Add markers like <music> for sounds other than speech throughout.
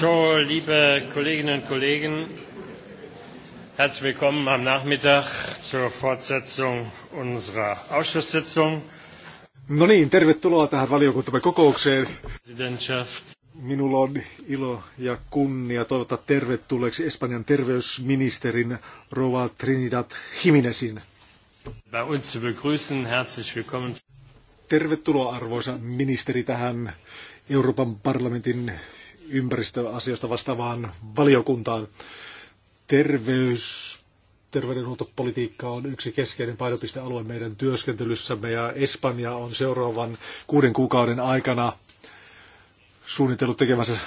So, liebe Kolleginnen und Kollegen, herzlich willkommen am Nachmittag zur Fortsetzung unserer Ausschusssitzung. No niin, tervetuloa tähän valiokuntamme kokoukseen. Minulla on ilo ja kunnia toivottaa tervetulleeksi Espanjan terveysministerin Rova Trinidad Jimenezin. Bei uns zu begrüßen, herzlich willkommen. Tervetuloa arvoisa ministeri tähän Euroopan parlamentin ympäristöasioista vastaavaan valiokuntaan. Terveys, terveydenhuoltopolitiikka on yksi keskeinen painopistealue meidän työskentelyssämme ja Espanja on seuraavan kuuden kuukauden aikana suunnitellut tekemänsä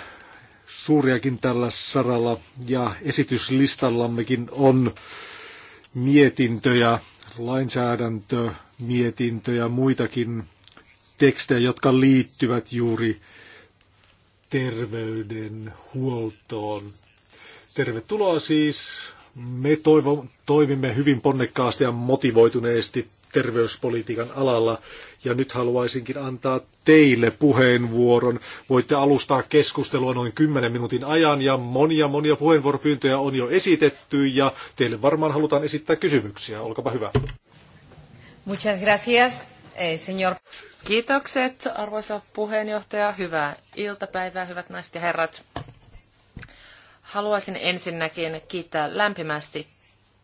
suuriakin tällä saralla ja esityslistallammekin on mietintöjä, lainsäädäntömietintöjä, muitakin tekstejä, jotka liittyvät juuri terveydenhuoltoon. Tervetuloa siis. Me toivo, toimimme hyvin ponnekkaasti ja motivoituneesti terveyspolitiikan alalla ja nyt haluaisinkin antaa teille puheenvuoron. Voitte alustaa keskustelua noin 10 minuutin ajan ja monia monia puheenvuoropyyntöjä on jo esitetty ja teille varmaan halutaan esittää kysymyksiä. Olkapa hyvä. Muchas gracias. Ei, eh, senior. Kiitokset, arvoisa puheenjohtaja. Hyvää iltapäivää, hyvät naiset ja herrat. Haluaisin ensinnäkin kiittää lämpimästi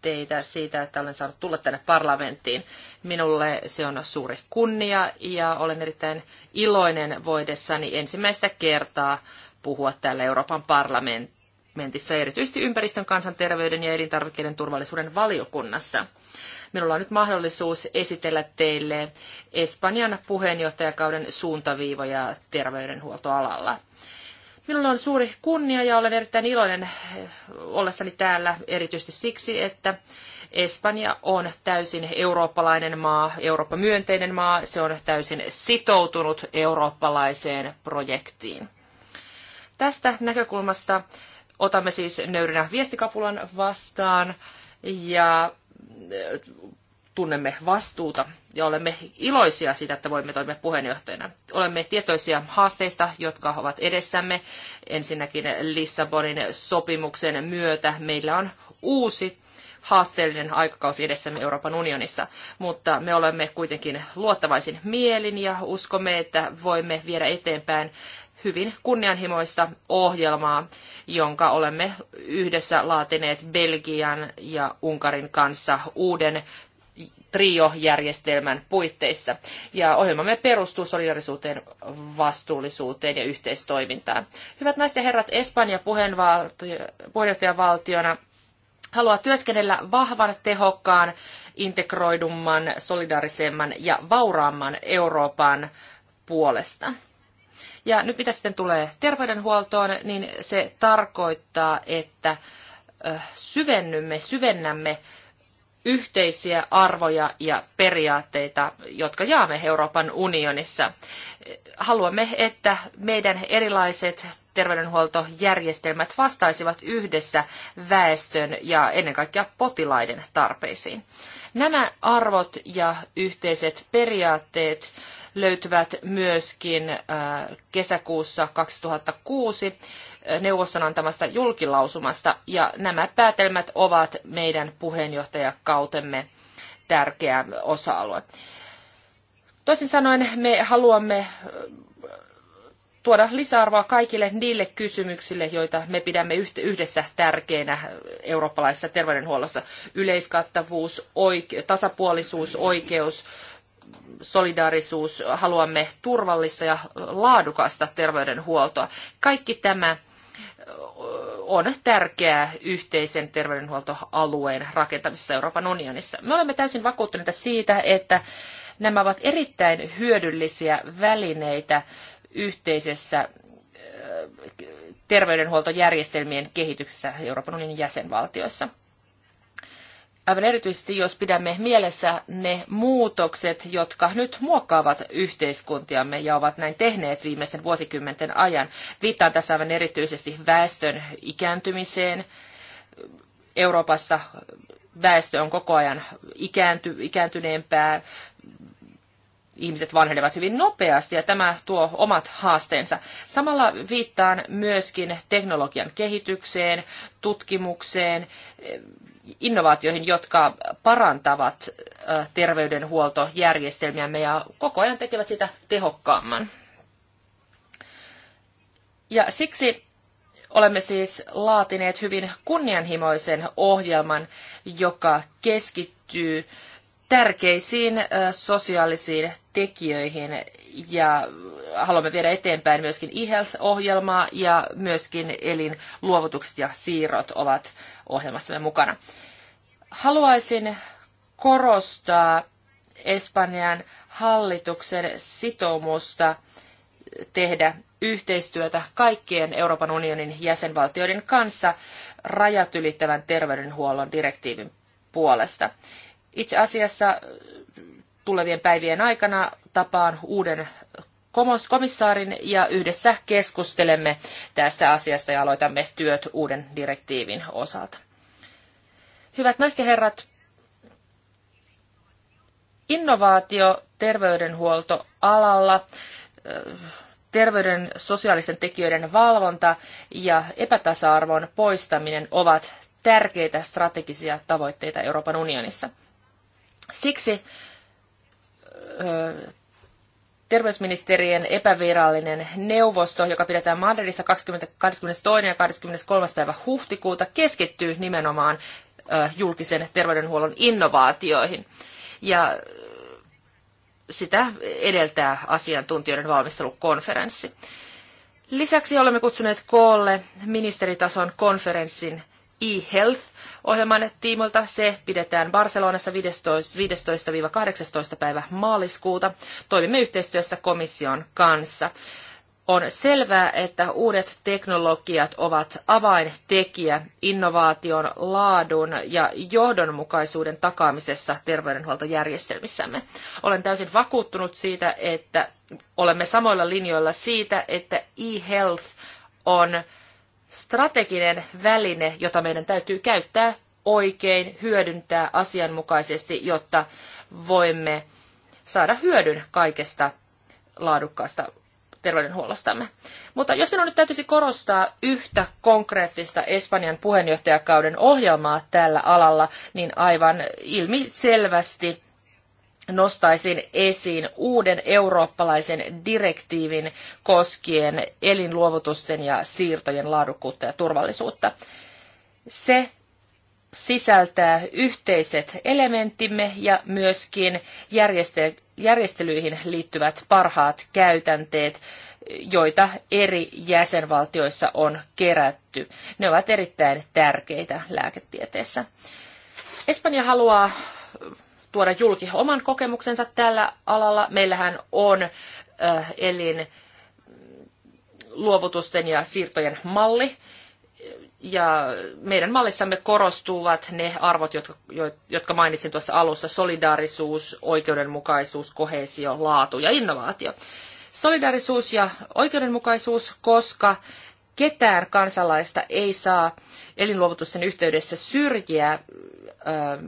teitä siitä, että olen saanut tulla tänne parlamenttiin. Minulle se on suuri kunnia ja olen erittäin iloinen voidessani ensimmäistä kertaa puhua täällä Euroopan parlamentissa, erityisesti ympäristön, kansanterveyden ja elintarvikkeiden turvallisuuden valiokunnassa. Minulla on nyt mahdollisuus esitellä teille Espanjan puheenjohtajakauden suuntaviivoja terveydenhuoltoalalla. Minulla on suuri kunnia ja olen erittäin iloinen eh, ollessani täällä erityisesti siksi, että Espanja on täysin eurooppalainen maa, Eurooppa-myönteinen maa, se on täysin sitoutunut eurooppalaiseen projektiin. Tästä näkökulmasta otamme siis nöyrinä viestikapulan vastaan ja tunnemme vastuuta ja olemme iloisia siitä, että voimme toimia puheenjohtajana. Olemme tietoisia haasteista, jotka ovat edessämme. Ensinnäkin Lissabonin sopimuksen myötä meillä on uusi haasteellinen aikakausi edessämme Euroopan unionissa, mutta me olemme kuitenkin luottavaisin mielin ja uskomme, että voimme viedä eteenpäin hyvin kunnianhimoista ohjelmaa, jonka olemme yhdessä laatineet Belgian ja Unkarin kanssa uuden triojärjestelmän puitteissa. Ja ohjelmamme perustuu solidarisuuteen, vastuullisuuteen ja yhteistoimintaan. Hyvät naiset ja herrat, Espanja puheenjohtajavaltiona haluaa työskennellä vahvan, tehokkaan, integroidumman, solidaarisemman ja vauraamman Euroopan puolesta. Ja nyt mitä sitten tulee terveydenhuoltoon, niin se tarkoittaa, että syvennymme, syvennämme yhteisiä arvoja ja periaatteita, jotka jaamme Euroopan unionissa. Haluamme, että meidän erilaiset terveydenhuoltojärjestelmät vastaisivat yhdessä väestön ja ennen kaikkea potilaiden tarpeisiin. Nämä arvot ja yhteiset periaatteet löytyvät myöskin äh, kesäkuussa 2006 äh, neuvoston antamasta julkilausumasta, ja nämä päätelmät ovat meidän puheenjohtajakautemme tärkeä osa-alue. Toisin sanoen me haluamme äh, tuoda lisäarvoa kaikille niille kysymyksille, joita me pidämme yhdessä tärkeinä eurooppalaisessa terveydenhuollossa. Yleiskattavuus, oike- tasapuolisuus, oikeus, solidaarisuus, haluamme turvallista ja laadukasta terveydenhuoltoa. Kaikki tämä on tärkeää yhteisen terveydenhuoltoalueen rakentamisessa Euroopan unionissa. Me olemme täysin vakuuttuneita siitä, että nämä ovat erittäin hyödyllisiä välineitä yhteisessä terveydenhuoltojärjestelmien kehityksessä Euroopan unionin jäsenvaltioissa aivan erityisesti jos pidämme mielessä ne muutokset, jotka nyt muokkaavat yhteiskuntiamme ja ovat näin tehneet viimeisten vuosikymmenten ajan. Viittaan tässä aivan erityisesti väestön ikääntymiseen. Euroopassa väestö on koko ajan ikäänty, ikääntyneempää, ihmiset vanhenevat hyvin nopeasti ja tämä tuo omat haasteensa. Samalla viittaan myöskin teknologian kehitykseen, tutkimukseen, innovaatioihin, jotka parantavat terveydenhuoltojärjestelmiämme ja koko ajan tekevät sitä tehokkaamman. Ja siksi olemme siis laatineet hyvin kunnianhimoisen ohjelman, joka keskittyy äh, tärkeisiin sosiaalisiin tekijöihin ja haluamme viedä eteenpäin myöskin e-health-ohjelmaa ja myöskin elinluovutukset ja siirrot ovat ohjelmassamme mukana. Haluaisin korostaa Espanjan hallituksen sitoumusta tehdä yhteistyötä kaikkien Euroopan unionin jäsenvaltioiden kanssa rajat ylittävän terveydenhuollon direktiivin puolesta. Itse asiassa äh, tulevien päivien aikana tapaan uuden komissaarin ja yhdessä keskustelemme tästä asiasta ja aloitamme työt uuden direktiivin osalta. Hyvät naiset ja herrat, innovaatio terveydenhuoltoalalla, äh, terveyden sosiaalisten tekijöiden valvonta ja epätasa-arvon poistaminen ovat tärkeitä strategisia tavoitteita Euroopan unionissa. Siksi terveysministerien epävirallinen neuvosto, joka pidetään Madridissa 20, 22. ja 23. päivä huhtikuuta, keskittyy nimenomaan julkisen terveydenhuollon innovaatioihin. Ja sitä edeltää asiantuntijoiden valmistelukonferenssi. Lisäksi olemme kutsuneet koolle ministeritason konferenssin e-health ohjelman tiimoilta. Se pidetään Barcelonassa 15-18. päivä maaliskuuta. Toimimme yhteistyössä komission kanssa. On selvää, että uudet teknologiat ovat avaintekijä innovaation, laadun ja johdonmukaisuuden takaamisessa terveydenhuoltojärjestelmissämme. Olen täysin vakuuttunut siitä, että olemme samoilla linjoilla siitä, että e-health on strateginen väline, jota meidän täytyy käyttää oikein, hyödyntää asianmukaisesti, jotta voimme saada hyödyn kaikesta laadukkaasta terveydenhuollostamme. Mutta jos minun nyt täytyisi korostaa yhtä konkreettista Espanjan puheenjohtajakauden ohjelmaa tällä alalla, niin aivan ilmi selvästi nostaisin esiin uuden eurooppalaisen direktiivin koskien elinluovutusten ja siirtojen laadukkuutta ja turvallisuutta. Se sisältää yhteiset elementimme ja myöskin järjestelyihin liittyvät parhaat käytänteet, joita eri jäsenvaltioissa on kerätty. Ne ovat erittäin tärkeitä lääketieteessä. Espanja haluaa tuoda julki oman kokemuksensa tällä alalla. Meillähän on äh, elin luovutusten ja siirtojen malli. Ja meidän mallissamme korostuvat ne arvot, jotka, jotka mainitsin tuossa alussa, solidaarisuus, oikeudenmukaisuus, kohesio, laatu ja innovaatio. Solidaarisuus ja oikeudenmukaisuus, koska ketään kansalaista ei saa elinluovutusten yhteydessä syrjiä ähm,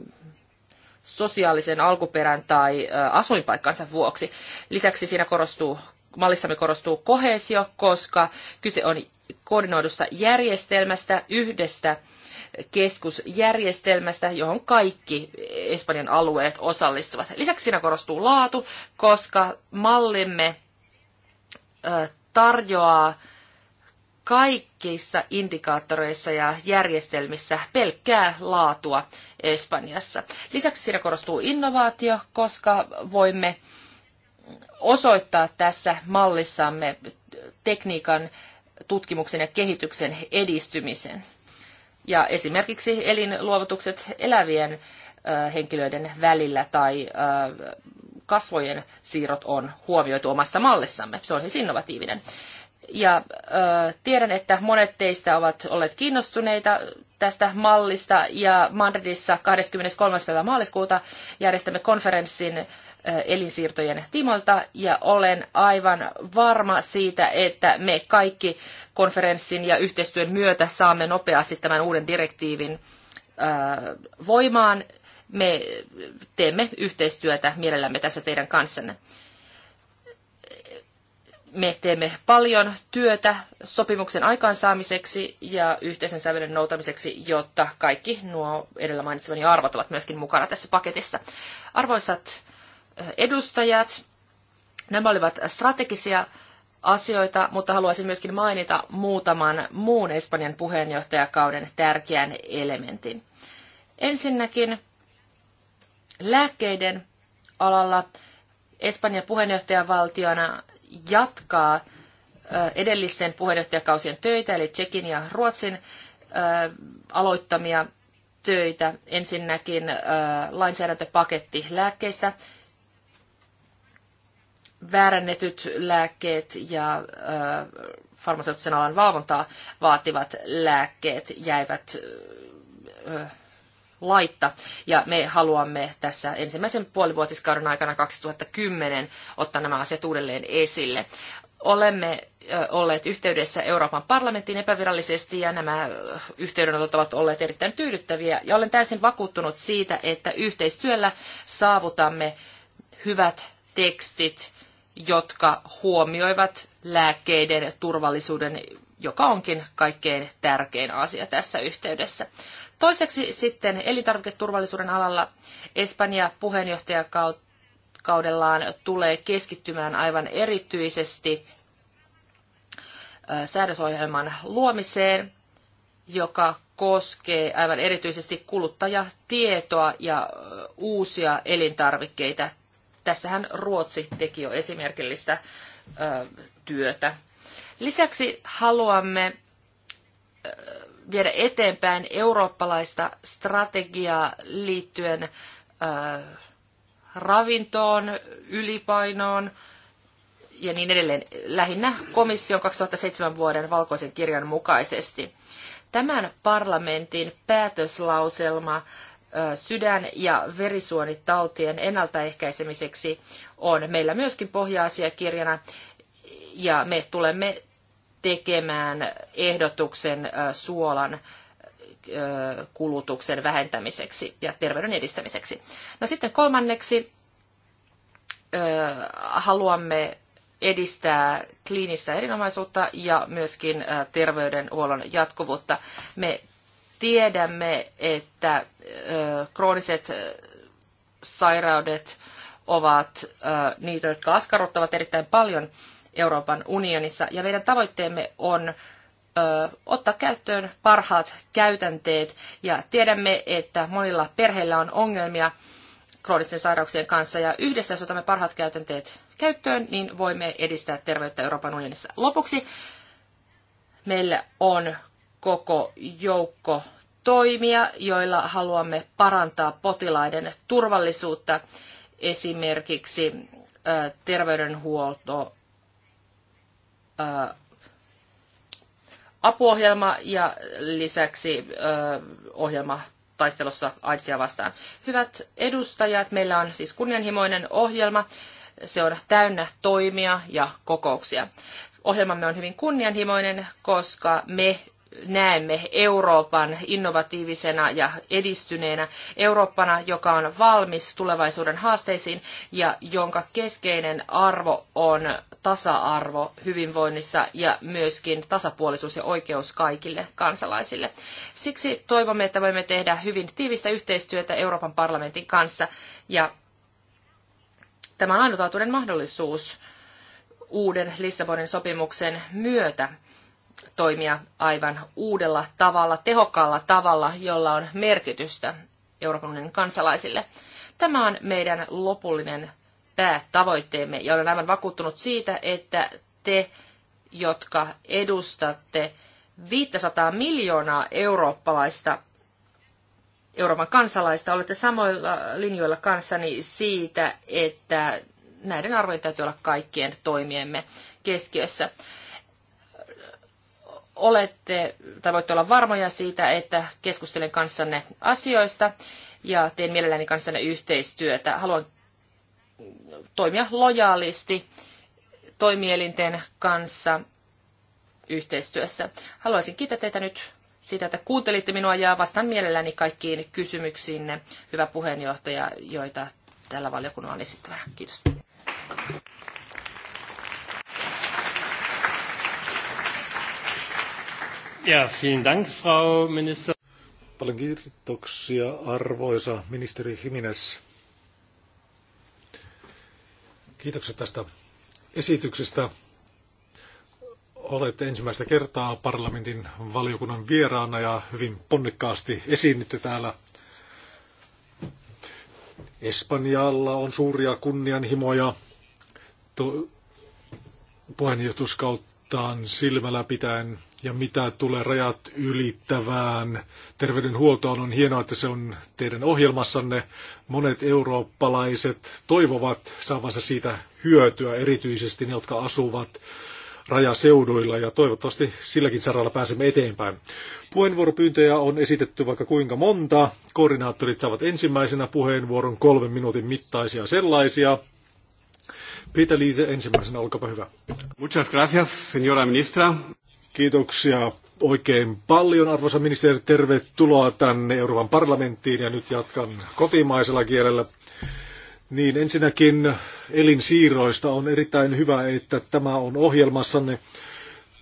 sosiaalisen alkuperän tai asuinpaikkansa vuoksi. Lisäksi siinä korostuu, mallissamme korostuu kohesio, koska kyse on koordinoidusta järjestelmästä, yhdestä keskusjärjestelmästä, johon kaikki Espanjan alueet osallistuvat. Lisäksi siinä korostuu laatu, koska mallimme tarjoaa kaikissa indikaattoreissa ja järjestelmissä pelkkää laatua Espanjassa. Lisäksi siinä korostuu innovaatio, koska voimme osoittaa tässä mallissamme tekniikan, tutkimuksen ja kehityksen edistymisen. Ja esimerkiksi elinluovutukset elävien henkilöiden välillä tai kasvojen siirrot on huomioitu omassa mallissamme. Se on siis innovatiivinen ja ö, tiedän, että monet teistä ovat olleet kiinnostuneita tästä mallista ja Madridissa 23. päivä maaliskuuta järjestämme konferenssin ö, elinsiirtojen tiimoilta ja olen aivan varma siitä, että me kaikki konferenssin ja yhteistyön myötä saamme nopeasti tämän uuden direktiivin ö, voimaan. Me teemme yhteistyötä mielellämme tässä teidän kanssanne me teemme paljon työtä sopimuksen aikaansaamiseksi ja yhteisen sävelen noutamiseksi, jotta kaikki nuo edellä mainitsemani arvot ovat myöskin mukana tässä paketissa. Arvoisat edustajat, nämä olivat strategisia asioita, mutta haluaisin myöskin mainita muutaman muun Espanjan puheenjohtajakauden tärkeän elementin. Ensinnäkin lääkkeiden alalla Espanjan puheenjohtajavaltiona jatkaa edellisten puheenjohtajakausien töitä, eli Tsekin ja Ruotsin aloittamia töitä. Ensinnäkin lainsäädäntöpaketti lääkkeistä, väärännetyt lääkkeet ja farmaseuttisen alan valvontaa vaativat lääkkeet jäivät laitta. Ja me haluamme tässä ensimmäisen puolivuotiskauden aikana 2010 ottaa nämä asiat uudelleen esille. Olemme olleet yhteydessä Euroopan parlamenttiin epävirallisesti ja nämä yhteydenotot ovat olleet erittäin tyydyttäviä. Ja olen täysin vakuuttunut siitä, että yhteistyöllä saavutamme hyvät tekstit, jotka huomioivat lääkkeiden turvallisuuden, joka onkin kaikkein tärkein asia tässä yhteydessä. Toiseksi sitten elintarviketurvallisuuden alalla Espanja puheenjohtajakaudellaan tulee keskittymään aivan erityisesti säädösohjelman luomiseen, joka koskee aivan erityisesti kuluttajatietoa ja uusia elintarvikkeita. Tässähän Ruotsi teki jo esimerkillistä työtä. Lisäksi haluamme viedä eteenpäin eurooppalaista strategiaa liittyen ravintoon, ylipainoon ja niin edelleen, lähinnä komission 2007 vuoden valkoisen kirjan mukaisesti. Tämän parlamentin päätöslauselma sydän- ja verisuonitautien ennaltaehkäisemiseksi on meillä myöskin pohja-asiakirjana, ja me tulemme tekemään ehdotuksen suolan kulutuksen vähentämiseksi ja terveyden edistämiseksi. No sitten kolmanneksi haluamme edistää kliinistä erinomaisuutta ja myöskin terveydenhuollon jatkuvuutta. Me tiedämme, että krooniset sairaudet ovat niitä, jotka askarruttavat erittäin paljon Euroopan unionissa. Ja meidän tavoitteemme on ottaa käyttöön parhaat käytänteet. Ja tiedämme, että monilla perheillä on ongelmia kroonisten sairauksien kanssa. Ja yhdessä, jos otamme parhaat käytänteet käyttöön, niin voimme edistää terveyttä Euroopan unionissa. Lopuksi meillä on koko joukko toimia, joilla haluamme parantaa potilaiden turvallisuutta, esimerkiksi terveydenhuolto apuohjelma ja lisäksi ohjelma taistelussa AIDSia vastaan. Hyvät edustajat, meillä on siis kunnianhimoinen ohjelma. Se on täynnä toimia ja kokouksia. Ohjelmamme on hyvin kunnianhimoinen, koska me näemme Euroopan innovatiivisena ja edistyneenä Eurooppana, joka on valmis tulevaisuuden haasteisiin ja jonka keskeinen arvo on tasa-arvo hyvinvoinnissa ja myöskin tasapuolisuus ja oikeus kaikille kansalaisille. Siksi toivomme, että voimme tehdä hyvin tiivistä yhteistyötä Euroopan parlamentin kanssa ja tämä on ainutlaatuinen mahdollisuus uuden Lissabonin sopimuksen myötä toimia aivan uudella tavalla, tehokkaalla tavalla, jolla on merkitystä Euroopan unionin kansalaisille. Tämä on meidän lopullinen päätavoitteemme ja olen aivan vakuuttunut siitä, että te, jotka edustatte 500 miljoonaa eurooppalaista Euroopan kansalaista, olette samoilla linjoilla kanssani siitä, että näiden arvojen täytyy olla kaikkien toimiemme keskiössä olette tai voitte olla varmoja siitä, että keskustelen kanssanne asioista ja teen mielelläni kanssanne yhteistyötä. Haluan toimia lojaalisti toimielinten kanssa yhteistyössä. Haluaisin kiittää teitä nyt siitä, että kuuntelitte minua ja vastaan mielelläni kaikkiin kysymyksiinne, hyvä puheenjohtaja, joita tällä valiokunnalla on esittävää. Kiitos. Ja, vielen Dank, Frau Minister. Paljon kiitoksia, arvoisa ministeri Jiménez. Kiitokset tästä esityksestä. Olette ensimmäistä kertaa parlamentin valiokunnan vieraana ja hyvin ponnekkaasti esiinnytte täällä. Espanjalla on suuria kunnianhimoja puheenjohtuskauttaan silmällä pitäen ja mitä tulee rajat ylittävään terveydenhuoltoon, on hienoa, että se on teidän ohjelmassanne. Monet eurooppalaiset toivovat saavansa siitä hyötyä, erityisesti ne, jotka asuvat rajaseuduilla ja toivottavasti silläkin saralla pääsemme eteenpäin. Puheenvuoropyyntöjä on esitetty vaikka kuinka monta. Koordinaattorit saavat ensimmäisenä puheenvuoron kolmen minuutin mittaisia sellaisia. Peter Liise ensimmäisenä, olkaapa hyvä. Muchas gracias, señora ministra. Kiitoksia oikein paljon, arvoisa ministeri. Tervetuloa tänne Euroopan parlamenttiin ja nyt jatkan kotimaisella kielellä. Niin ensinnäkin elinsiirroista on erittäin hyvä, että tämä on ohjelmassanne.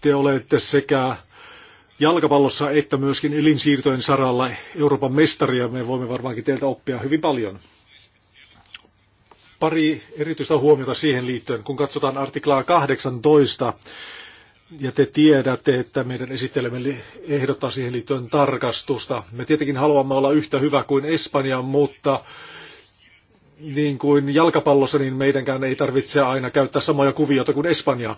Te olette sekä jalkapallossa että myöskin elinsiirtojen saralla Euroopan mestaria. Me voimme varmaankin teiltä oppia hyvin paljon. Pari erityistä huomiota siihen liittyen, kun katsotaan artiklaa 18 ja te tiedätte, että meidän esittelemme ehdottaa siihen liittyen tarkastusta. Me tietenkin haluamme olla yhtä hyvä kuin Espanja, mutta niin kuin jalkapallossa, niin meidänkään ei tarvitse aina käyttää samoja kuvioita kuin Espanja.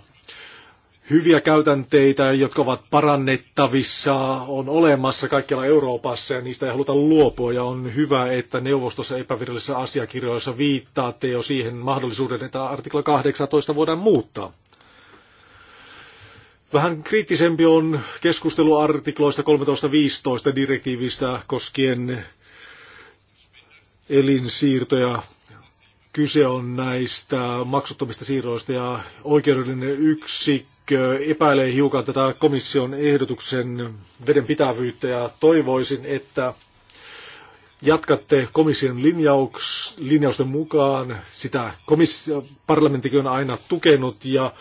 Hyviä käytänteitä, jotka ovat parannettavissa, on olemassa kaikkialla Euroopassa ja niistä ei haluta luopua. Ja on hyvä, että neuvostossa epävirallisissa asiakirjoissa viittaatte jo siihen mahdollisuuden, että artikla 18 voidaan muuttaa. Vähän kriittisempi on keskustelu artikloista 13.15 direktiivistä koskien elinsiirtoja. Kyse on näistä maksuttomista siirroista ja oikeudellinen yksikkö epäilee hiukan tätä komission ehdotuksen vedenpitävyyttä ja toivoisin, että jatkatte komission linjauks, linjausten mukaan. Sitä komissio, parlamenttikin on aina tukenut ja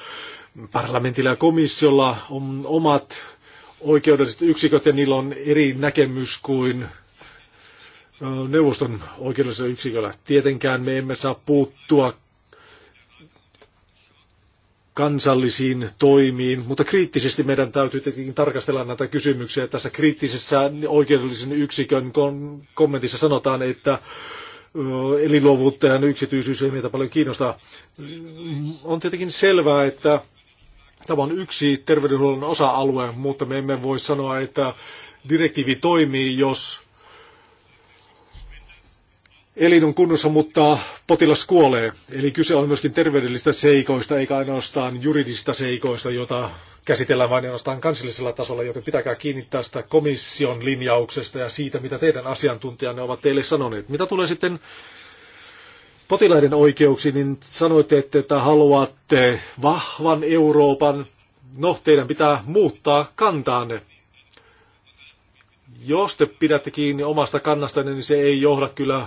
Parlamentilla ja komissiolla on omat oikeudelliset yksiköt ja niillä on eri näkemys kuin neuvoston oikeudellisella yksiköllä. Tietenkään me emme saa puuttua kansallisiin toimiin, mutta kriittisesti meidän täytyy tietenkin tarkastella näitä kysymyksiä. Tässä kriittisessä oikeudellisen yksikön kommentissa sanotaan, että eli ja yksityisyys ei meitä paljon kiinnostaa, On tietenkin selvää, että Tämä on yksi terveydenhuollon osa-alue, mutta me emme voi sanoa, että direktiivi toimii, jos elin on kunnossa, mutta potilas kuolee. Eli kyse on myöskin terveydellisistä seikoista, eikä ainoastaan juridista seikoista, jota käsitellään vain ainoastaan kansallisella tasolla, joten pitäkää kiinni tästä komission linjauksesta ja siitä, mitä teidän asiantuntijanne ovat teille sanoneet. Mitä tulee sitten potilaiden oikeuksiin, niin sanoitte, että haluatte vahvan Euroopan. No, teidän pitää muuttaa kantaanne. Jos te pidätte kiinni omasta kannastanne, niin se ei johda kyllä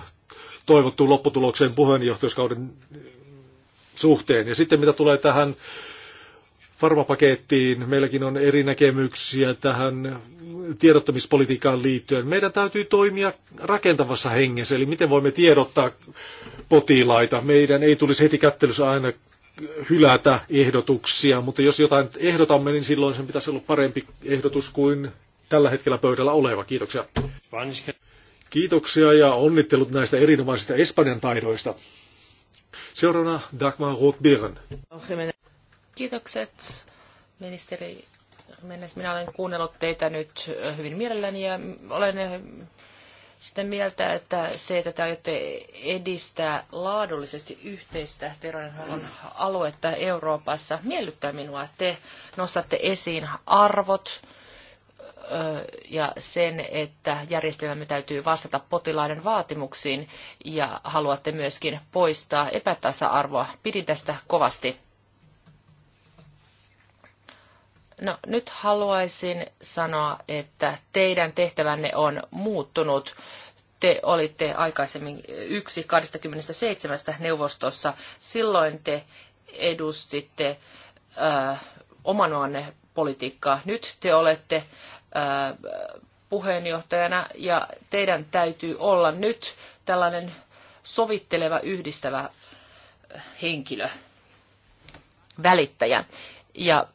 toivottuun lopputulokseen puheenjohtajuuskauden suhteen. Ja sitten mitä tulee tähän farmapakettiin, meilläkin on eri näkemyksiä tähän tiedottamispolitiikkaan liittyen. Meidän täytyy toimia rakentavassa hengessä, eli miten voimme tiedottaa potilaita. Meidän ei tulisi heti kättelyssä aina hylätä ehdotuksia, mutta jos jotain ehdotamme, niin silloin sen pitäisi olla parempi ehdotus kuin tällä hetkellä pöydällä oleva. Kiitoksia. Kiitoksia ja onnittelut näistä erinomaisista Espanjan taidoista. Seuraavana Dagmar Rothbirn. Kiitokset, ministeri Minä olen kuunnellut teitä nyt hyvin mielelläni ja olen sitä mieltä, että se, että te aiotte edistää laadullisesti yhteistä terveydenhuollon aluetta Euroopassa, miellyttää minua. Te nostatte esiin arvot ja sen, että järjestelmämme täytyy vastata potilaiden vaatimuksiin ja haluatte myöskin poistaa epätasa-arvoa. Pidin tästä kovasti. No nyt haluaisin sanoa, että teidän tehtävänne on muuttunut. Te olitte aikaisemmin yksi 27 neuvostossa. Silloin te edustitte äh, oman politiikkaa. Nyt te olette äh, puheenjohtajana ja teidän täytyy olla nyt tällainen sovitteleva, yhdistävä henkilö, välittäjä. Ja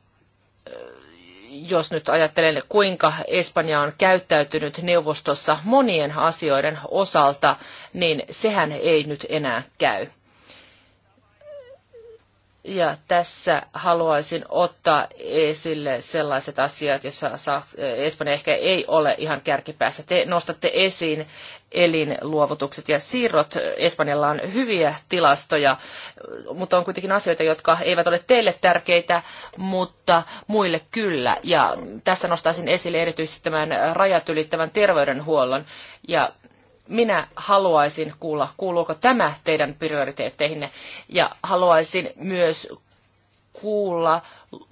jos nyt ajattelen, kuinka Espanja on käyttäytynyt neuvostossa monien asioiden osalta, niin sehän ei nyt enää käy. Ja tässä haluaisin ottaa esille sellaiset asiat, joissa Espanja ehkä ei ole ihan kärkipäässä. Te nostatte esiin elinluovutukset ja siirrot. Espanjalla on hyviä tilastoja, mutta on kuitenkin asioita, jotka eivät ole teille tärkeitä, mutta muille kyllä. Ja tässä nostaisin esille erityisesti tämän rajat ylittävän terveydenhuollon. Ja minä haluaisin kuulla, kuuluuko tämä teidän prioriteetteihinne. Ja haluaisin myös kuulla,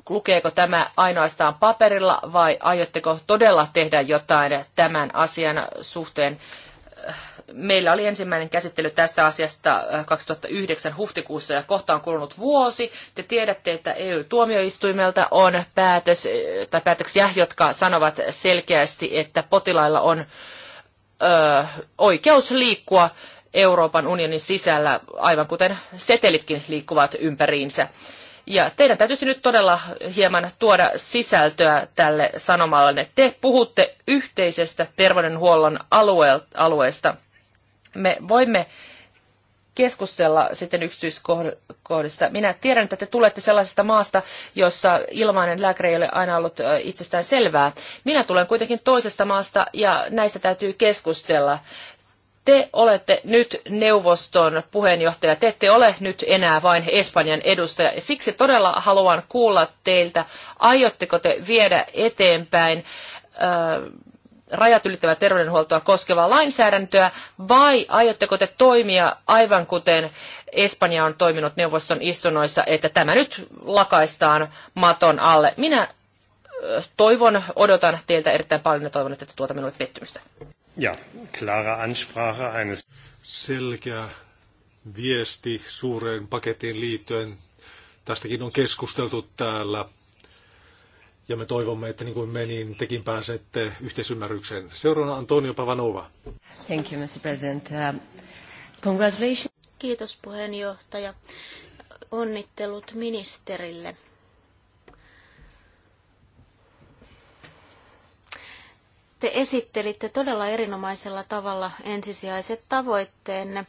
lukeeko tämä ainoastaan paperilla vai aiotteko todella tehdä jotain tämän asian suhteen. Meillä oli ensimmäinen käsittely tästä asiasta 2009 äh, huhtikuussa ja kohta on kulunut vuosi. Te tiedätte, että EU-tuomioistuimelta on päätös, äh, tai päätöksiä, jotka sanovat selkeästi, että potilailla on ö, oikeus liikkua Euroopan unionin sisällä, aivan kuten setelitkin liikkuvat ympäriinsä. Ja teidän täytyisi nyt todella hieman tuoda sisältöä tälle sanomalle. Te puhutte yhteisestä terveydenhuollon alueesta. Me voimme keskustella sitten yksityiskohdista. Minä tiedän, että te tulette sellaisesta maasta, jossa ilmainen lääkäri ei ole aina ollut itsestään selvää. Minä tulen kuitenkin toisesta maasta ja näistä täytyy keskustella. Te olette nyt neuvoston puheenjohtaja, te ette ole nyt enää vain Espanjan edustaja. Siksi todella haluan kuulla teiltä, aiotteko te viedä eteenpäin äh, rajat ylittävää terveydenhuoltoa koskevaa lainsäädäntöä, vai aiotteko te toimia aivan kuten Espanja on toiminut neuvoston istunnoissa, että tämä nyt lakaistaan maton alle? Minä toivon, odotan teiltä erittäin paljon ja toivon, että te tuota minulle pettymystä. Ja, klara Ansprache eines... Selkeä viesti suureen pakettiin liittyen. Tästäkin on keskusteltu täällä ja me toivomme, että niin kuin me, niin tekin pääsette yhteisymmärrykseen. Seuraavana Antonio Pavanova. Thank you, Mr. President. Uh, congratulations. Kiitos puheenjohtaja. Onnittelut ministerille. Te esittelitte todella erinomaisella tavalla ensisijaiset tavoitteenne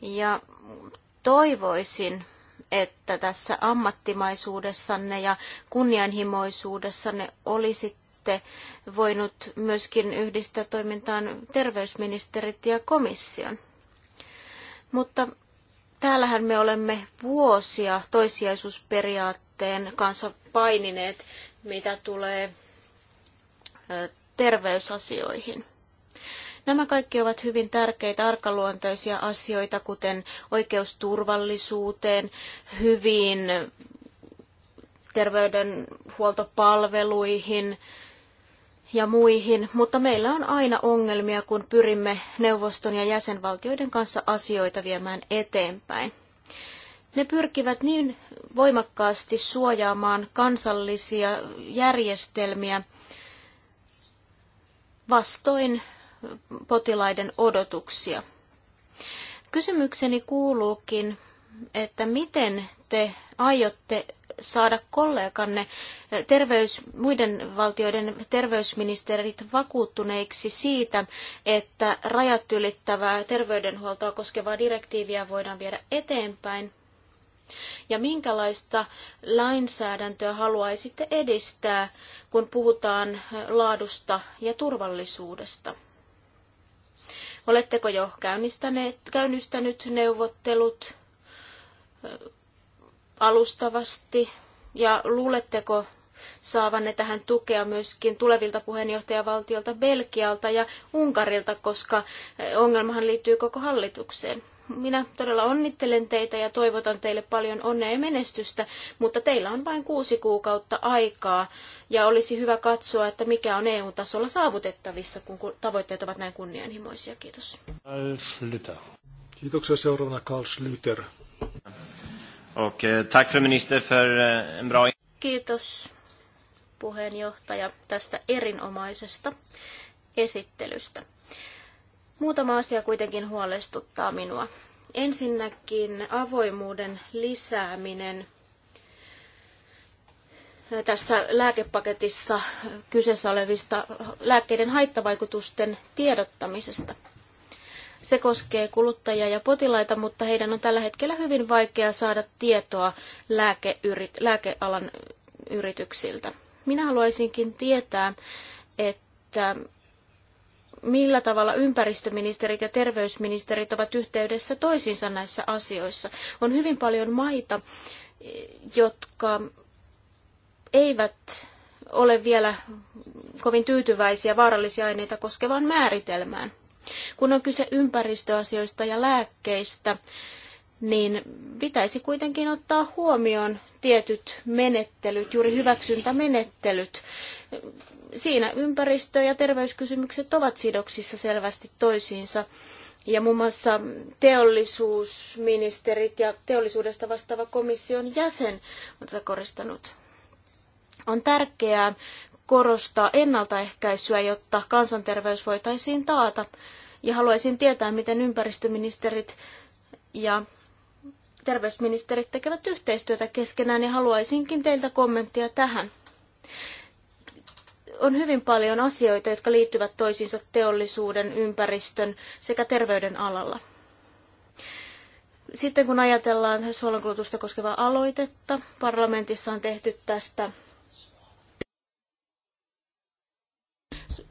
ja toivoisin, että tässä ammattimaisuudessanne ja kunnianhimoisuudessanne olisitte voinut myöskin yhdistää toimintaan terveysministerit ja komission. Mutta täällähän me olemme vuosia toissijaisuusperiaatteen kanssa painineet, mitä tulee terveysasioihin. Nämä kaikki ovat hyvin tärkeitä arkaluontoisia asioita, kuten oikeus turvallisuuteen, hyvin terveydenhuoltopalveluihin ja muihin, mutta meillä on aina ongelmia, kun pyrimme neuvoston ja jäsenvaltioiden kanssa asioita viemään eteenpäin. Ne pyrkivät niin voimakkaasti suojaamaan kansallisia järjestelmiä vastoin potilaiden odotuksia. Kysymykseni kuuluukin, että miten te aiotte saada kolleganne terveys, muiden valtioiden terveysministerit vakuuttuneiksi siitä, että rajat ylittävää terveydenhuoltoa koskevaa direktiiviä voidaan viedä eteenpäin? Ja minkälaista lainsäädäntöä haluaisitte edistää, kun puhutaan laadusta ja turvallisuudesta? Oletteko jo käynnistäneet, käynnistänyt neuvottelut alustavasti ja luuletteko saavanne tähän tukea myöskin tulevilta puheenjohtajavaltiolta Belgialta ja Unkarilta, koska ongelmahan liittyy koko hallitukseen minä todella onnittelen teitä ja toivotan teille paljon onnea ja menestystä, mutta teillä on vain kuusi kuukautta aikaa ja olisi hyvä katsoa, että mikä on EU-tasolla saavutettavissa, kun tavoitteet ovat näin kunnianhimoisia. Kiitos. Kiitoksia seuraavana Karl Schlüter. Eh, eh, Kiitos puheenjohtaja tästä erinomaisesta esittelystä. Muutama asia kuitenkin huolestuttaa minua. Ensinnäkin avoimuuden lisääminen. Tässä lääkepaketissa kyseessä olevista lääkkeiden haittavaikutusten tiedottamisesta. Se koskee kuluttajia ja potilaita, mutta heidän on tällä hetkellä hyvin vaikea saada tietoa lääkealan yrityksiltä. Minä haluaisinkin tietää, että millä tavalla ympäristöministerit ja terveysministerit ovat yhteydessä toisiinsa näissä asioissa. On hyvin paljon maita, jotka eivät ole vielä kovin tyytyväisiä vaarallisia aineita koskevaan määritelmään. Kun on kyse ympäristöasioista ja lääkkeistä, niin pitäisi kuitenkin ottaa huomioon tietyt menettelyt, juuri hyväksyntämenettelyt siinä ympäristö- ja terveyskysymykset ovat sidoksissa selvästi toisiinsa. Ja muun muassa teollisuusministerit ja teollisuudesta vastaava komission jäsen ovat koristanut. On tärkeää korostaa ennaltaehkäisyä, jotta kansanterveys voitaisiin taata. Ja haluaisin tietää, miten ympäristöministerit ja terveysministerit tekevät yhteistyötä keskenään ja haluaisinkin teiltä kommenttia tähän on hyvin paljon asioita, jotka liittyvät toisiinsa teollisuuden, ympäristön sekä terveyden alalla. Sitten kun ajatellaan suolankulutusta koskevaa aloitetta, parlamentissa on tehty tästä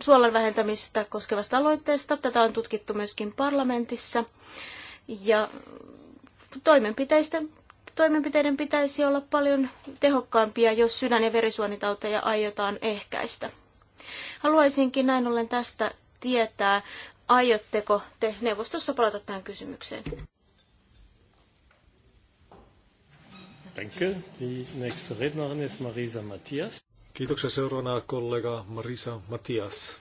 suolan vähentämistä koskevasta aloitteesta. Tätä on tutkittu myöskin parlamentissa. Ja toimenpiteistä toimenpiteiden pitäisi olla paljon tehokkaampia, jos sydän- ja verisuonitauteja aiotaan ehkäistä. Haluaisinkin näin ollen tästä tietää, aiotteko te neuvostossa palata tähän kysymykseen? Danke. Die nächste Rednerin ist Marisa Matias. Kiitoksia seuraavana kollega Marisa Matias.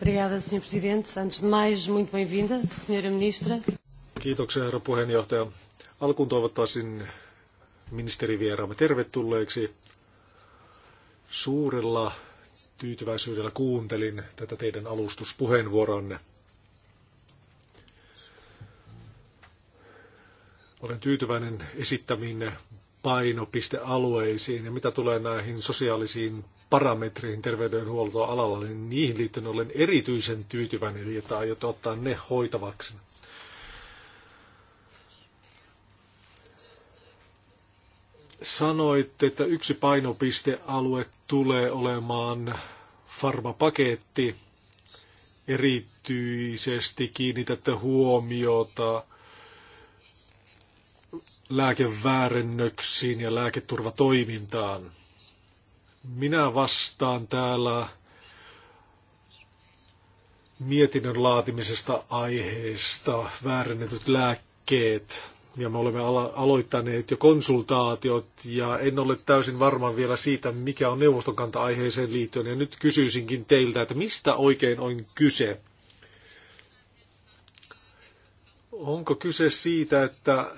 Obrigada, Sr. Presidente. Antes de mais, muito bem-vinda, senhora Ministra. Kiitoksia, herra puheenjohtaja. Alkuun toivottaisin ministerivieraamme tervetulleeksi. Suurella tyytyväisyydellä kuuntelin tätä teidän alustuspuheenvuoronne. Olen tyytyväinen esittämiin painopistealueisiin ja mitä tulee näihin sosiaalisiin parametreihin terveydenhuoltoalalla, niin niihin liittyen olen erityisen tyytyväinen, eli että aiotte ottaa ne hoitavaksi. Sanoitte, että yksi painopistealue tulee olemaan farmapaketti. Erityisesti kiinnitätte huomiota lääkeväärennöksiin ja lääketurvatoimintaan. Minä vastaan täällä mietinnön laatimisesta aiheesta väärennetyt lääkkeet ja me olemme aloittaneet jo konsultaatiot ja en ole täysin varma vielä siitä, mikä on neuvoston kanta aiheeseen liittyen. Ja nyt kysyisinkin teiltä, että mistä oikein on kyse? Onko kyse siitä, että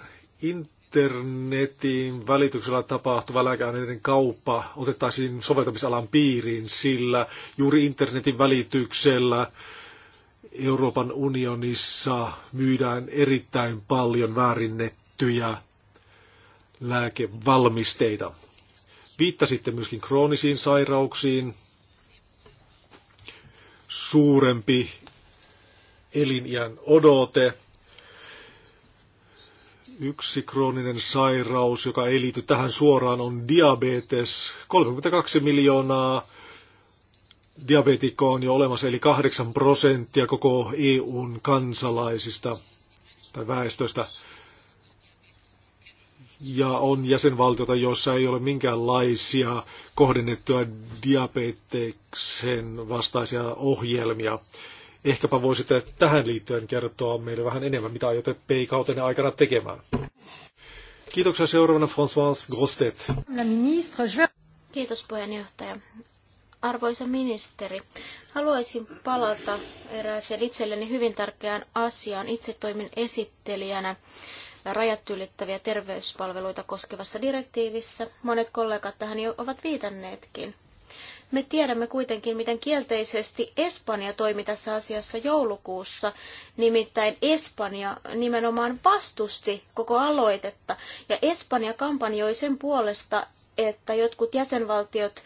internetin välityksellä tapahtuva lääkeaineiden kauppa otettaisiin soveltamisalan piiriin, sillä juuri internetin välityksellä Euroopan unionissa myydään erittäin paljon väärinnettyjä lääkevalmisteita. Viittasitte myöskin kroonisiin sairauksiin. Suurempi elinjään odote. Yksi krooninen sairaus, joka ei liity tähän suoraan, on diabetes. 32 miljoonaa diabetikko on jo olemassa, eli 8 prosenttia koko EUn kansalaisista tai väestöstä. Ja on jäsenvaltiota, joissa ei ole minkäänlaisia kohdennettuja diabeteksen vastaisia ohjelmia. Ehkäpä voisitte tähän liittyen kertoa meille vähän enemmän, mitä aiotte peikautenne aikana tekemään. Kiitoksia seuraavana François Grostet. Kiitos puheenjohtaja. Arvoisa ministeri, haluaisin palata erääseen itselleni hyvin tärkeään asiaan. Itse toimin esittelijänä rajat ylittäviä terveyspalveluita koskevassa direktiivissä. Monet kollegat tähän jo ovat viitanneetkin. Me tiedämme kuitenkin, miten kielteisesti Espanja toimi tässä asiassa joulukuussa. Nimittäin Espanja nimenomaan vastusti koko aloitetta ja Espanja kampanjoi sen puolesta, että jotkut jäsenvaltiot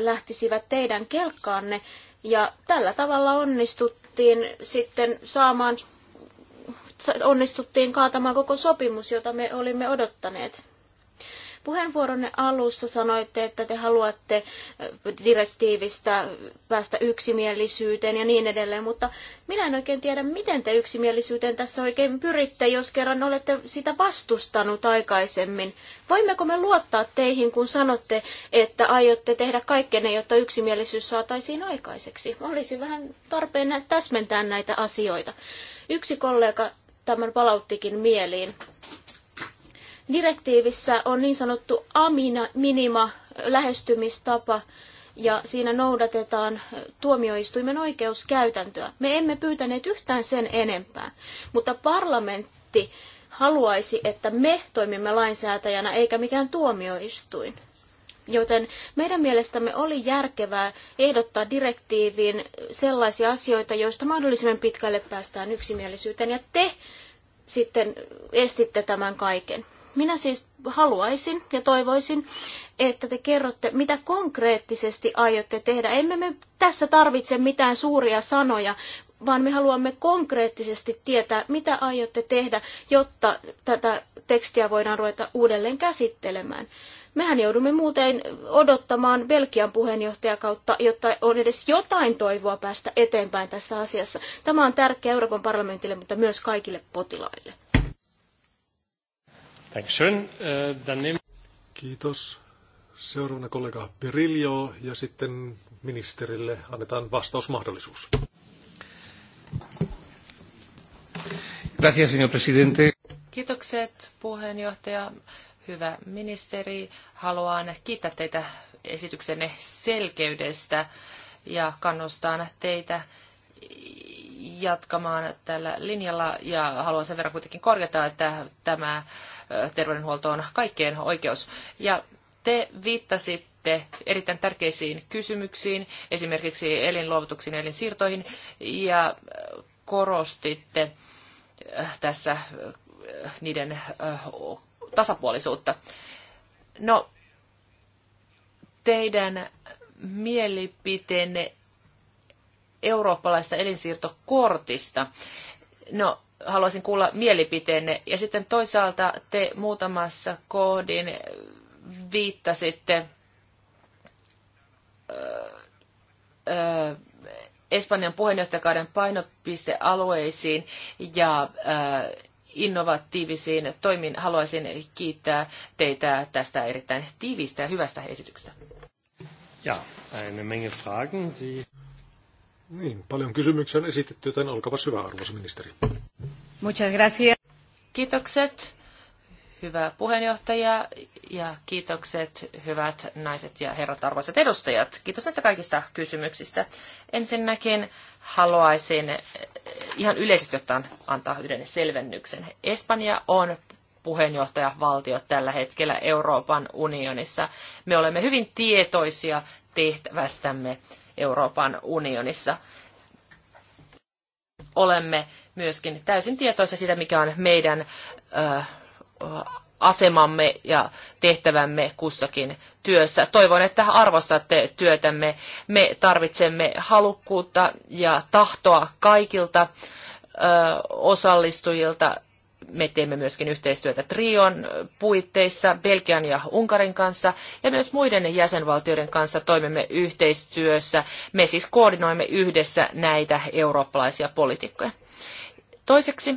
lähtisivät teidän kelkkaanne ja tällä tavalla onnistuttiin sitten saamaan, onnistuttiin kaatamaan koko sopimus, jota me olimme odottaneet. Puheenvuoronne alussa sanoitte, että te haluatte direktiivistä päästä yksimielisyyteen ja niin edelleen, mutta minä en oikein tiedä, miten te yksimielisyyteen tässä oikein pyritte, jos kerran olette sitä vastustanut aikaisemmin. Voimmeko me luottaa teihin, kun sanotte, että aiotte tehdä kaikkenne, jotta yksimielisyys saataisiin aikaiseksi? Olisi vähän tarpeen täsmentää näitä asioita. Yksi kollega tämän palauttikin mieliin. Direktiivissä on niin sanottu amina, minima lähestymistapa, ja siinä noudatetaan tuomioistuimen oikeuskäytäntöä. Me emme pyytäneet yhtään sen enempää, mutta parlamentti haluaisi, että me toimimme lainsäätäjänä eikä mikään tuomioistuin. Joten meidän mielestämme oli järkevää ehdottaa direktiiviin sellaisia asioita, joista mahdollisimman pitkälle päästään yksimielisyyteen, ja te sitten estitte tämän kaiken. Minä siis haluaisin ja toivoisin, että te kerrotte, mitä konkreettisesti aiotte tehdä. Emme me tässä tarvitse mitään suuria sanoja, vaan me haluamme konkreettisesti tietää, mitä aiotte tehdä, jotta tätä tekstiä voidaan ruveta uudelleen käsittelemään. Mehän joudumme muuten odottamaan Belgian puheenjohtajakautta, jotta on edes jotain toivoa päästä eteenpäin tässä asiassa. Tämä on tärkeä Euroopan parlamentille, mutta myös kaikille potilaille. Dankeschön. Äh, Kiitos. Seuraavana kollega Piriljo ja sitten ministerille annetaan vastausmahdollisuus. Gracias, señor presidente. Kiitokset puheenjohtaja. Hyvä ministeri, haluan kiittää teitä esityksenne selkeydestä ja kannustan teitä jatkamaan tällä linjalla ja haluan sen verran kuitenkin korjata, että tämä terveydenhuoltoon kaikkien oikeus. Ja te viittasitte erittäin tärkeisiin kysymyksiin, esimerkiksi elinluovutuksiin ja elinsiirtoihin, ja korostitte äh, tässä äh, niiden äh, tasapuolisuutta. No, teidän mielipiteenne eurooppalaista elinsiirtokortista. No, haluaisin kuulla mielipiteenne. Ja sitten toisaalta te muutamassa kohdin viittasitte Espanjan puheenjohtajakauden painopistealueisiin ja innovatiivisiin toimiin. Haluaisin kiittää teitä tästä erittäin tiivistä ja hyvästä esityksestä. Ja, eine Menge Fragen. Sie... Niin, paljon kysymyksiä on esitetty, joten olkapa hyvä, arvoisa ministeri. Muchas gracias. Kiitokset, hyvä puheenjohtaja, ja kiitokset, hyvät naiset ja herrat, arvoisat edustajat. Kiitos näistä kaikista kysymyksistä. Ensinnäkin haluaisin ihan yleisesti ottaen antaa yhden selvennyksen. Espanja on puheenjohtajavaltiot tällä hetkellä Euroopan unionissa. Me olemme hyvin tietoisia tehtävästämme Euroopan unionissa. Olemme myöskin täysin tietoisia siitä, mikä on meidän ö, asemamme ja tehtävämme kussakin työssä. Toivon, että arvostatte työtämme. Me tarvitsemme halukkuutta ja tahtoa kaikilta ö, osallistujilta me teemme myöskin yhteistyötä Trion puitteissa Belgian ja Unkarin kanssa ja myös muiden jäsenvaltioiden kanssa toimimme yhteistyössä. Me siis koordinoimme yhdessä näitä eurooppalaisia poliitikkoja. Toiseksi,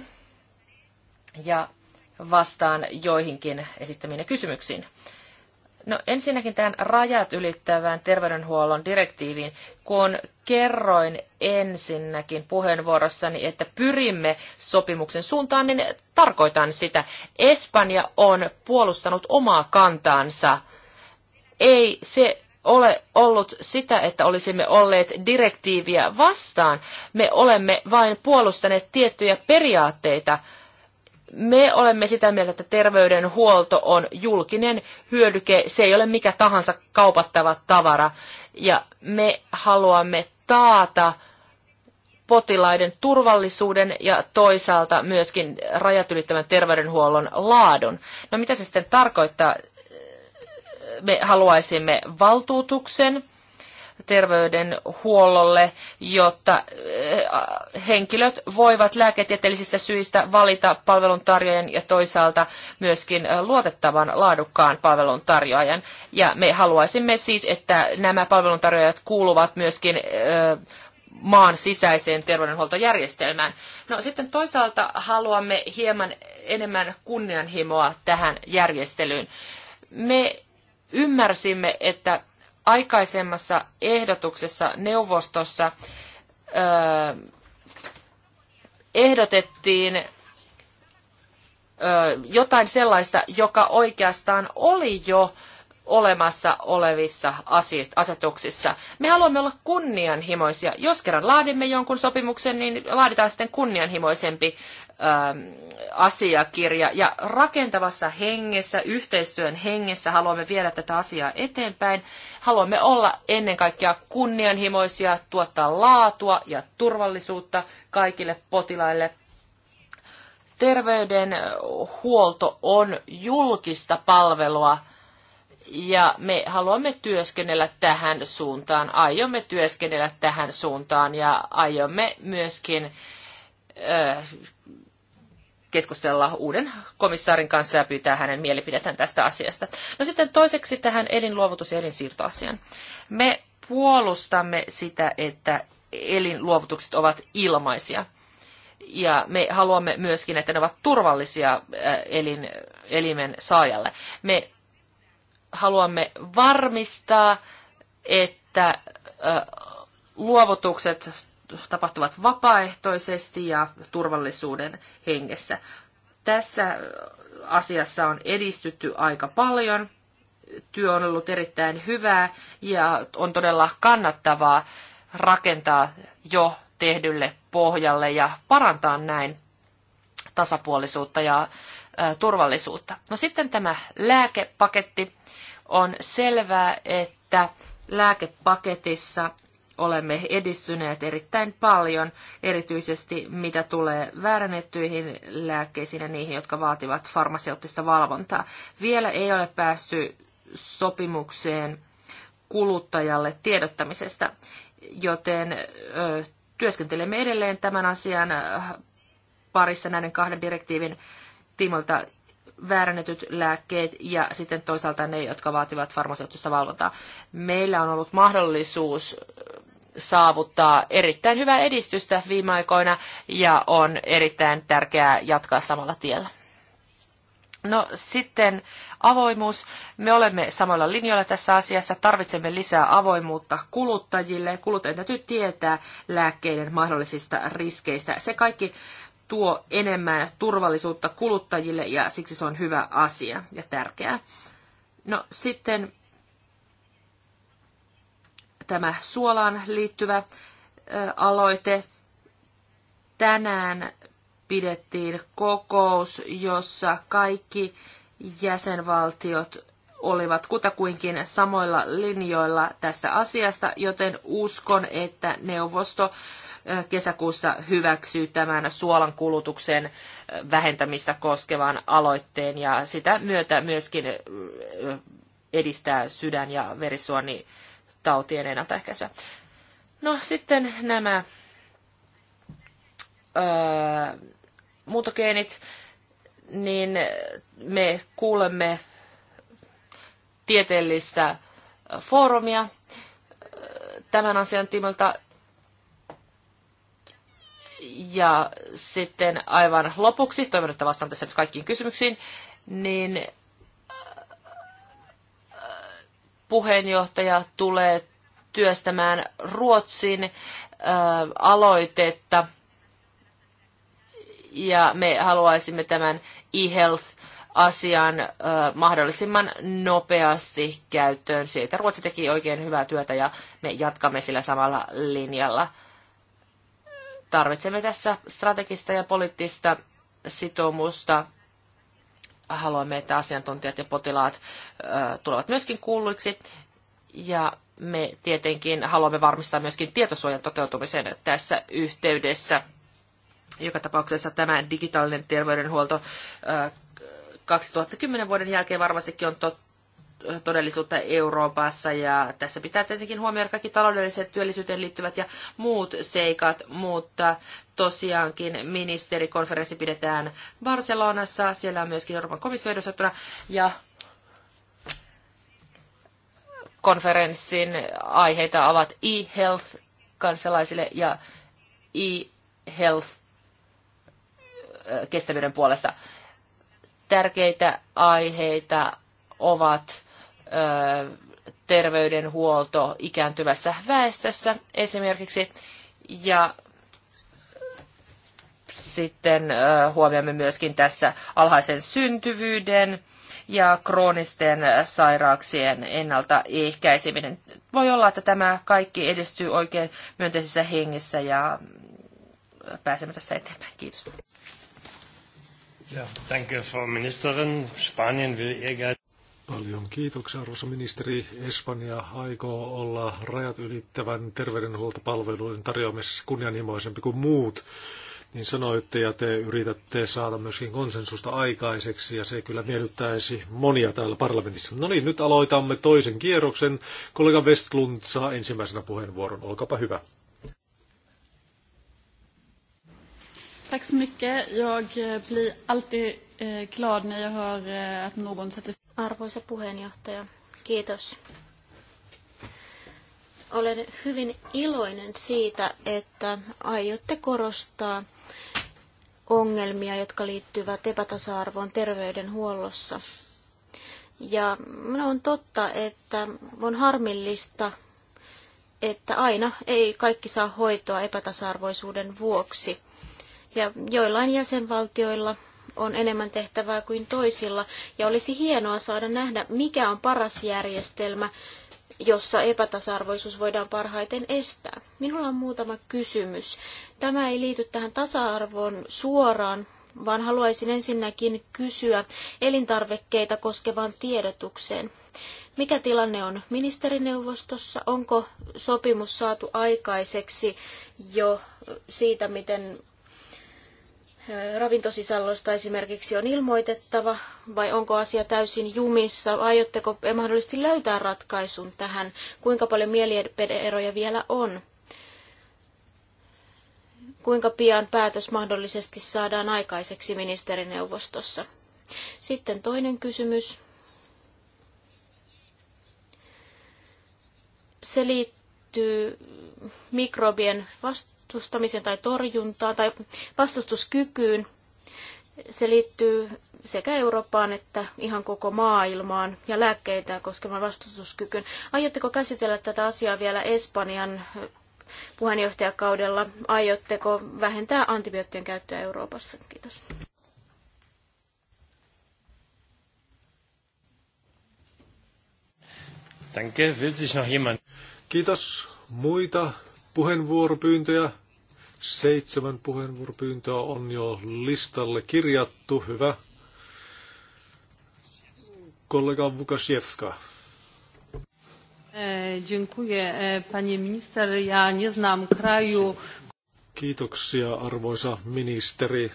ja vastaan joihinkin esittämiin kysymyksiin. No ensinnäkin tähän rajat ylittävään terveydenhuollon direktiiviin, kun kerroin ensinnäkin puheenvuorossani, että pyrimme sopimuksen suuntaan, niin tarkoitan sitä. Espanja on puolustanut omaa kantaansa. Ei se ole ollut sitä, että olisimme olleet direktiiviä vastaan. Me olemme vain puolustaneet tiettyjä periaatteita, me olemme sitä mieltä, että terveydenhuolto on julkinen hyödyke, se ei ole mikä tahansa kaupattava tavara. Ja me haluamme taata potilaiden turvallisuuden ja toisaalta myöskin rajat ylittävän terveydenhuollon laadun. No mitä se sitten tarkoittaa? Me haluaisimme valtuutuksen terveydenhuollolle, jotta eh, henkilöt voivat lääketieteellisistä syistä valita palveluntarjoajan ja toisaalta myöskin eh, luotettavan laadukkaan palveluntarjoajan. Ja me haluaisimme siis, että nämä palveluntarjoajat kuuluvat myöskin eh, maan sisäiseen terveydenhuoltojärjestelmään. No sitten toisaalta haluamme hieman enemmän kunnianhimoa tähän järjestelyyn. Me ymmärsimme, että aikaisemmassa ehdotuksessa neuvostossa ehdotettiin jotain sellaista, joka oikeastaan oli jo olemassa olevissa asetuksissa. Me haluamme olla kunnianhimoisia. Jos kerran laadimme jonkun sopimuksen, niin laaditaan sitten kunnianhimoisempi Ähm, asiakirja. Ja rakentavassa hengessä, yhteistyön hengessä haluamme viedä tätä asiaa eteenpäin. Haluamme olla ennen kaikkea kunnianhimoisia, tuottaa laatua ja turvallisuutta kaikille potilaille. Terveydenhuolto on julkista palvelua ja me haluamme työskennellä tähän suuntaan, aiomme työskennellä tähän suuntaan ja aiomme myöskin keskustella uuden komissaarin kanssa ja pyytää hänen mielipidetään tästä asiasta. No sitten toiseksi tähän elinluovutus- ja elinsiirtoasiaan. Me puolustamme sitä, että elinluovutukset ovat ilmaisia. Ja me haluamme myöskin, että ne ovat turvallisia äh, elin, elimen saajalle. Me haluamme varmistaa, että äh, luovutukset tapahtuvat vapaaehtoisesti ja turvallisuuden hengessä. Tässä äh, asiassa on edistytty aika paljon. Työ on ollut erittäin hyvää ja on todella kannattavaa rakentaa jo tehdylle pohjalle ja parantaa näin tasapuolisuutta ja äh, turvallisuutta. No sitten tämä lääkepaketti. On selvää, että lääkepaketissa olemme edistyneet erittäin paljon, erityisesti mitä tulee väärännettyihin lääkkeisiin ja niihin, jotka vaativat farmaseuttista valvontaa. Vielä ei ole päästy sopimukseen kuluttajalle tiedottamisesta, joten ö, työskentelemme edelleen tämän asian parissa näiden kahden direktiivin tiimoilta väärännetyt lääkkeet ja sitten toisaalta ne, jotka vaativat farmaseuttista valvontaa. Meillä on ollut mahdollisuus saavuttaa erittäin hyvää edistystä viime aikoina ja on erittäin tärkeää jatkaa samalla tiellä. No sitten avoimuus. Me olemme samalla linjoilla tässä asiassa. Tarvitsemme lisää avoimuutta kuluttajille. Kuluttajien täytyy tietää lääkkeiden mahdollisista riskeistä. Se kaikki tuo enemmän turvallisuutta kuluttajille ja siksi se on hyvä asia ja tärkeää. No sitten tämä suolaan liittyvä aloite. Tänään pidettiin kokous, jossa kaikki jäsenvaltiot olivat kutakuinkin samoilla linjoilla tästä asiasta, joten uskon, että neuvosto kesäkuussa hyväksyy tämän suolan kulutuksen vähentämistä koskevan aloitteen ja sitä myötä myöskin edistää sydän- ja verisuoni tautien ennaltaehkäisyä. No sitten nämä öö, muutogeenit, niin me kuulemme tieteellistä foorumia tämän asian tiimoilta. Ja sitten aivan lopuksi, toivon, että vastaan tässä nyt kaikkiin kysymyksiin, niin puheenjohtaja tulee työstämään Ruotsin aloitetta ja me haluaisimme tämän e-health-asian mahdollisimman nopeasti käyttöön. Siitä Ruotsi teki oikein hyvää työtä ja me jatkamme sillä samalla linjalla. Tarvitsemme tässä strategista ja poliittista sitoumusta haluamme, että asiantuntijat ja potilaat tulevat myöskin kuulluiksi. Ja me tietenkin haluamme varmistaa myöskin tietosuojan toteutumisen tässä yhteydessä. Joka tapauksessa tämä digitaalinen terveydenhuolto 2010 vuoden jälkeen varmastikin on tot, todellisuutta Euroopassa ja tässä pitää tietenkin huomioida kaikki taloudelliset, työllisyyteen liittyvät ja muut seikat, mutta tosiaankin ministerikonferenssi pidetään Barcelonassa, siellä on myöskin Euroopan komissio edustettuna ja konferenssin aiheita ovat e-health kansalaisille ja e-health kestävyyden puolesta. Tärkeitä aiheita ovat terveydenhuolto ikääntyvässä väestössä esimerkiksi. Ja sitten huomioimme myöskin tässä alhaisen syntyvyyden ja kroonisten sairauksien ennaltaehkäiseminen. Voi olla, että tämä kaikki edistyy oikein myönteisessä hengessä ja pääsemme tässä eteenpäin. Kiitos. Ja, danke, Frau Ministerin. Spanien will ehrgeizig. Paljon kiitoksia, arvoisa ministeri. Espanja aikoo olla rajat ylittävän terveydenhuoltopalveluiden tarjoamisessa kunnianhimoisempi kuin muut. Niin sanoitte, ja te yritätte saada myöskin konsensusta aikaiseksi, ja se kyllä miellyttäisi monia täällä parlamentissa. No niin, nyt aloitamme toisen kierroksen. Kollega Westlund saa ensimmäisenä puheenvuoron. Olkaapa hyvä. Tack så mycket. Jag eh, blir alltid eh, glad när jag hör eh, att någon sätter... Arvoisa puheenjohtaja, kiitos. Olen hyvin iloinen siitä, että aiotte korostaa ongelmia, jotka liittyvät epätasa-arvoon terveydenhuollossa. Ja no, on totta, että on harmillista, että aina ei kaikki saa hoitoa epätasa-arvoisuuden vuoksi. Ja joillain jäsenvaltioilla on enemmän tehtävää kuin toisilla, ja olisi hienoa saada nähdä, mikä on paras järjestelmä, jossa epätasa-arvoisuus voidaan parhaiten estää. Minulla on muutama kysymys. Tämä ei liity tähän tasa-arvoon suoraan, vaan haluaisin ensinnäkin kysyä elintarvikkeita koskevaan tiedotukseen. Mikä tilanne on ministerineuvostossa? Onko sopimus saatu aikaiseksi jo siitä, miten ravintosisällöstä esimerkiksi on ilmoitettava vai onko asia täysin jumissa? Aiotteko mahdollisesti löytää ratkaisun tähän? Kuinka paljon mielipideeroja vielä on? Kuinka pian päätös mahdollisesti saadaan aikaiseksi ministerineuvostossa? Sitten toinen kysymys. Se liittyy mikrobien vast- vastustamiseen tai torjuntaan tai vastustuskykyyn. Se liittyy sekä Eurooppaan että ihan koko maailmaan ja lääkkeitä koskevan vastustuskykyyn. Aiotteko käsitellä tätä asiaa vielä Espanjan puheenjohtajakaudella? Aiotteko vähentää antibioottien käyttöä Euroopassa? Kiitos. Danke, will sich noch jemand? Kiitos. Muita puheenvuoropyyntöjä? Seitsemän puheenvuoropyyntöä on jo listalle kirjattu. Hyvä. Kollega Vukasiewska. E, dziękuję, e, panie minister. Ja nie znam kraju. Kiitoksia, arvoisa ministeri.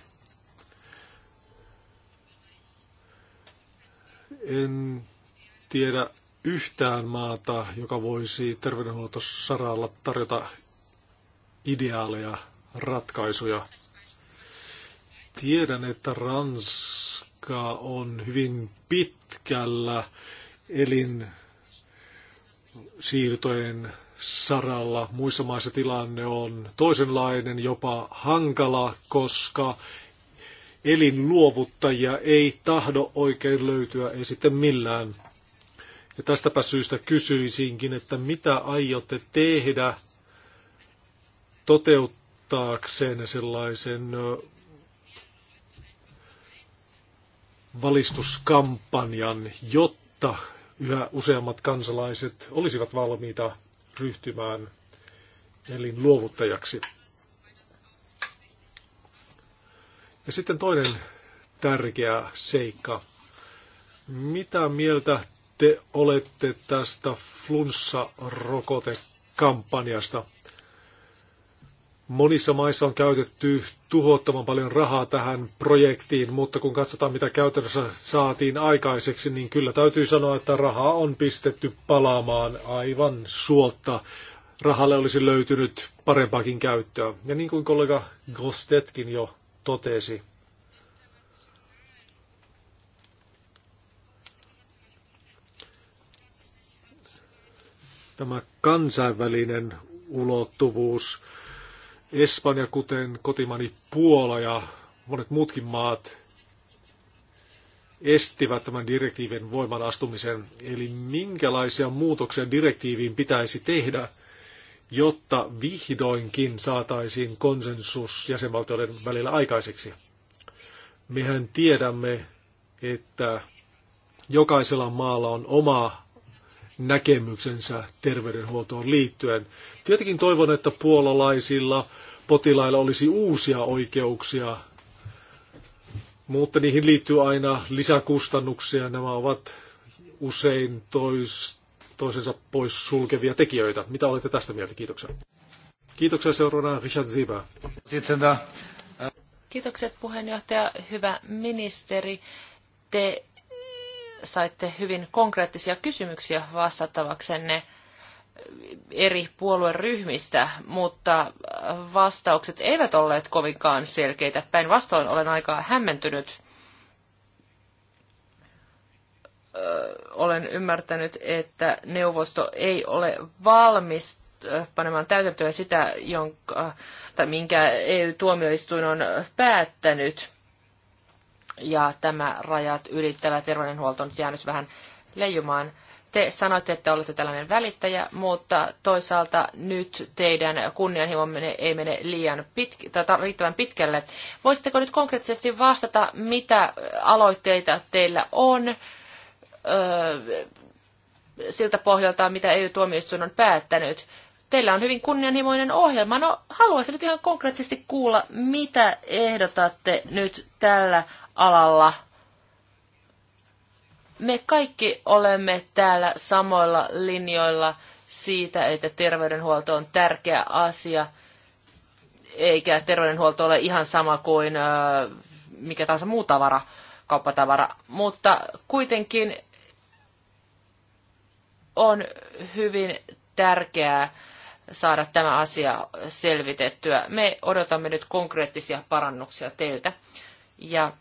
En tiedä yhtään maata, joka voisi terveydenhuoltosaralla tarjota ideaaleja ratkaisuja. Tiedän, että Ranska on hyvin pitkällä elin siirtojen saralla. Muissa maissa tilanne on toisenlainen, jopa hankala, koska elinluovuttajia ei tahdo oikein löytyä, ei sitten millään. Ja tästäpä syystä kysyisinkin, että mitä aiotte tehdä toteuttaa taakseen sellaisen valistuskampanjan, jotta yhä useammat kansalaiset olisivat valmiita ryhtymään luovuttajaksi. Ja sitten toinen tärkeä seikka. Mitä mieltä te olette tästä flunssa-rokotekampanjasta? Monissa maissa on käytetty tuhottoman paljon rahaa tähän projektiin, mutta kun katsotaan mitä käytännössä saatiin aikaiseksi, niin kyllä täytyy sanoa, että rahaa on pistetty palaamaan aivan suotta. Rahalle olisi löytynyt parempaakin käyttöä. Ja niin kuin kollega Gostetkin jo totesi, tämä kansainvälinen ulottuvuus – Espanja, kuten kotimani Puola ja monet muutkin maat estivät tämän direktiivin voiman astumisen. Eli minkälaisia muutoksia direktiiviin pitäisi tehdä, jotta vihdoinkin saataisiin konsensus jäsenvaltioiden välillä aikaiseksi. Mehän tiedämme, että jokaisella maalla on oma näkemyksensä terveydenhuoltoon liittyen. Tietenkin toivon, että puolalaisilla potilailla olisi uusia oikeuksia, mutta niihin liittyy aina lisäkustannuksia. Nämä ovat usein tois, toisensa pois sulkevia tekijöitä. Mitä olette tästä mieltä? Kiitoksia. Kiitoksia seuraavana Richard Ziba. Kiitokset puheenjohtaja, hyvä ministeri. Te saitte hyvin konkreettisia kysymyksiä vastattavaksenne eri puolueryhmistä, mutta vastaukset eivät olleet kovinkaan selkeitä. Päinvastoin olen aika hämmentynyt. Olen ymmärtänyt, että neuvosto ei ole valmis panemaan täytäntöön sitä, jonka, tai minkä EU-tuomioistuin on päättänyt – ja tämä rajat ylittävä terveydenhuolto on jäänyt vähän leijumaan. Te sanoitte, että olette tällainen välittäjä, mutta toisaalta nyt teidän kunnianhimomme ei mene liian pitk- tai riittävän pitkälle. Voisitteko nyt konkreettisesti vastata, mitä aloitteita teillä on? Öö, siltä pohjalta, mitä EU-tuomioistuin on päättänyt. Teillä on hyvin kunnianhimoinen ohjelma. No, haluaisin nyt ihan konkreettisesti kuulla, mitä ehdotatte nyt tällä alalla. Me kaikki olemme täällä samoilla linjoilla siitä, että terveydenhuolto on tärkeä asia, eikä terveydenhuolto ole ihan sama kuin mikä tahansa muu tavara, kauppatavara. Mutta kuitenkin on hyvin tärkeää saada tämä asia selvitettyä. Me odotamme nyt konkreettisia parannuksia teiltä. Ja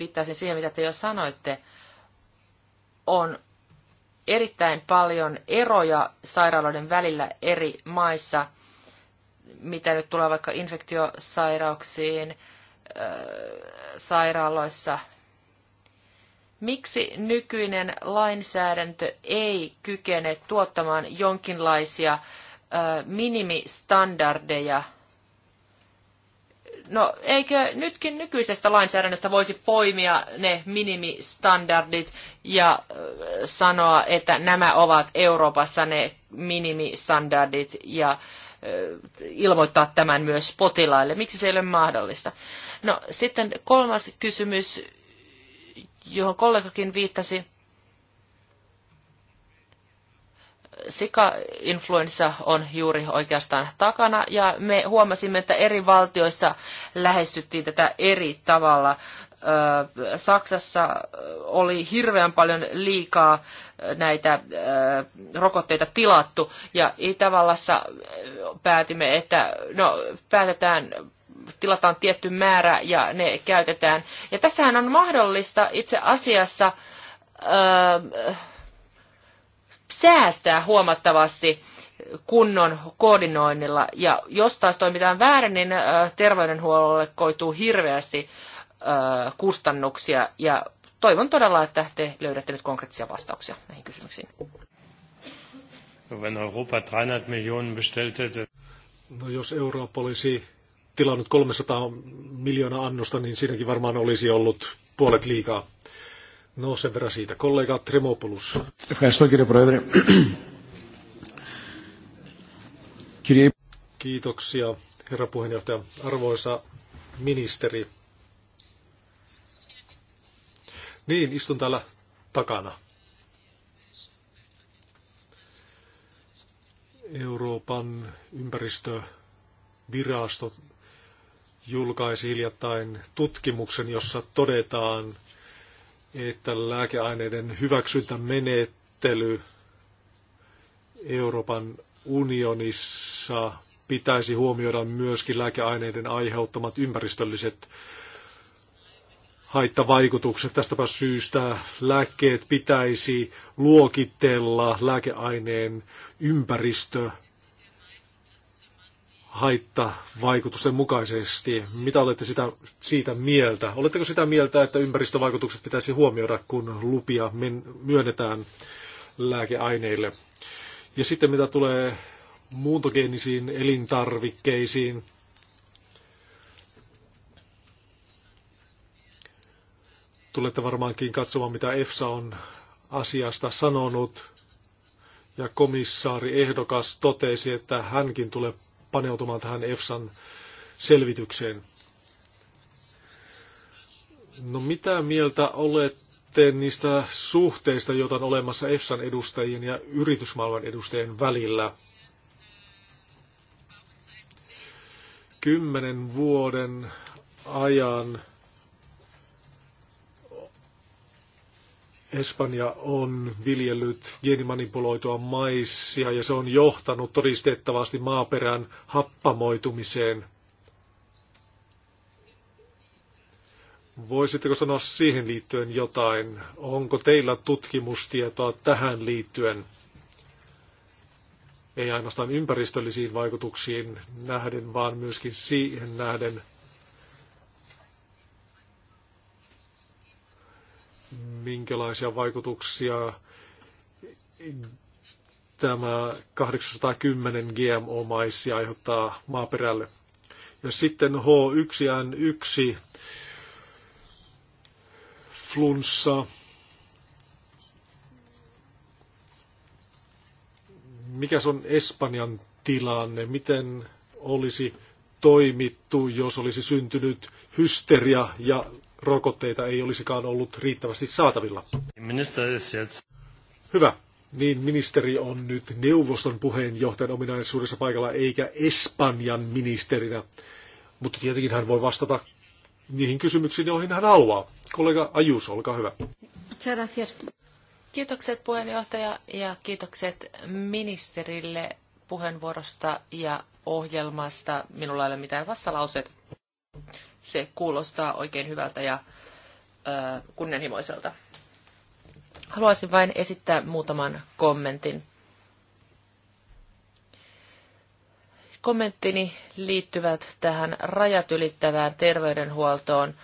viittaisin siihen, mitä te jo sanoitte, on erittäin paljon eroja sairaaloiden välillä eri maissa, mitä nyt tulee vaikka infektiosairauksiin äh, sairaaloissa. Miksi nykyinen lainsäädäntö ei kykene tuottamaan jonkinlaisia äh, minimistandardeja – No eikö nytkin nykyisestä lainsäädännöstä voisi poimia ne minimistandardit ja äh, sanoa, että nämä ovat Euroopassa ne minimistandardit ja äh, ilmoittaa tämän myös potilaille. Miksi se ei ole mahdollista? No sitten kolmas kysymys, johon kollegakin viittasi. sika-influenssa on juuri oikeastaan takana ja me huomasimme, että eri valtioissa lähestyttiin tätä eri tavalla. Saksassa oli hirveän paljon liikaa näitä rokotteita tilattu ja Itävallassa päätimme, että no, päätetään tilataan tietty määrä ja ne käytetään. Ja tässähän on mahdollista itse asiassa öö, säästää huomattavasti kunnon koordinoinnilla. Ja jos taas toimitaan väärin, niin terveydenhuollolle koituu hirveästi kustannuksia. Ja toivon todella, että te löydätte nyt konkreettisia vastauksia näihin kysymyksiin. 300 No jos Eurooppa olisi tilannut 300 miljoonaa annosta, niin siinäkin varmaan olisi ollut puolet liikaa. No sen verran siitä. Kollega Tremopoulos. Kiitoksia, herra puheenjohtaja. Arvoisa ministeri. Niin, istun täällä takana. Euroopan ympäristövirasto julkaisi hiljattain tutkimuksen, jossa todetaan, että lääkeaineiden hyväksyntämenettely Euroopan unionissa pitäisi huomioida myöskin lääkeaineiden aiheuttamat ympäristölliset haittavaikutukset. Tästäpä syystä lääkkeet pitäisi luokitella lääkeaineen ympäristö- haittavaikutusten mukaisesti. Mitä olette sitä, siitä mieltä? Oletteko sitä mieltä, että ympäristövaikutukset pitäisi huomioida, kun lupia men, myönnetään lääkeaineille? Ja sitten mitä tulee muuntogeenisiin elintarvikkeisiin, tulette varmaankin katsomaan, mitä EFSA on asiasta sanonut. Ja komissaari ehdokas totesi, että hänkin tulee paneutumaan tähän EFSAn selvitykseen. No mitä mieltä olette niistä suhteista, joita on olemassa EFSAn edustajien ja yritysmaailman edustajien välillä? Kymmenen vuoden ajan Espanja on viljellyt geenimanipuloitua maissia ja se on johtanut todistettavasti maaperän happamoitumiseen. Voisitteko sanoa siihen liittyen jotain? Onko teillä tutkimustietoa tähän liittyen? Ei ainoastaan ympäristöllisiin vaikutuksiin nähden, vaan myöskin siihen nähden, minkälaisia vaikutuksia tämä 810 GMO-maissi aiheuttaa maaperälle. Ja sitten H1N1 flunssa. Mikä on Espanjan tilanne? Miten olisi toimittu, jos olisi syntynyt hysteria ja rokotteita ei olisikaan ollut riittävästi saatavilla. Hyvä. Niin ministeri on nyt neuvoston puheenjohtajan ominaisuudessa paikalla eikä Espanjan ministerinä. Mutta tietenkin hän voi vastata niihin kysymyksiin, joihin hän haluaa. Kollega Ajus, olkaa hyvä. Kiitokset puheenjohtaja ja kiitokset ministerille puheenvuorosta ja ohjelmasta. Minulla ei ole mitään vastalauseita se kuulostaa oikein hyvältä ja ö, kunnianhimoiselta. Haluaisin vain esittää muutaman kommentin. Kommenttini liittyvät tähän rajat ylittävään terveydenhuoltoon.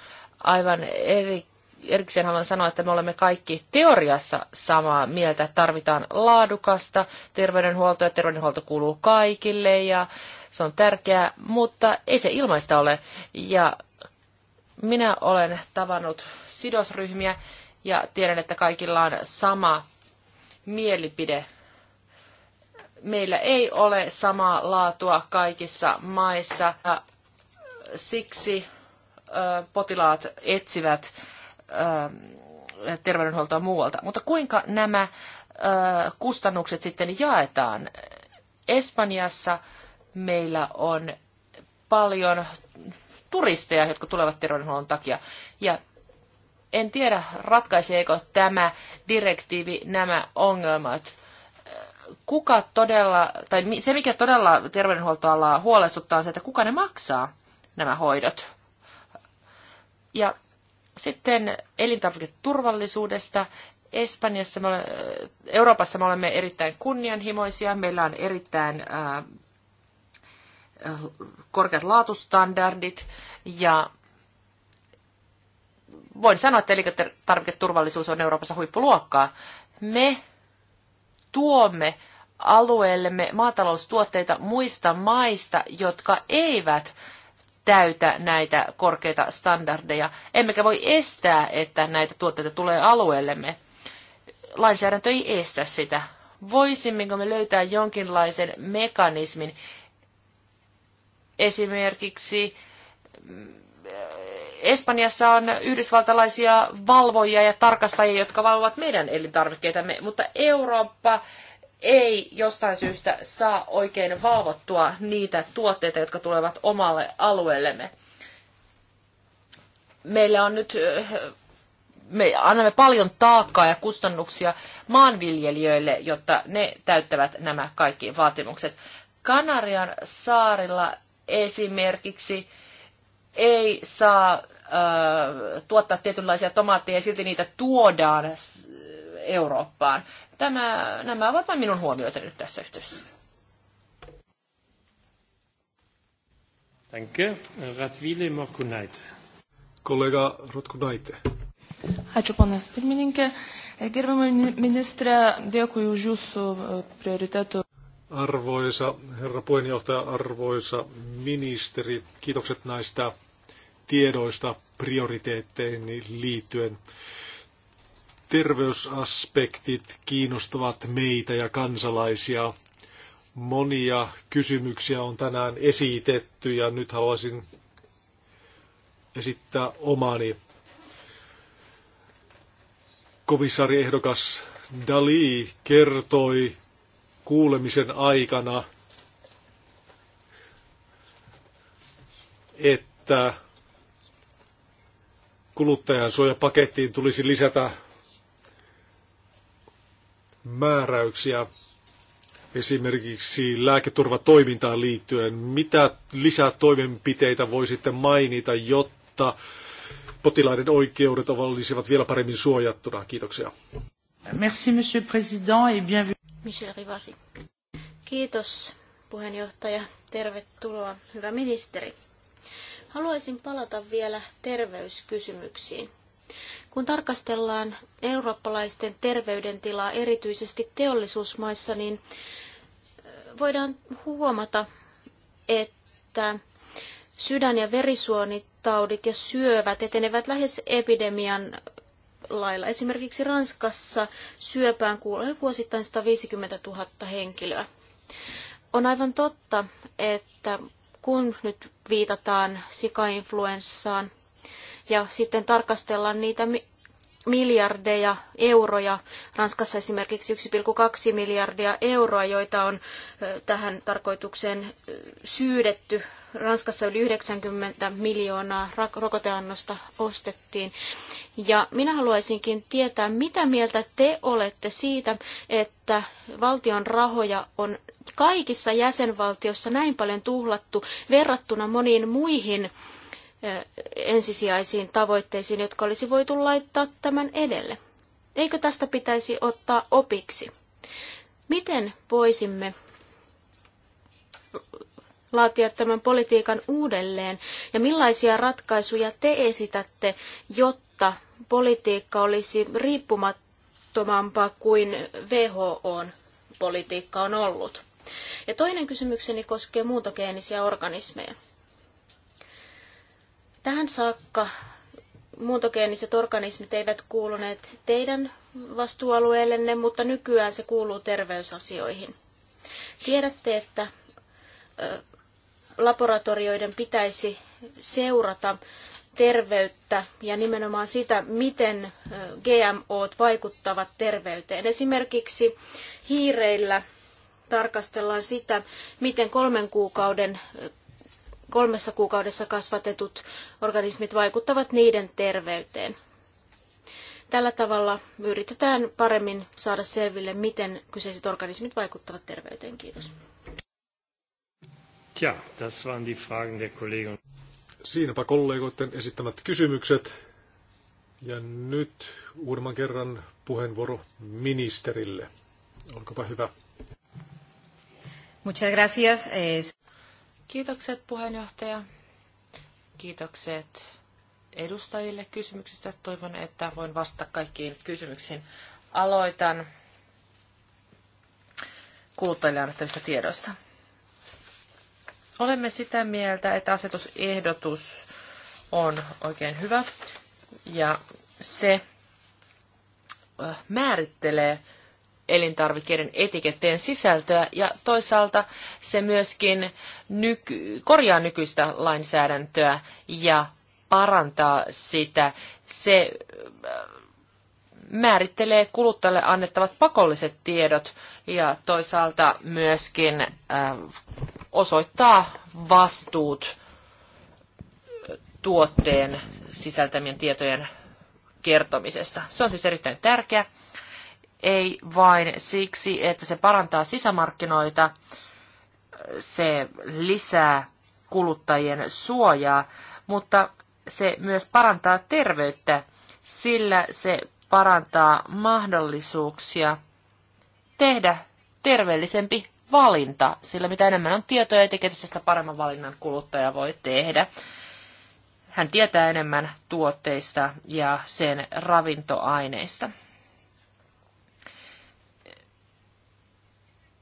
Aivan eri, erikseen haluan sanoa, että me olemme kaikki teoriassa samaa mieltä, tarvitaan laadukasta terveydenhuoltoa ja terveydenhuolto kuuluu kaikille ja se on tärkeää, mutta ei se ilmaista ole. Ja minä olen tavannut sidosryhmiä ja tiedän, että kaikilla on sama mielipide. Meillä ei ole samaa laatua kaikissa maissa ja siksi potilaat etsivät terveydenhuoltoa muualta. Mutta kuinka nämä kustannukset sitten jaetaan? Espanjassa meillä on paljon turisteja, jotka tulevat terveydenhuollon takia. Ja en tiedä, ratkaiseeko tämä direktiivi nämä ongelmat. Kuka todella, tai se mikä todella terveydenhuoltoalaa huolestuttaa on se, että kuka ne maksaa, nämä hoidot. Ja sitten elintarviketurvallisuudesta. Espanjassa, me olemme, Euroopassa me olemme erittäin kunnianhimoisia, meillä on erittäin korkeat laatustandardit ja voin sanoa, että elintarviketurvallisuus on Euroopassa huippuluokkaa. Me tuomme alueellemme maataloustuotteita muista maista, jotka eivät täytä näitä korkeita standardeja, emmekä voi estää, että näitä tuotteita tulee alueellemme. Lainsäädäntö ei estä sitä. Voisimmeko me löytää jonkinlaisen mekanismin, Esimerkiksi mm, Espanjassa on yhdysvaltalaisia valvojia ja tarkastajia, jotka valvovat meidän elintarvikkeitamme, mutta Eurooppa ei jostain syystä saa oikein valvottua niitä tuotteita, jotka tulevat omalle alueellemme. Meillä on nyt, me annamme paljon taakkaa ja kustannuksia maanviljelijöille, jotta ne täyttävät nämä kaikki vaatimukset. Kanarian saarilla esimerkiksi ei saa äh, tuottaa tietynlaisia tomaatteja ja silti niitä tuodaan Eurooppaan. Tämä, nämä ovat vain minun huomioita nyt tässä yhteydessä. Danke. Ratvile Kollega Rotkunaite. Ačiū, ponas pirmininkė. Gerbiamą ministrė, dėkui už jūsų e, prioritetų. Arvoisa herra puheenjohtaja, arvoisa ministeri, kiitokset näistä tiedoista prioriteetteihin liittyen. Terveysaspektit kiinnostavat meitä ja kansalaisia. Monia kysymyksiä on tänään esitetty ja nyt haluaisin esittää omani. Komissaariehdokas Dali kertoi kuulemisen aikana, että kuluttajan suojapakettiin tulisi lisätä määräyksiä esimerkiksi lääketurvatoimintaan liittyen. Mitä lisätoimenpiteitä voi sitten mainita, jotta potilaiden oikeudet olisivat vielä paremmin suojattuna? Kiitoksia. Merci, monsieur président, et bienvenue. Michel Rivasi. Kiitos puheenjohtaja. Tervetuloa, hyvä ministeri. Haluaisin palata vielä terveyskysymyksiin. Kun tarkastellaan eurooppalaisten terveydentilaa erityisesti teollisuusmaissa, niin voidaan huomata, että sydän- ja verisuonitaudit ja syövät etenevät lähes epidemian lailla. Esimerkiksi Ranskassa syöpään kuolee vuosittain 150 000 henkilöä. On aivan totta, että kun nyt viitataan sikainfluenssaan ja sitten tarkastellaan niitä miljardeja euroja. Ranskassa esimerkiksi 1,2 miljardia euroa, joita on tähän tarkoitukseen syydetty. Ranskassa yli 90 miljoonaa rokoteannosta ostettiin. Ja minä haluaisinkin tietää, mitä mieltä te olette siitä, että valtion rahoja on kaikissa jäsenvaltioissa näin paljon tuhlattu verrattuna moniin muihin ensisijaisiin tavoitteisiin, jotka olisi voitu laittaa tämän edelle. Eikö tästä pitäisi ottaa opiksi? Miten voisimme laatia tämän politiikan uudelleen ja millaisia ratkaisuja te esitätte, jotta politiikka olisi riippumattomampaa kuin WHOn politiikka on ollut? Ja toinen kysymykseni koskee muuntogeenisiä organismeja. Tähän saakka muuntogeeniset organismit eivät kuuluneet teidän vastuualueellenne, mutta nykyään se kuuluu terveysasioihin. Tiedätte, että laboratorioiden pitäisi seurata terveyttä ja nimenomaan sitä, miten GMOt vaikuttavat terveyteen. Esimerkiksi hiireillä tarkastellaan sitä, miten kolmen kuukauden kolmessa kuukaudessa kasvatetut organismit vaikuttavat niiden terveyteen. Tällä tavalla yritetään paremmin saada selville, miten kyseiset organismit vaikuttavat terveyteen. Kiitos. Tja, das waren die Fragen der Kollegen. Siinäpä kollegoiden esittämät kysymykset. Ja nyt uudemman kerran puheenvuoro ministerille. Olkapa hyvä. Muchas gracias. Kiitokset puheenjohtaja. Kiitokset edustajille kysymyksistä. Toivon, että voin vastata kaikkiin kysymyksiin. Aloitan kuluttajille annettavista tiedoista. Olemme sitä mieltä, että asetusehdotus on oikein hyvä ja se määrittelee elintarvikkeiden etiketteen sisältöä ja toisaalta se myöskin nyky- korjaa nykyistä lainsäädäntöä ja parantaa sitä. Se äh, määrittelee kuluttajalle annettavat pakolliset tiedot ja toisaalta myöskin äh, osoittaa vastuut tuotteen sisältämien tietojen kertomisesta. Se on siis erittäin tärkeä ei vain siksi, että se parantaa sisämarkkinoita, se lisää kuluttajien suojaa, mutta se myös parantaa terveyttä, sillä se parantaa mahdollisuuksia tehdä terveellisempi valinta, sillä mitä enemmän on tietoja ja tekee, sitä paremman valinnan kuluttaja voi tehdä. Hän tietää enemmän tuotteista ja sen ravintoaineista.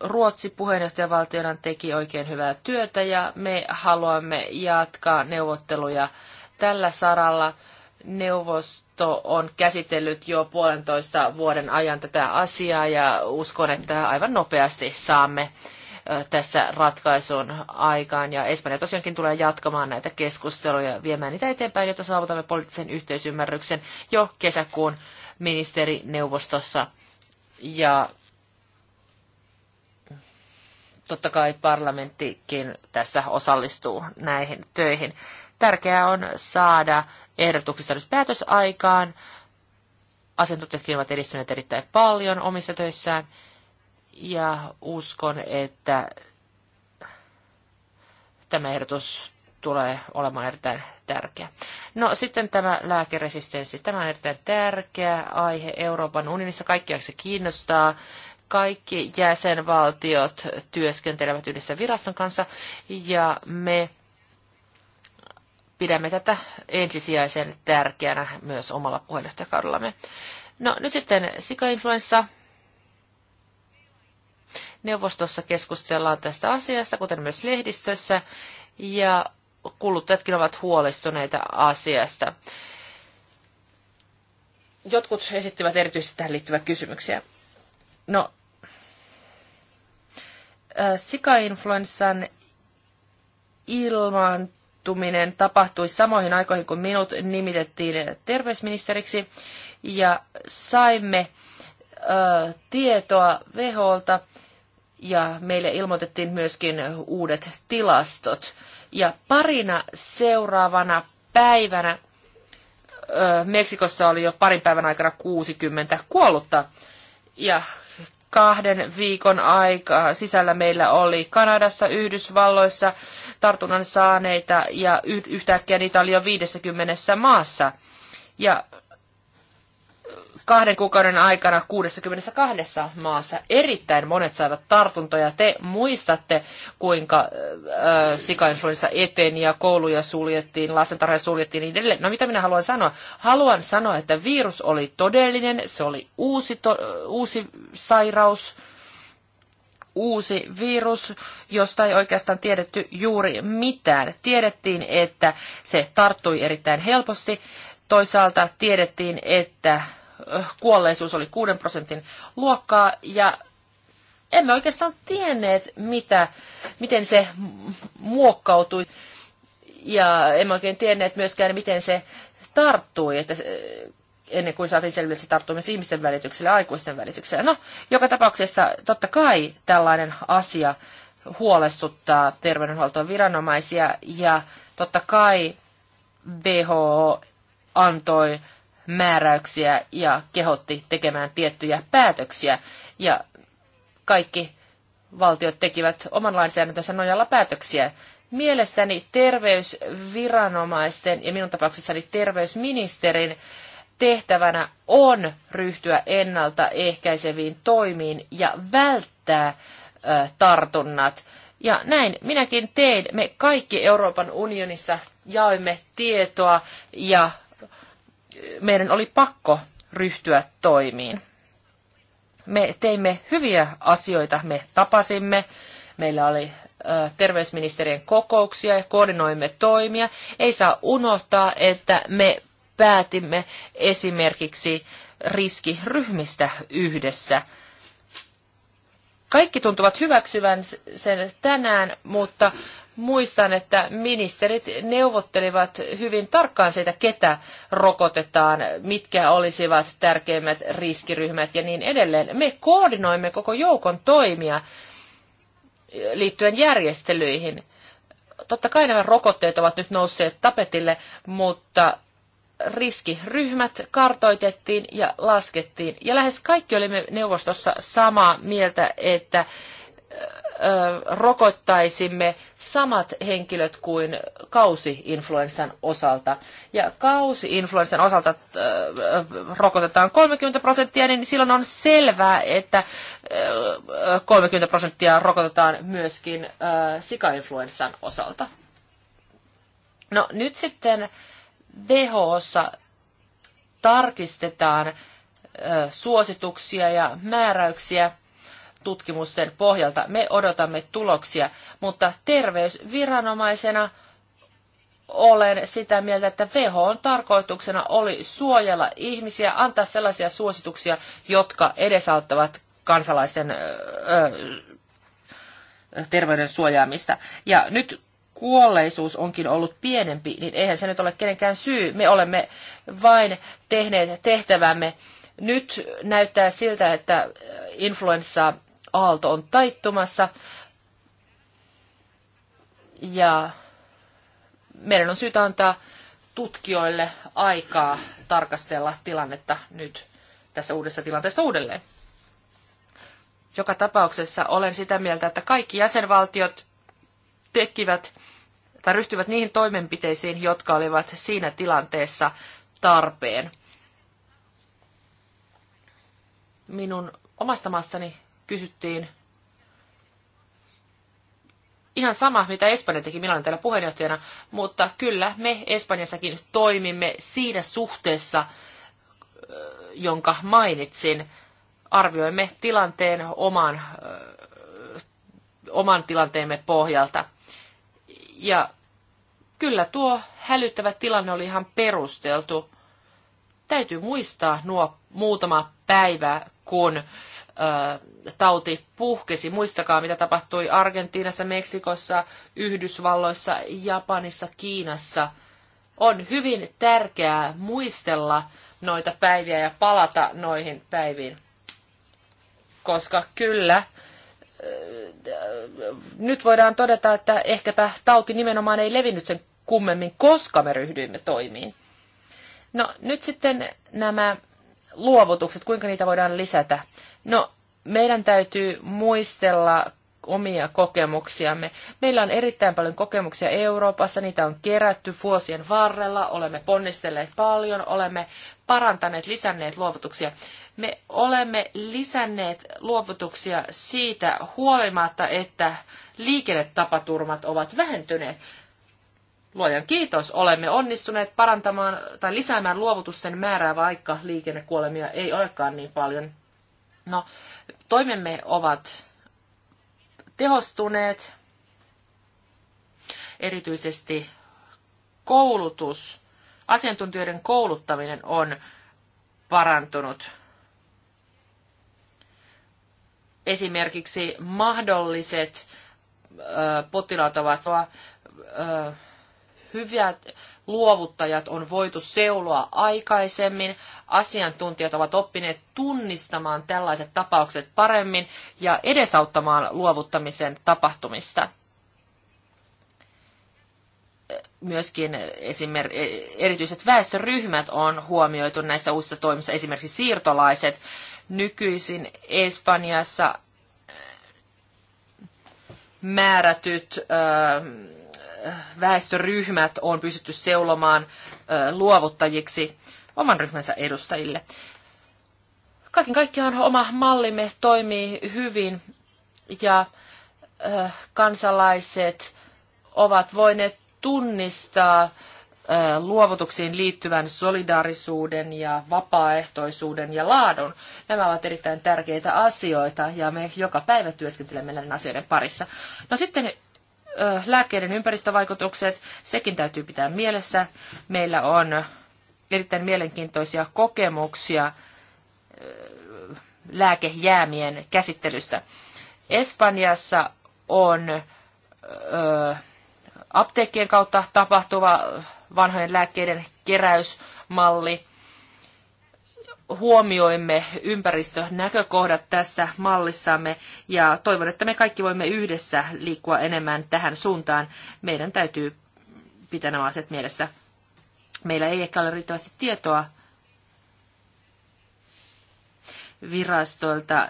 Ruotsi puheenjohtajavaltiona teki oikein hyvää työtä ja me haluamme jatkaa neuvotteluja tällä saralla. Neuvosto on käsitellyt jo puolentoista vuoden ajan tätä asiaa ja uskon, että aivan nopeasti saamme tässä ratkaisun aikaan. Ja Espanja tosiaankin tulee jatkamaan näitä keskusteluja, viemään niitä eteenpäin, jotta saavutamme poliittisen yhteisymmärryksen jo kesäkuun ministerineuvostossa. Ja totta kai parlamenttikin tässä osallistuu näihin töihin. Tärkeää on saada ehdotuksista nyt päätös aikaan. Asiantuntijatkin ovat edistyneet erittäin paljon omissa töissään ja uskon, että tämä ehdotus tulee olemaan erittäin tärkeä. No sitten tämä lääkeresistenssi. Tämä on erittäin tärkeä aihe Euroopan unionissa. Kaikkia se kiinnostaa kaikki jäsenvaltiot työskentelevät yhdessä viraston kanssa ja me pidämme tätä ensisijaisen tärkeänä myös omalla puheenjohtajakaudellamme. No nyt sitten sikainfluenssa. Neuvostossa keskustellaan tästä asiasta, kuten myös lehdistössä, ja kuluttajatkin ovat huolestuneita asiasta. Jotkut esittivät erityisesti tähän liittyviä kysymyksiä. No, sikainfluenssan ilmaantuminen tapahtui samoihin aikoihin, kun minut nimitettiin terveysministeriksi ja saimme ö, tietoa WHOlta ja meille ilmoitettiin myöskin uudet tilastot. Ja parina seuraavana päivänä ö, Meksikossa oli jo parin päivän aikana 60 kuollutta. Ja kahden viikon aikaa sisällä meillä oli Kanadassa, Yhdysvalloissa tartunnan saaneita ja yhtäkkiä niitä oli jo 50 maassa. Ja kahden kuukauden aikana 62 maassa. Erittäin monet saivat tartuntoja. Te muistatte, kuinka äh, sikainfluenssa eteni ja kouluja suljettiin, lastentarhoja suljettiin niin edelleen. No mitä minä haluan sanoa? Haluan sanoa, että virus oli todellinen, se oli uusi, to, uusi sairaus, uusi virus, josta ei oikeastaan tiedetty juuri mitään. Tiedettiin, että se tarttui erittäin helposti. Toisaalta tiedettiin, että kuolleisuus oli 6 prosentin luokkaa ja emme oikeastaan tienneet, mitä, miten se muokkautui ja emme oikein tienneet myöskään, miten se tarttui, että ennen kuin saatiin selville, että se tarttuu myös ihmisten välityksellä ja aikuisten välityksellä. No, joka tapauksessa totta kai tällainen asia huolestuttaa terveydenhuoltoon viranomaisia ja totta kai WHO antoi määräyksiä ja kehotti tekemään tiettyjä päätöksiä. Ja kaikki valtiot tekivät oman lainsäädäntönsä nojalla päätöksiä. Mielestäni terveysviranomaisten ja minun tapauksessani terveysministerin tehtävänä on ryhtyä ennaltaehkäiseviin toimiin ja välttää ö, tartunnat. Ja näin minäkin tein. Me kaikki Euroopan unionissa jaoimme tietoa ja meidän oli pakko ryhtyä toimiin. Me teimme hyviä asioita, me tapasimme, meillä oli terveysministerien kokouksia ja koordinoimme toimia. Ei saa unohtaa, että me päätimme esimerkiksi riskiryhmistä yhdessä. Kaikki tuntuvat hyväksyvän sen tänään, mutta muistan, että ministerit neuvottelivat hyvin tarkkaan siitä, ketä rokotetaan, mitkä olisivat tärkeimmät riskiryhmät ja niin edelleen. Me koordinoimme koko joukon toimia liittyen järjestelyihin. Totta kai nämä rokotteet ovat nyt nousseet tapetille, mutta riskiryhmät kartoitettiin ja laskettiin. Ja lähes kaikki olimme neuvostossa samaa mieltä, että rokottaisimme samat henkilöt kuin kausi-influenssan osalta. Ja kausi-influenssan osalta rokotetaan 30 prosenttia, niin silloin on selvää, että 30 prosenttia rokotetaan myöskin sikainfluenssan osalta. No nyt sitten WHOssa tarkistetaan suosituksia ja määräyksiä – tutkimusten pohjalta. Me odotamme tuloksia, mutta terveysviranomaisena olen sitä mieltä, että on tarkoituksena oli suojella ihmisiä, antaa sellaisia suosituksia, jotka edesauttavat kansalaisten öö, terveyden suojaamista. Ja nyt kuolleisuus onkin ollut pienempi, niin eihän se nyt ole kenenkään syy. Me olemme vain tehneet tehtävämme. Nyt näyttää siltä, että influenssaa aalto on taittumassa. Ja meidän on syytä antaa tutkijoille aikaa tarkastella tilannetta nyt tässä uudessa tilanteessa uudelleen. Joka tapauksessa olen sitä mieltä, että kaikki jäsenvaltiot tekivät tai ryhtyvät niihin toimenpiteisiin, jotka olivat siinä tilanteessa tarpeen. Minun omasta maastani kysyttiin ihan sama, mitä Espanja teki, minä olen täällä puheenjohtajana, mutta kyllä me Espanjassakin toimimme siinä suhteessa, jonka mainitsin. Arvioimme tilanteen oman, oman tilanteemme pohjalta. Ja kyllä tuo hälyttävä tilanne oli ihan perusteltu. Täytyy muistaa nuo muutama päivä, kun tauti puhkesi. Muistakaa, mitä tapahtui Argentiinassa, Meksikossa, Yhdysvalloissa, Japanissa, Kiinassa. On hyvin tärkeää muistella noita päiviä ja palata noihin päiviin. Koska kyllä, nyt voidaan todeta, että ehkäpä tauti nimenomaan ei levinnyt sen kummemmin, koska me ryhdyimme toimiin. No nyt sitten nämä luovutukset, kuinka niitä voidaan lisätä. No, meidän täytyy muistella omia kokemuksiamme. Meillä on erittäin paljon kokemuksia Euroopassa, niitä on kerätty vuosien varrella, olemme ponnistelleet paljon, olemme parantaneet, lisänneet luovutuksia. Me olemme lisänneet luovutuksia siitä huolimatta, että liikennetapaturmat ovat vähentyneet. Luojan kiitos, olemme onnistuneet parantamaan tai lisäämään luovutusten määrää, vaikka liikennekuolemia ei olekaan niin paljon No, toimemme ovat tehostuneet, erityisesti koulutus, asiantuntijoiden kouluttaminen on parantunut. Esimerkiksi mahdolliset potilaat ovat hyviä luovuttajat on voitu seuloa aikaisemmin, asiantuntijat ovat oppineet tunnistamaan tällaiset tapaukset paremmin ja edesauttamaan luovuttamisen tapahtumista. Myöskin esimer- e- erityiset väestöryhmät on huomioitu näissä uusissa toimissa, esimerkiksi siirtolaiset. Nykyisin Espanjassa määrätyt väestöryhmät on pystytty seulomaan luovuttajiksi oman ryhmänsä edustajille. Kaiken kaikkiaan oma mallimme toimii hyvin ja kansalaiset ovat voineet tunnistaa luovutuksiin liittyvän solidaarisuuden ja vapaaehtoisuuden ja laadun. Nämä ovat erittäin tärkeitä asioita ja me joka päivä työskentelemme näiden asioiden parissa. No sitten lääkkeiden ympäristövaikutukset, sekin täytyy pitää mielessä. Meillä on erittäin mielenkiintoisia kokemuksia lääkejäämien käsittelystä. Espanjassa on apteekkien kautta tapahtuva vanhojen lääkkeiden keräysmalli huomioimme ympäristönäkökohdat tässä mallissamme ja toivon, että me kaikki voimme yhdessä liikkua enemmän tähän suuntaan. Meidän täytyy pitää nämä asiat mielessä. Meillä ei ehkä ole riittävästi tietoa virastoilta.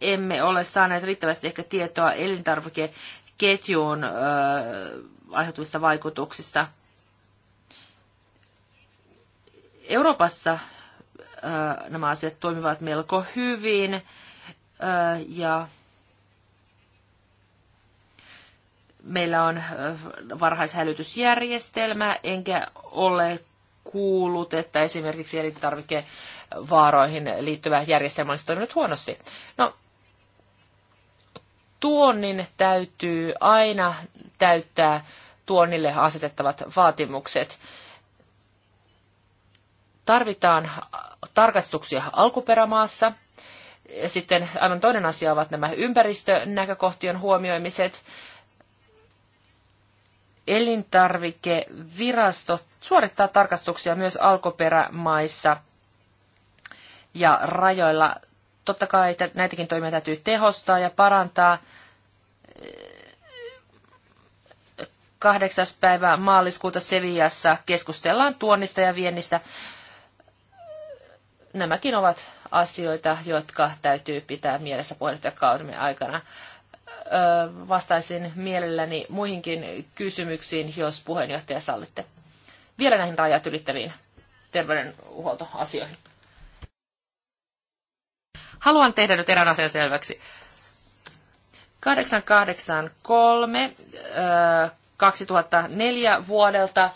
Emme ole saaneet riittävästi ehkä tietoa elintarvikeketjuun ö, aiheutuvista vaikutuksista. Euroopassa nämä asiat toimivat melko hyvin ja meillä on varhaishälytysjärjestelmä, enkä ole kuullut, että esimerkiksi elintarvikevaaroihin liittyvä järjestelmä olisi toiminut huonosti. No, tuonnin täytyy aina täyttää tuonnille asetettavat vaatimukset. Tarvitaan tarkastuksia alkuperämaassa. Sitten aivan toinen asia ovat nämä ympäristönäkökohtien huomioimiset. Elintarvikevirasto suorittaa tarkastuksia myös alkuperämaissa ja rajoilla. Totta kai näitäkin toimia täytyy tehostaa ja parantaa. Kahdeksas päivä maaliskuuta seviassa keskustellaan tuonnista ja viennistä nämäkin ovat asioita, jotka täytyy pitää mielessä puheenjohtajakautemme aikana. Vastaisin mielelläni muihinkin kysymyksiin, jos puheenjohtaja sallitte. Vielä näihin rajat ylittäviin terveydenhuoltoasioihin. Haluan tehdä nyt erään asian selväksi. 883 2004 vuodelta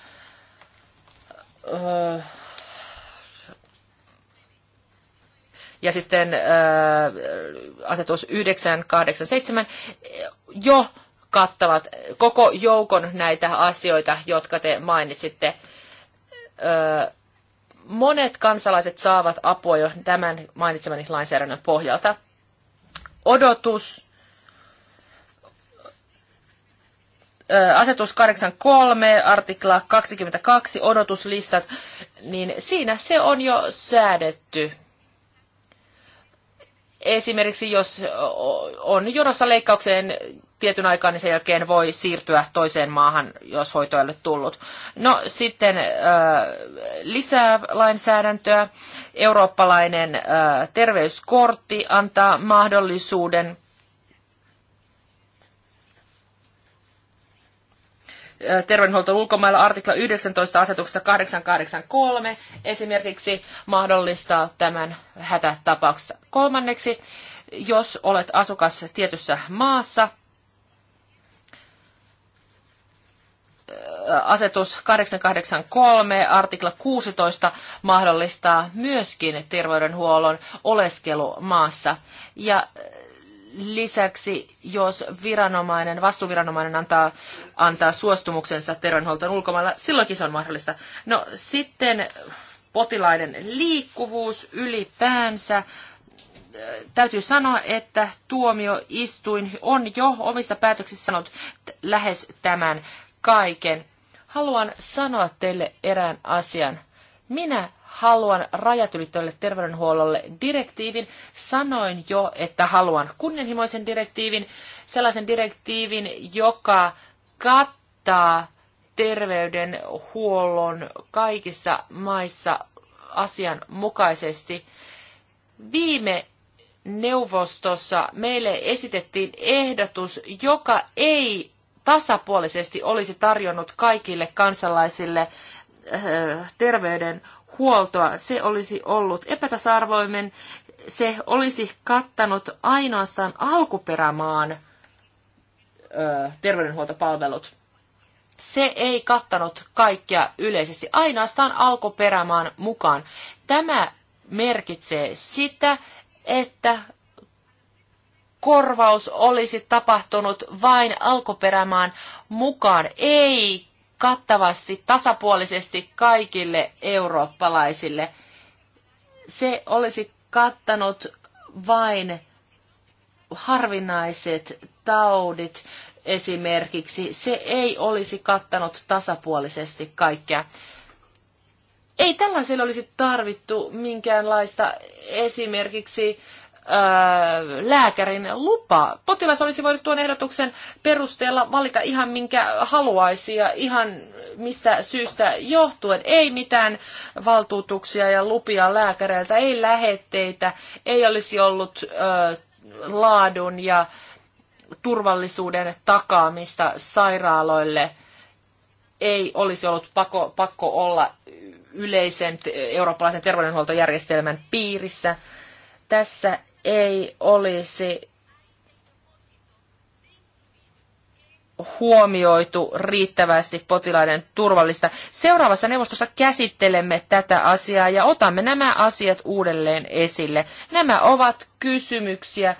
ja sitten asetus 987 jo kattavat koko joukon näitä asioita, jotka te mainitsitte. Monet kansalaiset saavat apua jo tämän mainitsemani lainsäädännön pohjalta. Odotus. Asetus 83, artikla 22, odotuslistat, niin siinä se on jo säädetty Esimerkiksi jos on jonossa leikkaukseen tietyn aikaa, niin sen jälkeen voi siirtyä toiseen maahan, jos hoito ei ole tullut. No sitten lisää lainsäädäntöä. Eurooppalainen terveyskortti antaa mahdollisuuden terveydenhuolto ulkomailla artikla 19 asetuksesta 883 esimerkiksi mahdollistaa tämän hätätapauksessa. Kolmanneksi, jos olet asukas tietyssä maassa, asetus 883 artikla 16 mahdollistaa myöskin terveydenhuollon oleskelumaassa. Ja lisäksi, jos viranomainen, vastuuviranomainen antaa, antaa suostumuksensa terveydenhuoltoon ulkomailla, silloinkin se on mahdollista. No sitten potilaiden liikkuvuus ylipäänsä. Täytyy sanoa, että tuomioistuin on jo omissa päätöksissä sanonut lähes tämän kaiken. Haluan sanoa teille erään asian. Minä haluan rajat ylittävälle terveydenhuollolle direktiivin. Sanoin jo, että haluan kunnianhimoisen direktiivin, sellaisen direktiivin, joka kattaa terveydenhuollon kaikissa maissa asianmukaisesti. Viime neuvostossa meille esitettiin ehdotus, joka ei tasapuolisesti olisi tarjonnut kaikille kansalaisille äh, terveyden huoltoa. Se olisi ollut epätasarvoimen, se olisi kattanut ainoastaan alkuperämaan ö, terveydenhuoltopalvelut. Se ei kattanut kaikkia yleisesti, ainoastaan alkuperämaan mukaan. Tämä merkitsee sitä, että korvaus olisi tapahtunut vain alkuperämaan mukaan, ei kattavasti, tasapuolisesti kaikille eurooppalaisille. Se olisi kattanut vain harvinaiset taudit esimerkiksi. Se ei olisi kattanut tasapuolisesti kaikkea. Ei tällaiselle olisi tarvittu minkäänlaista esimerkiksi lääkärin lupa. Potilas olisi voinut tuon ehdotuksen perusteella valita ihan minkä haluaisi ja ihan mistä syystä johtuen. Ei mitään valtuutuksia ja lupia lääkäreiltä, ei lähetteitä, ei olisi ollut ö, laadun ja turvallisuuden takaamista sairaaloille. Ei olisi ollut pakko, pakko olla yleisen eurooppalaisen terveydenhuoltojärjestelmän piirissä. Tässä ei olisi huomioitu riittävästi potilaiden turvallista. Seuraavassa neuvostossa käsittelemme tätä asiaa ja otamme nämä asiat uudelleen esille. Nämä ovat kysymyksiä,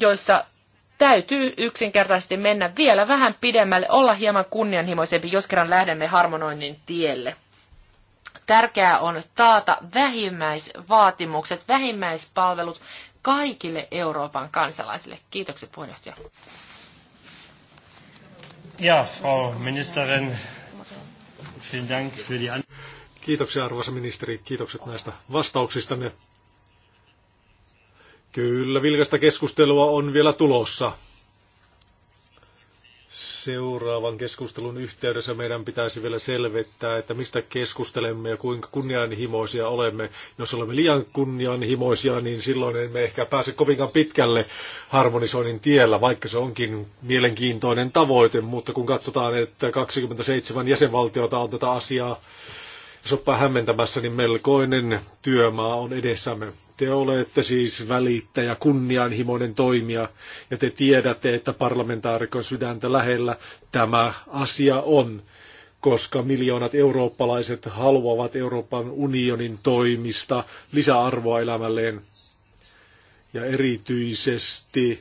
joissa täytyy yksinkertaisesti mennä vielä vähän pidemmälle, olla hieman kunnianhimoisempi, jos kerran lähdemme harmonoinnin tielle. Tärkeää on taata vähimmäisvaatimukset, vähimmäispalvelut kaikille Euroopan kansalaisille. Kiitokset puheenjohtaja. Ja, Frau Ministerin, vielen Dank für die Kiitoksia arvoisa ministeri, kiitokset näistä vastauksistanne. Kyllä, vilkasta keskustelua on vielä tulossa seuraavan keskustelun yhteydessä meidän pitäisi vielä selvittää, että mistä keskustelemme ja kuinka kunnianhimoisia olemme. Jos olemme liian kunnianhimoisia, niin silloin emme ehkä pääse kovinkaan pitkälle harmonisoinnin tiellä, vaikka se onkin mielenkiintoinen tavoite, mutta kun katsotaan, että 27 jäsenvaltiota on tätä asiaa soppaa hämmentämässä, niin melkoinen työmaa on edessämme. Te olette siis välittäjä, kunnianhimoinen toimija, ja te tiedätte, että parlamentaarikon sydäntä lähellä tämä asia on, koska miljoonat eurooppalaiset haluavat Euroopan unionin toimista lisäarvoa elämälleen. Ja erityisesti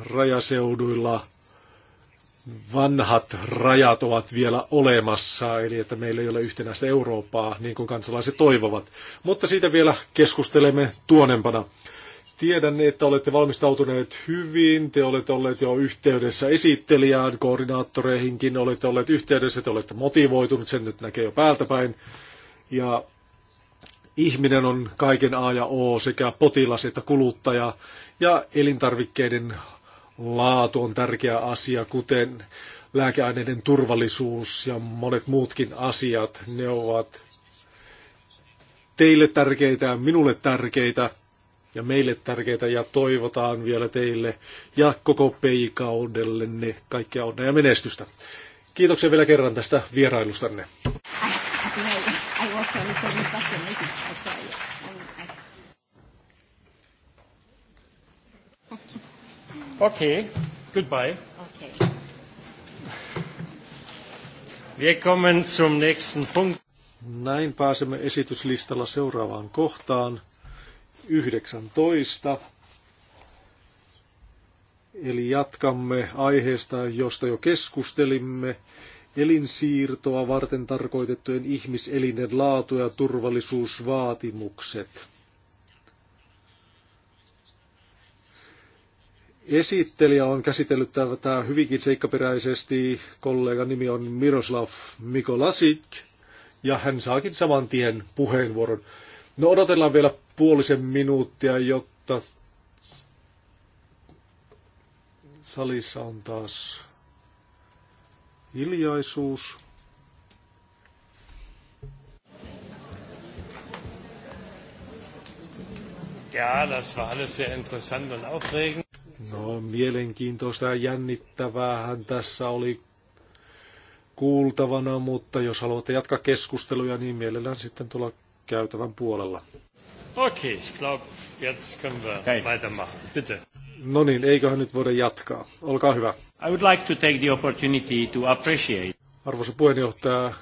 rajaseuduilla vanhat rajat ovat vielä olemassa, eli että meillä ei ole yhtenäistä Eurooppaa, niin kuin kansalaiset toivovat. Mutta siitä vielä keskustelemme tuonempana. Tiedän, että olette valmistautuneet hyvin, te olette olleet jo yhteydessä esittelijään, koordinaattoreihinkin olette olleet yhteydessä, te olette motivoitunut, sen nyt näkee jo päältäpäin. Ja ihminen on kaiken A ja O, sekä potilas että kuluttaja, ja elintarvikkeiden laatu on tärkeä asia, kuten lääkeaineiden turvallisuus ja monet muutkin asiat. Ne ovat teille tärkeitä, minulle tärkeitä ja meille tärkeitä ja toivotaan vielä teille ja koko peikaudelle ne kaikkia onnea ja menestystä. Kiitoksia vielä kerran tästä vierailustanne. I, I, I Okay, goodbye. Okay. Wir kommen zum nächsten Punkt. Näin pääsemme esityslistalla seuraavaan kohtaan. 19. Eli jatkamme aiheesta, josta jo keskustelimme. Elinsiirtoa varten tarkoitettujen ihmiselinen laatu- ja turvallisuusvaatimukset. Esittelijä on käsitellyt tätä hyvinkin seikkaperäisesti. Kollegan nimi on Miroslav Mikolasik ja hän saakin saman tien puheenvuoron. No odotellaan vielä puolisen minuuttia, jotta salissa on taas hiljaisuus. Ja, das war alles sehr interessant und aufregend. No, mielenkiintoista ja jännittävähän tässä oli kuultavana, mutta jos haluatte jatkaa keskusteluja, niin mielellään sitten tulla käytävän puolella. Okei, okay, jetzt können wir okay. Bitte. No niin, eiköhän nyt voida jatkaa. Olkaa hyvä. I would like to take the opportunity to appreciate. Arvoisa puheenjohtaja,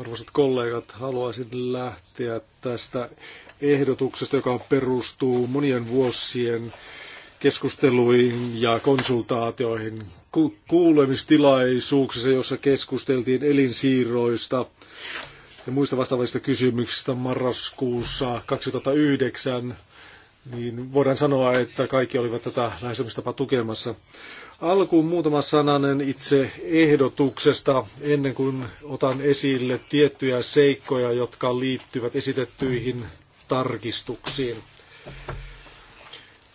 arvoisat kollegat, haluaisin lähteä tästä ehdotuksesta, joka perustuu monien vuosien keskusteluihin ja konsultaatioihin. Ku- kuulemistilaisuuksissa, jossa keskusteltiin elinsiirroista ja muista vastaavista kysymyksistä marraskuussa 2009, niin voidaan sanoa, että kaikki olivat tätä lähestymistapaa tukemassa. Alkuun muutama sananen itse ehdotuksesta, ennen kuin otan esille tiettyjä seikkoja, jotka liittyvät esitettyihin tarkistuksiin.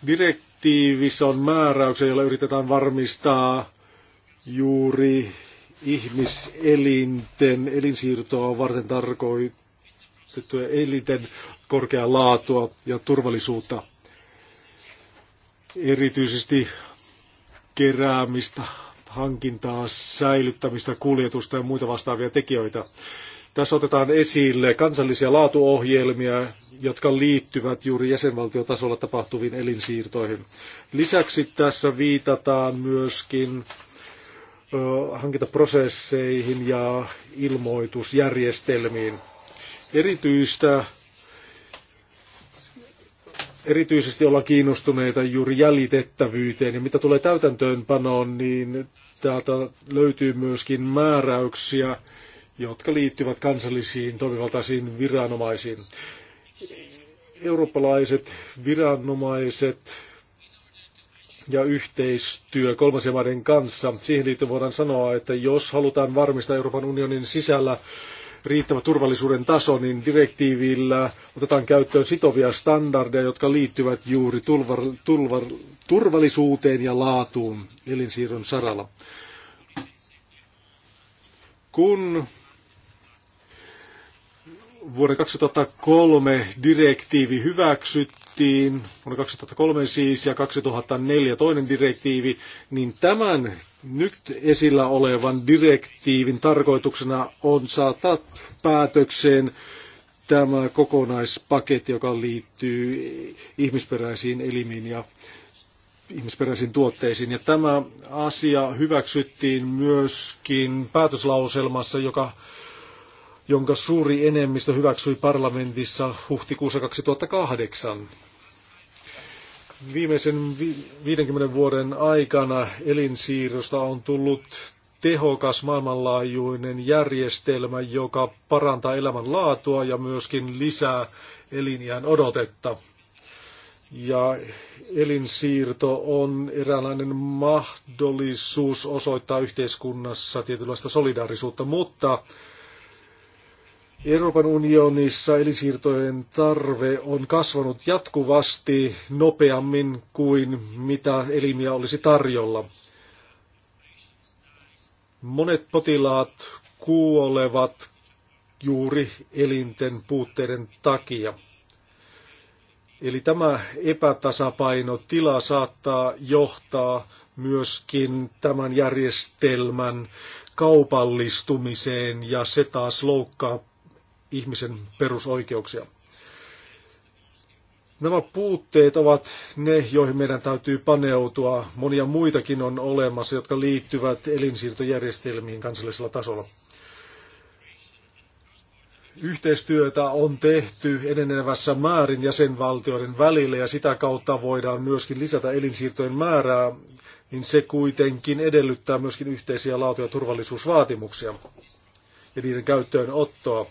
Direkt on määräyksen, jolla yritetään varmistaa juuri ihmiselinten elinsiirtoa varten tarkoitettuja elinten korkeaa laatua ja turvallisuutta. Erityisesti keräämistä, hankintaa, säilyttämistä, kuljetusta ja muita vastaavia tekijöitä. Tässä otetaan esille kansallisia laatuohjelmia, jotka liittyvät juuri jäsenvaltiotasolla tapahtuviin elinsiirtoihin. Lisäksi tässä viitataan myöskin hankintaprosesseihin ja ilmoitusjärjestelmiin. Erityistä, erityisesti ollaan kiinnostuneita juuri jäljitettävyyteen ja mitä tulee täytäntöönpanoon, niin täältä löytyy myöskin määräyksiä, jotka liittyvät kansallisiin toimivaltaisiin viranomaisiin. Eurooppalaiset viranomaiset ja yhteistyö kolmansien maiden kanssa. Siihen liittyen voidaan sanoa, että jos halutaan varmistaa Euroopan unionin sisällä riittävä turvallisuuden taso, niin direktiivillä otetaan käyttöön sitovia standardeja, jotka liittyvät juuri tulvar, tulvar, turvallisuuteen ja laatuun elinsiirron saralla. Kun vuoden 2003 direktiivi hyväksyttiin, vuonna 2003 siis, ja 2004 toinen direktiivi, niin tämän nyt esillä olevan direktiivin tarkoituksena on saattaa päätökseen tämä kokonaispaketti, joka liittyy ihmisperäisiin elimiin ja ihmisperäisiin tuotteisiin. Ja tämä asia hyväksyttiin myöskin päätöslauselmassa, joka jonka suuri enemmistö hyväksyi parlamentissa huhtikuussa 2008. Viimeisen 50 vuoden aikana elinsiirrosta on tullut tehokas maailmanlaajuinen järjestelmä, joka parantaa elämänlaatua ja myöskin lisää elinjään odotetta. Ja elinsiirto on eräänlainen mahdollisuus osoittaa yhteiskunnassa tietynlaista solidaarisuutta, mutta Euroopan unionissa elinsiirtojen tarve on kasvanut jatkuvasti nopeammin kuin mitä elimiä olisi tarjolla. Monet potilaat kuolevat juuri elinten puutteiden takia. Eli tämä epätasapainotila saattaa johtaa myöskin tämän järjestelmän kaupallistumiseen ja se taas loukkaa ihmisen perusoikeuksia. Nämä puutteet ovat ne, joihin meidän täytyy paneutua. Monia muitakin on olemassa, jotka liittyvät elinsiirtojärjestelmiin kansallisella tasolla. Yhteistyötä on tehty enenevässä määrin jäsenvaltioiden välillä ja sitä kautta voidaan myöskin lisätä elinsiirtojen määrää, niin se kuitenkin edellyttää myöskin yhteisiä laatu- ja turvallisuusvaatimuksia ja niiden käyttöönottoa. ottoa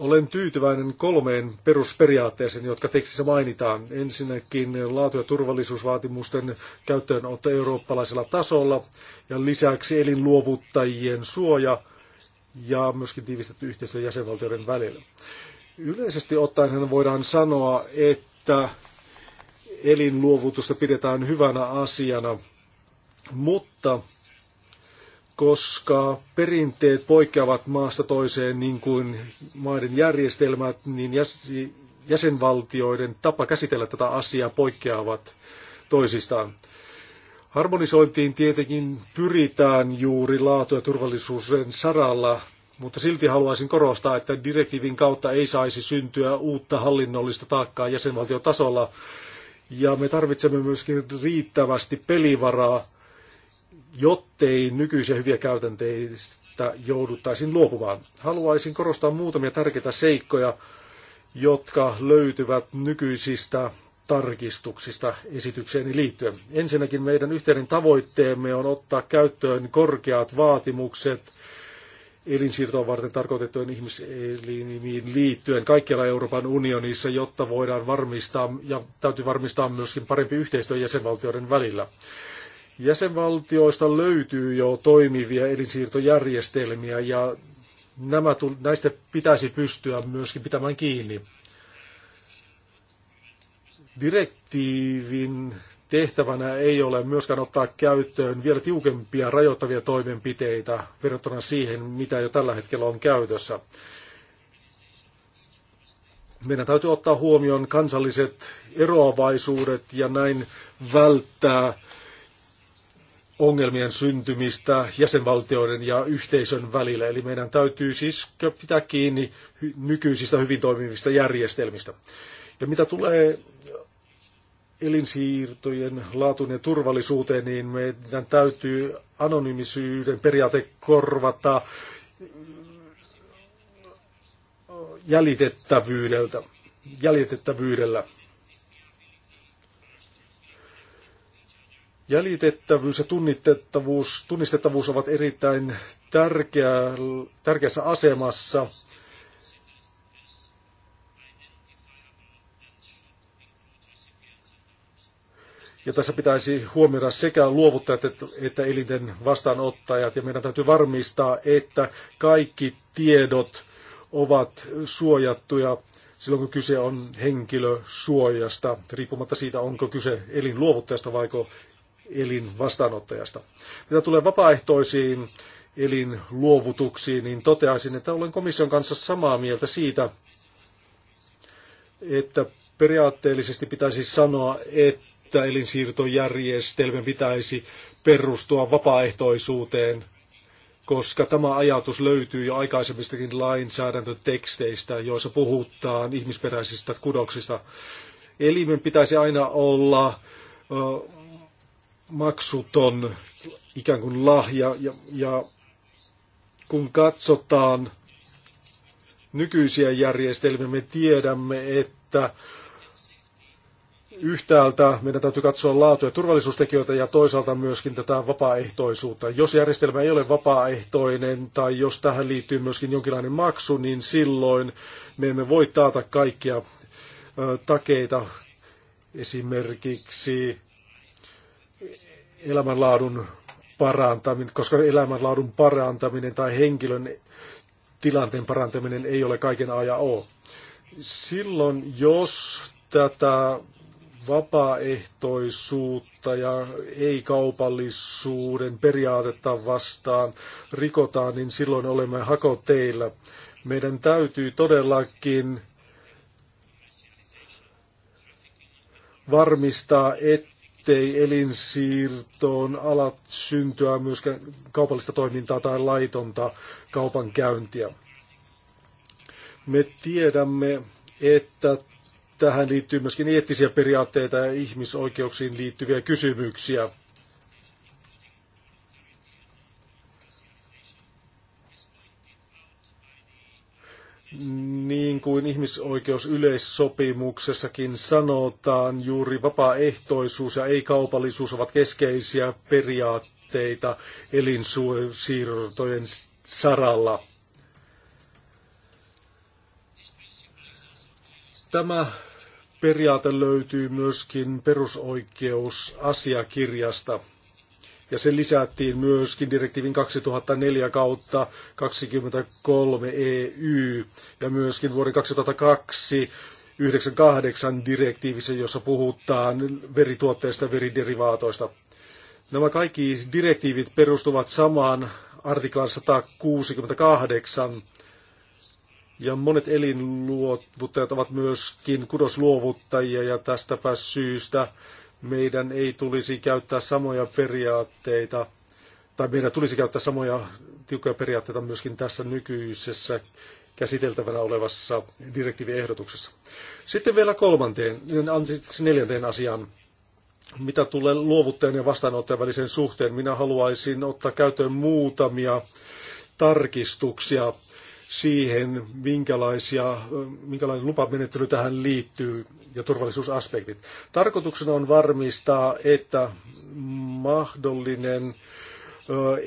olen tyytyväinen kolmeen perusperiaatteeseen, jotka tekstissä mainitaan. Ensinnäkin laatu- ja turvallisuusvaatimusten käyttöönotto eurooppalaisella tasolla ja lisäksi elinluovuttajien suoja ja myöskin tiivistetty yhteistyö jäsenvaltioiden välillä. Yleisesti ottaen voidaan sanoa, että elinluovutusta pidetään hyvänä asiana, mutta koska perinteet poikkeavat maasta toiseen, niin kuin maiden järjestelmät, niin jäsenvaltioiden tapa käsitellä tätä asiaa poikkeavat toisistaan. Harmonisointiin tietenkin pyritään juuri laatu- ja turvallisuuden saralla, mutta silti haluaisin korostaa, että direktiivin kautta ei saisi syntyä uutta hallinnollista taakkaa jäsenvaltiotasolla, ja me tarvitsemme myöskin riittävästi pelivaraa jottei nykyisiä hyviä käytänteistä jouduttaisiin luopumaan. Haluaisin korostaa muutamia tärkeitä seikkoja, jotka löytyvät nykyisistä tarkistuksista esitykseeni liittyen. Ensinnäkin meidän yhteinen tavoitteemme on ottaa käyttöön korkeat vaatimukset elinsiirtoon varten tarkoitettujen ihmiselimiin liittyen kaikkialla Euroopan unionissa, jotta voidaan varmistaa ja täytyy varmistaa myöskin parempi yhteistyö jäsenvaltioiden välillä. Jäsenvaltioista löytyy jo toimivia elinsiirtojärjestelmiä ja nämä, näistä pitäisi pystyä myöskin pitämään kiinni. Direktiivin tehtävänä ei ole myöskään ottaa käyttöön vielä tiukempia rajoittavia toimenpiteitä verrattuna siihen, mitä jo tällä hetkellä on käytössä. Meidän täytyy ottaa huomioon kansalliset eroavaisuudet ja näin välttää ongelmien syntymistä jäsenvaltioiden ja yhteisön välillä. Eli meidän täytyy siis pitää kiinni nykyisistä hyvin toimivista järjestelmistä. Ja mitä tulee elinsiirtojen laatuun ja turvallisuuteen, niin meidän täytyy anonyymisyyden periaate korvata jäljitettävyydeltä, jäljitettävyydellä. Jäljitettävyys ja tunnistettavuus, tunnistettavuus ovat erittäin tärkeä, tärkeässä asemassa. Ja tässä pitäisi huomioida sekä luovuttajat että elinten vastaanottajat. Ja meidän täytyy varmistaa, että kaikki tiedot ovat suojattuja silloin, kun kyse on henkilösuojasta, riippumatta siitä, onko kyse elinluovuttajasta vaiko elin vastaanottajasta. Mitä tulee vapaaehtoisiin elinluovutuksiin, niin toteaisin, että olen komission kanssa samaa mieltä siitä, että periaatteellisesti pitäisi sanoa, että elinsiirtojärjestelmän pitäisi perustua vapaaehtoisuuteen, koska tämä ajatus löytyy jo aikaisemmistakin lainsäädäntöteksteistä, joissa puhutaan ihmisperäisistä kudoksista. Elimen pitäisi aina olla maksuton ikään kuin lahja ja, ja kun katsotaan nykyisiä järjestelmiä, me tiedämme, että yhtäältä meidän täytyy katsoa laatu- ja turvallisuustekijöitä ja toisaalta myöskin tätä vapaaehtoisuutta. Jos järjestelmä ei ole vapaaehtoinen tai jos tähän liittyy myöskin jonkinlainen maksu, niin silloin me emme voi taata kaikkia ö, takeita. Esimerkiksi elämänlaadun parantaminen, koska elämänlaadun parantaminen tai henkilön tilanteen parantaminen ei ole kaiken A ja O. Silloin, jos tätä vapaaehtoisuutta ja ei-kaupallisuuden periaatetta vastaan rikotaan, niin silloin olemme hakoteilla, Meidän täytyy todellakin varmistaa, että ettei elinsiirtoon alat syntyä myöskään kaupallista toimintaa tai laitonta kaupankäyntiä. Me tiedämme, että tähän liittyy myöskin eettisiä periaatteita ja ihmisoikeuksiin liittyviä kysymyksiä. kuin ihmisoikeusyleissopimuksessakin sanotaan, juuri vapaaehtoisuus ja ei-kaupallisuus ovat keskeisiä periaatteita elinsiirtojen saralla. Tämä periaate löytyy myöskin perusoikeusasiakirjasta ja se lisättiin myöskin direktiivin 2004 kautta 23 EY ja myöskin vuoden 2002 98 direktiivissä, jossa puhutaan verituotteista ja veriderivaatoista. Nämä kaikki direktiivit perustuvat samaan artiklaan 168 ja monet elinluovuttajat ovat myöskin kudosluovuttajia ja tästäpä syystä meidän ei tulisi käyttää samoja periaatteita, tai meidän tulisi käyttää samoja tiukkoja periaatteita myöskin tässä nykyisessä käsiteltävänä olevassa direktiiviehdotuksessa. Sitten vielä kolmanteen, niin anteeksi neljänteen asiaan, mitä tulee luovuttajan ja vastaanottajan välisen suhteen. Minä haluaisin ottaa käyttöön muutamia tarkistuksia siihen, minkälaisia, minkälainen lupamenettely tähän liittyy ja turvallisuusaspektit. Tarkoituksena on varmistaa, että mahdollinen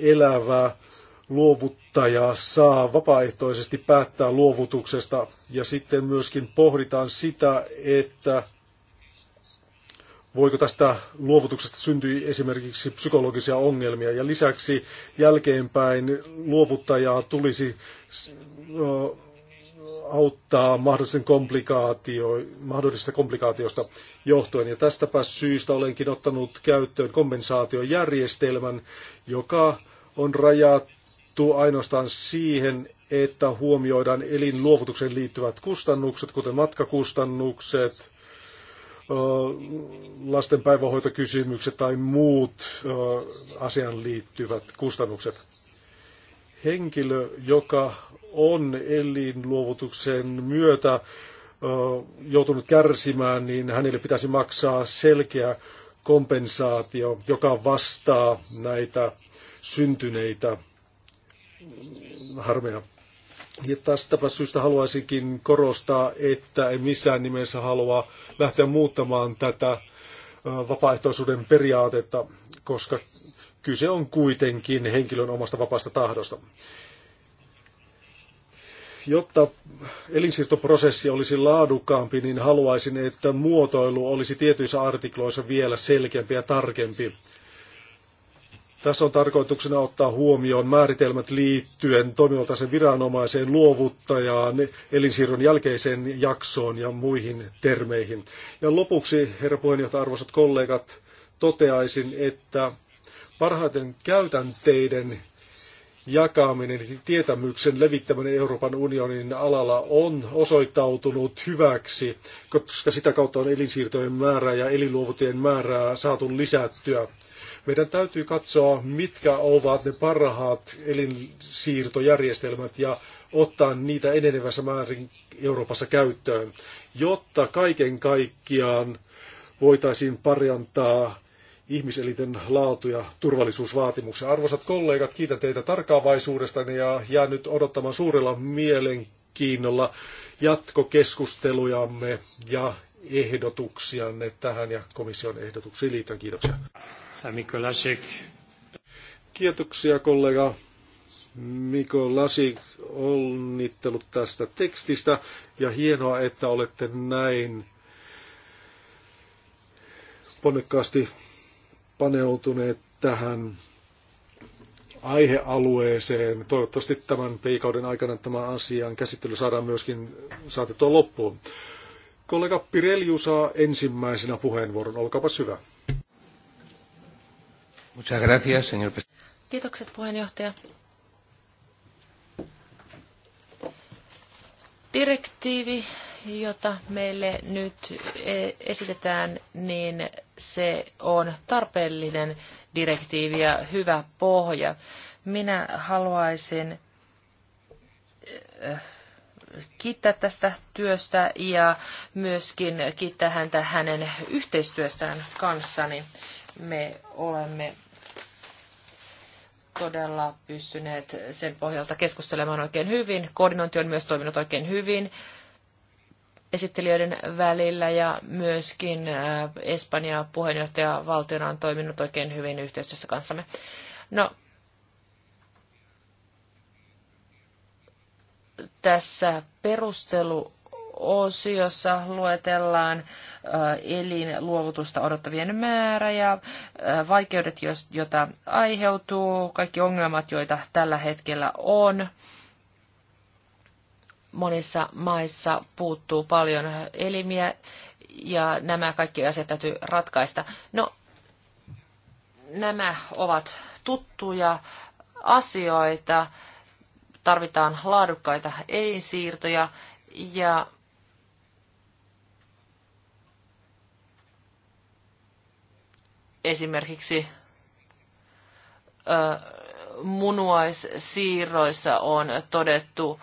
elävä luovuttaja saa vapaaehtoisesti päättää luovutuksesta ja sitten myöskin pohditaan sitä, että voiko tästä luovutuksesta syntyi esimerkiksi psykologisia ongelmia. Ja lisäksi jälkeenpäin luovuttajaa tulisi auttaa mahdollisen komplikaatio, mahdollisista komplikaatioista johtuen. Ja tästäpä syystä olenkin ottanut käyttöön kompensaatiojärjestelmän, joka on rajattu ainoastaan siihen, että huomioidaan elinluovutukseen liittyvät kustannukset, kuten matkakustannukset, lasten päivähoitokysymykset tai muut asiaan liittyvät kustannukset. Henkilö, joka on elinluovutuksen myötä joutunut kärsimään, niin hänelle pitäisi maksaa selkeä kompensaatio, joka vastaa näitä syntyneitä harmeja. Ja tästäpä syystä haluaisinkin korostaa, että en missään nimessä halua lähteä muuttamaan tätä vapaaehtoisuuden periaatetta, koska kyse on kuitenkin henkilön omasta vapaasta tahdosta. Jotta elinsiirtoprosessi olisi laadukkaampi, niin haluaisin, että muotoilu olisi tietyissä artikloissa vielä selkeämpi ja tarkempi. Tässä on tarkoituksena ottaa huomioon määritelmät liittyen toimivaltaisen viranomaiseen, luovuttajaan, elinsiirron jälkeiseen jaksoon ja muihin termeihin. Ja lopuksi, herra puheenjohtaja, arvoisat kollegat, toteaisin, että parhaiten käytänteiden jakaminen ja tietämyksen levittäminen Euroopan unionin alalla on osoittautunut hyväksi, koska sitä kautta on elinsiirtojen määrää ja elinluovutien määrää saatu lisättyä. Meidän täytyy katsoa, mitkä ovat ne parhaat elinsiirtojärjestelmät ja ottaa niitä enenevässä määrin Euroopassa käyttöön, jotta kaiken kaikkiaan voitaisiin parantaa ihmiselinten laatu- ja turvallisuusvaatimuksia. Arvoisat kollegat, kiitän teitä tarkkaavaisuudestanne ja jään nyt odottamaan suurella mielenkiinnolla jatkokeskustelujamme ja ehdotuksianne tähän ja komission ehdotuksiin liittyen. Kiitoksia. Mikolasik. Kiitoksia kollega Miko Lasik, onnittelut tästä tekstistä ja hienoa, että olette näin ponnekkaasti paneutuneet tähän aihealueeseen. Toivottavasti tämän peikauden aikana tämä asian käsittely saadaan myöskin saatettua loppuun. Kollega Pirelju saa ensimmäisenä puheenvuoron. Olkaapa hyvä. Muchas gracias, señor Kiitokset puheenjohtaja. Direktiivi, jota meille nyt e, esitetään, niin se on tarpeellinen direktiivi ja hyvä pohja. Minä haluaisin e, kiittää tästä työstä ja myöskin kiittää häntä hänen yhteistyöstään kanssani. Me olemme todella pystyneet sen pohjalta keskustelemaan oikein hyvin. Koordinointi on myös toiminut oikein hyvin esittelijöiden välillä ja myöskin äh, Espanja Valtiona on toiminut oikein hyvin yhteistyössä kanssamme. No, tässä perustelu osiossa luetellaan elinluovutusta odottavien määrä ja vaikeudet, joita aiheutuu, kaikki ongelmat, joita tällä hetkellä on. Monissa maissa puuttuu paljon elimiä ja nämä kaikki asiat täytyy ratkaista. No, nämä ovat tuttuja asioita, tarvitaan laadukkaita elinsiirtoja ja esimerkiksi munuaissiirroissa on todettu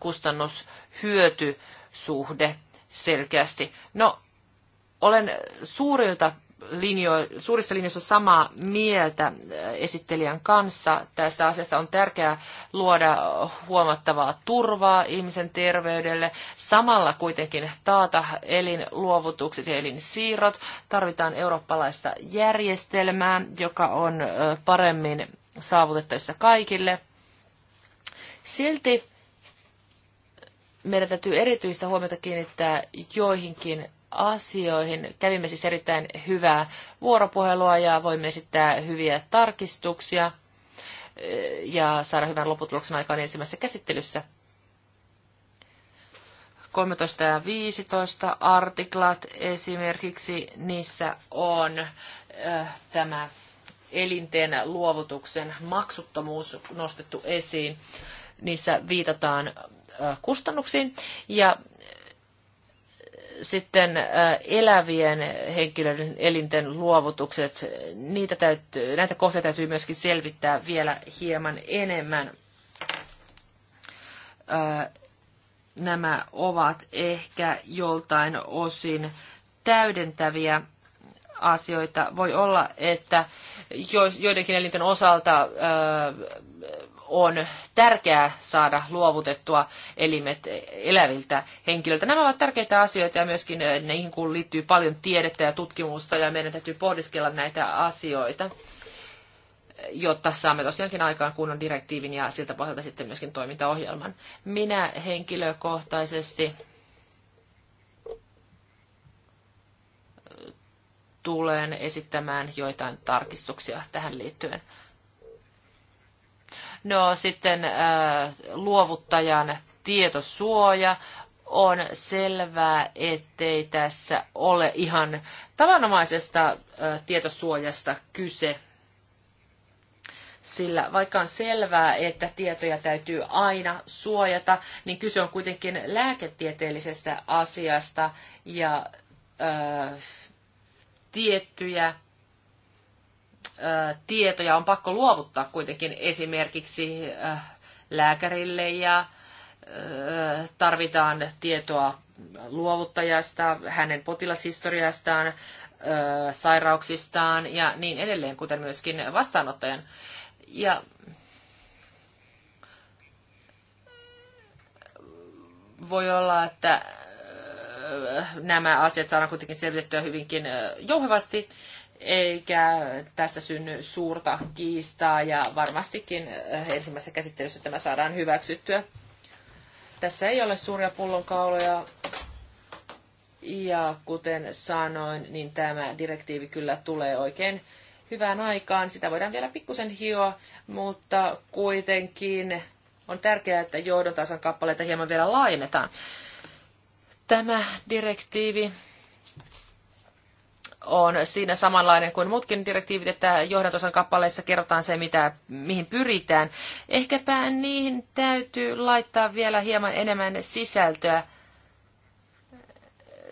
kustannushyötysuhde selkeästi. No, olen suurilta linjo, suurissa linjoissa samaa mieltä äh, esittelijän kanssa. Tästä asiasta on tärkeää luoda huomattavaa turvaa ihmisen terveydelle, samalla kuitenkin taata elinluovutukset ja elinsiirrot. Tarvitaan eurooppalaista järjestelmää, joka on äh, paremmin saavutettavissa kaikille. Silti meidän täytyy erityistä huomiota kiinnittää joihinkin asioihin. Kävimme siis erittäin hyvää vuoropuhelua ja voimme esittää hyviä tarkistuksia eh, ja saada hyvän lopputuloksen aikaan ensimmäisessä käsittelyssä. 13 ja 15 artiklat esimerkiksi, niissä on äh, tämä elinten luovutuksen maksuttomuus nostettu esiin. Niissä viitataan äh, kustannuksiin ja sitten äh, elävien henkilöiden elinten luovutukset, niitä täytyy, näitä kohtia täytyy myöskin selvittää vielä hieman enemmän. Äh, nämä ovat ehkä joltain osin täydentäviä asioita. Voi olla, että joidenkin elinten osalta äh, on tärkeää saada luovutettua elimet eläviltä henkilöiltä. Nämä ovat tärkeitä asioita ja myöskin eh, niihin liittyy paljon tiedettä ja tutkimusta ja meidän täytyy pohdiskella näitä asioita, jotta saamme tosiaankin aikaan kunnon direktiivin ja siltä pohjalta sitten myöskin toimintaohjelman. Minä henkilökohtaisesti eh, tulen esittämään joitain tarkistuksia tähän liittyen. No sitten äh, luovuttajan tietosuoja on selvää, ettei tässä ole ihan tavanomaisesta äh, tietosuojasta kyse. Sillä vaikka on selvää, että tietoja täytyy aina suojata, niin kyse on kuitenkin lääketieteellisestä asiasta ja äh, tiettyjä tietoja on pakko luovuttaa kuitenkin esimerkiksi lääkärille ja tarvitaan tietoa luovuttajasta, hänen potilashistoriastaan, sairauksistaan ja niin edelleen, kuten myöskin vastaanottajan. Ja voi olla, että nämä asiat saadaan kuitenkin selvitettyä hyvinkin jouhevasti eikä tästä synny suurta kiistaa ja varmastikin eh, ensimmäisessä käsittelyssä tämä saadaan hyväksyttyä. Tässä ei ole suuria pullonkauloja ja kuten sanoin, niin tämä direktiivi kyllä tulee oikein hyvään aikaan. Sitä voidaan vielä pikkusen hioa, mutta kuitenkin on tärkeää, että johdon tasan kappaleita hieman vielä laajennetaan. Tämä direktiivi on siinä samanlainen kuin muutkin direktiivit, että johdantosan kappaleissa kerrotaan se, mitä, mihin pyritään. Ehkäpä niihin täytyy laittaa vielä hieman enemmän sisältöä,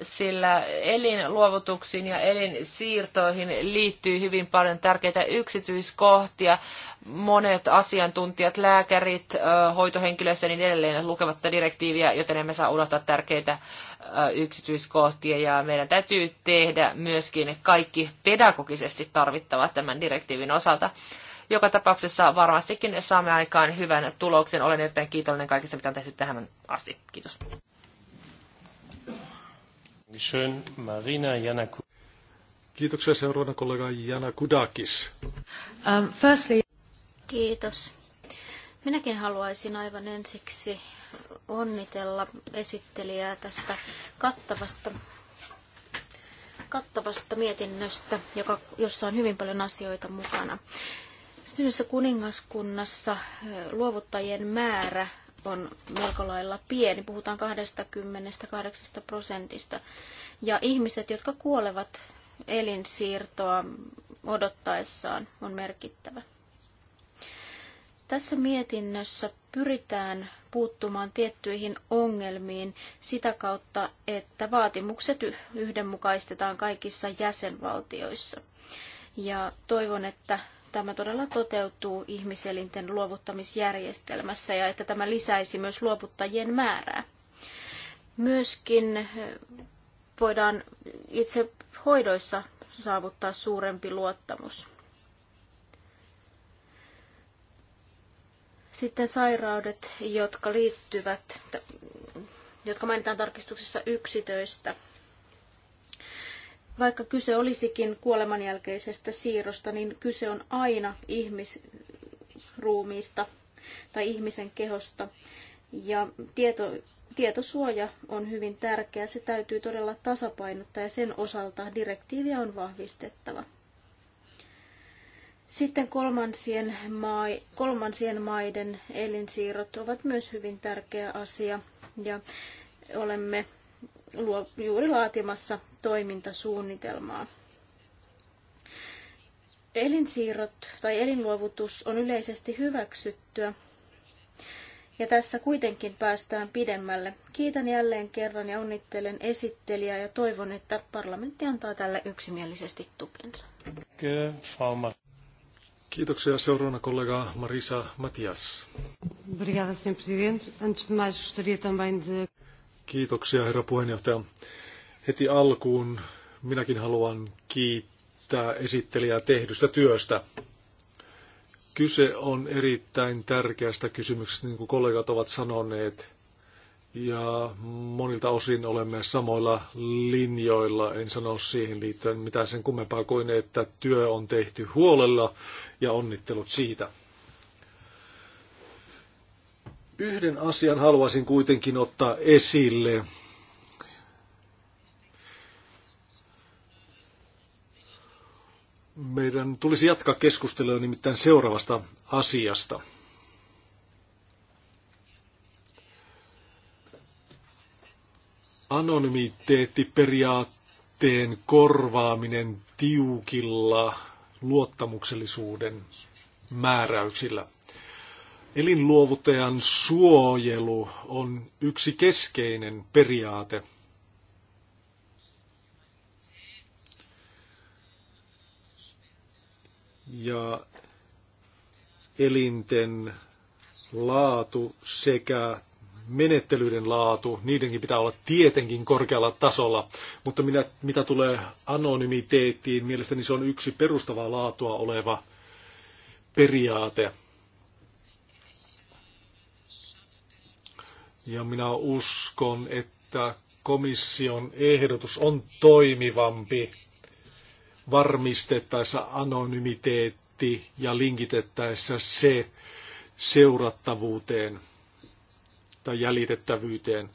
sillä elinluovutuksiin ja elinsiirtoihin liittyy hyvin paljon tärkeitä yksityiskohtia. Monet asiantuntijat, lääkärit, hoitohenkilöstö ja niin edelleen lukevat tätä direktiiviä, joten emme saa unohtaa tärkeitä yksityiskohtia ja meidän täytyy tehdä myöskin kaikki pedagogisesti tarvittavat tämän direktiivin osalta. Joka tapauksessa varmastikin saamme aikaan hyvän tuloksen. Olen erittäin kiitollinen kaikista, mitä on tehty tähän asti. Kiitos. Marina Janaku. Kiitoksia seuraavana kollega Jana Kudakis. Um, firstly... Kiitos. Minäkin haluaisin aivan ensiksi onnitella esittelijää tästä kattavasta, kattavasta mietinnöstä, joka, jossa on hyvin paljon asioita mukana. Yhdistyneessä kuningaskunnassa eh, luovuttajien määrä on melko lailla pieni, puhutaan 28 prosentista. Ja ihmiset, jotka kuolevat elinsiirtoa odottaessaan, on merkittävä. Tässä mietinnössä pyritään puuttumaan tiettyihin ongelmiin sitä kautta, että vaatimukset yhdenmukaistetaan kaikissa jäsenvaltioissa. Ja toivon, että tämä todella toteutuu ihmiselinten luovuttamisjärjestelmässä ja että tämä lisäisi myös luovuttajien määrää. Myöskin eh, voidaan itse hoidoissa saavuttaa suurempi luottamus. Sitten sairaudet, jotka liittyvät, jotka mainitaan tarkistuksessa yksitöistä. Vaikka kyse olisikin kuolemanjälkeisestä siirrosta, niin kyse on aina ihmisruumiista tai ihmisen kehosta. Ja tieto, tietosuoja on hyvin tärkeä. Se täytyy todella tasapainottaa ja sen osalta direktiiviä on vahvistettava. Sitten kolmansien, mai, kolmansien maiden elinsiirrot ovat myös hyvin tärkeä asia ja olemme luo, juuri laatimassa toimintasuunnitelmaa. Elinsiirrot tai elinluovutus on yleisesti hyväksyttyä ja tässä kuitenkin päästään pidemmälle. Kiitän jälleen kerran ja onnittelen esittelijää ja toivon, että parlamentti antaa tälle yksimielisesti tukensa. Kyllä, Kiitoksia seuraavana kollega Marisa Matias. Obrigada, senhor presidente. Antes de mais, gostaria também de... Kiitoksia, herra puheenjohtaja. Heti alkuun minäkin haluan kiittää esittelijää tehdystä työstä. Kyse on erittäin tärkeästä kysymyksestä, niin kuin kollegat ovat sanoneet. Ja monilta osin olemme samoilla linjoilla. En sano siihen liittyen mitään sen kummempaa kuin, että työ on tehty huolella ja onnittelut siitä. Yhden asian haluaisin kuitenkin ottaa esille. Meidän tulisi jatkaa keskustelua nimittäin seuraavasta asiasta – anonymiteettiperiaatteen korvaaminen tiukilla luottamuksellisuuden määräyksillä. Elinluovuttajan suojelu on yksi keskeinen periaate. Ja elinten laatu sekä menettelyiden laatu, niidenkin pitää olla tietenkin korkealla tasolla, mutta minä, mitä tulee anonymiteettiin, mielestäni se on yksi perustavaa laatua oleva periaate. Ja minä uskon, että komission ehdotus on toimivampi varmistettaessa anonymiteetti ja linkitettäessä se seurattavuuteen tai jäljitettävyyteen.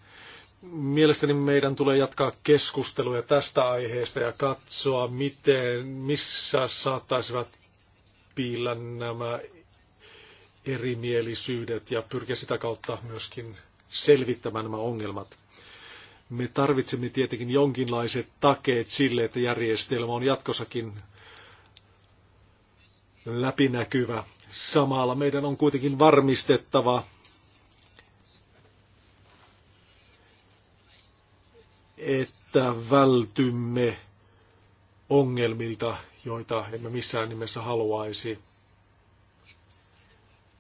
Mielestäni meidän tulee jatkaa keskusteluja tästä aiheesta ja katsoa, miten, missä saattaisivat piillä nämä erimielisyydet ja pyrkiä sitä kautta myöskin selvittämään nämä ongelmat. Me tarvitsemme tietenkin jonkinlaiset takeet sille, että järjestelmä on jatkossakin läpinäkyvä. Samalla meidän on kuitenkin varmistettava, että vältymme ongelmilta, joita emme missään nimessä haluaisi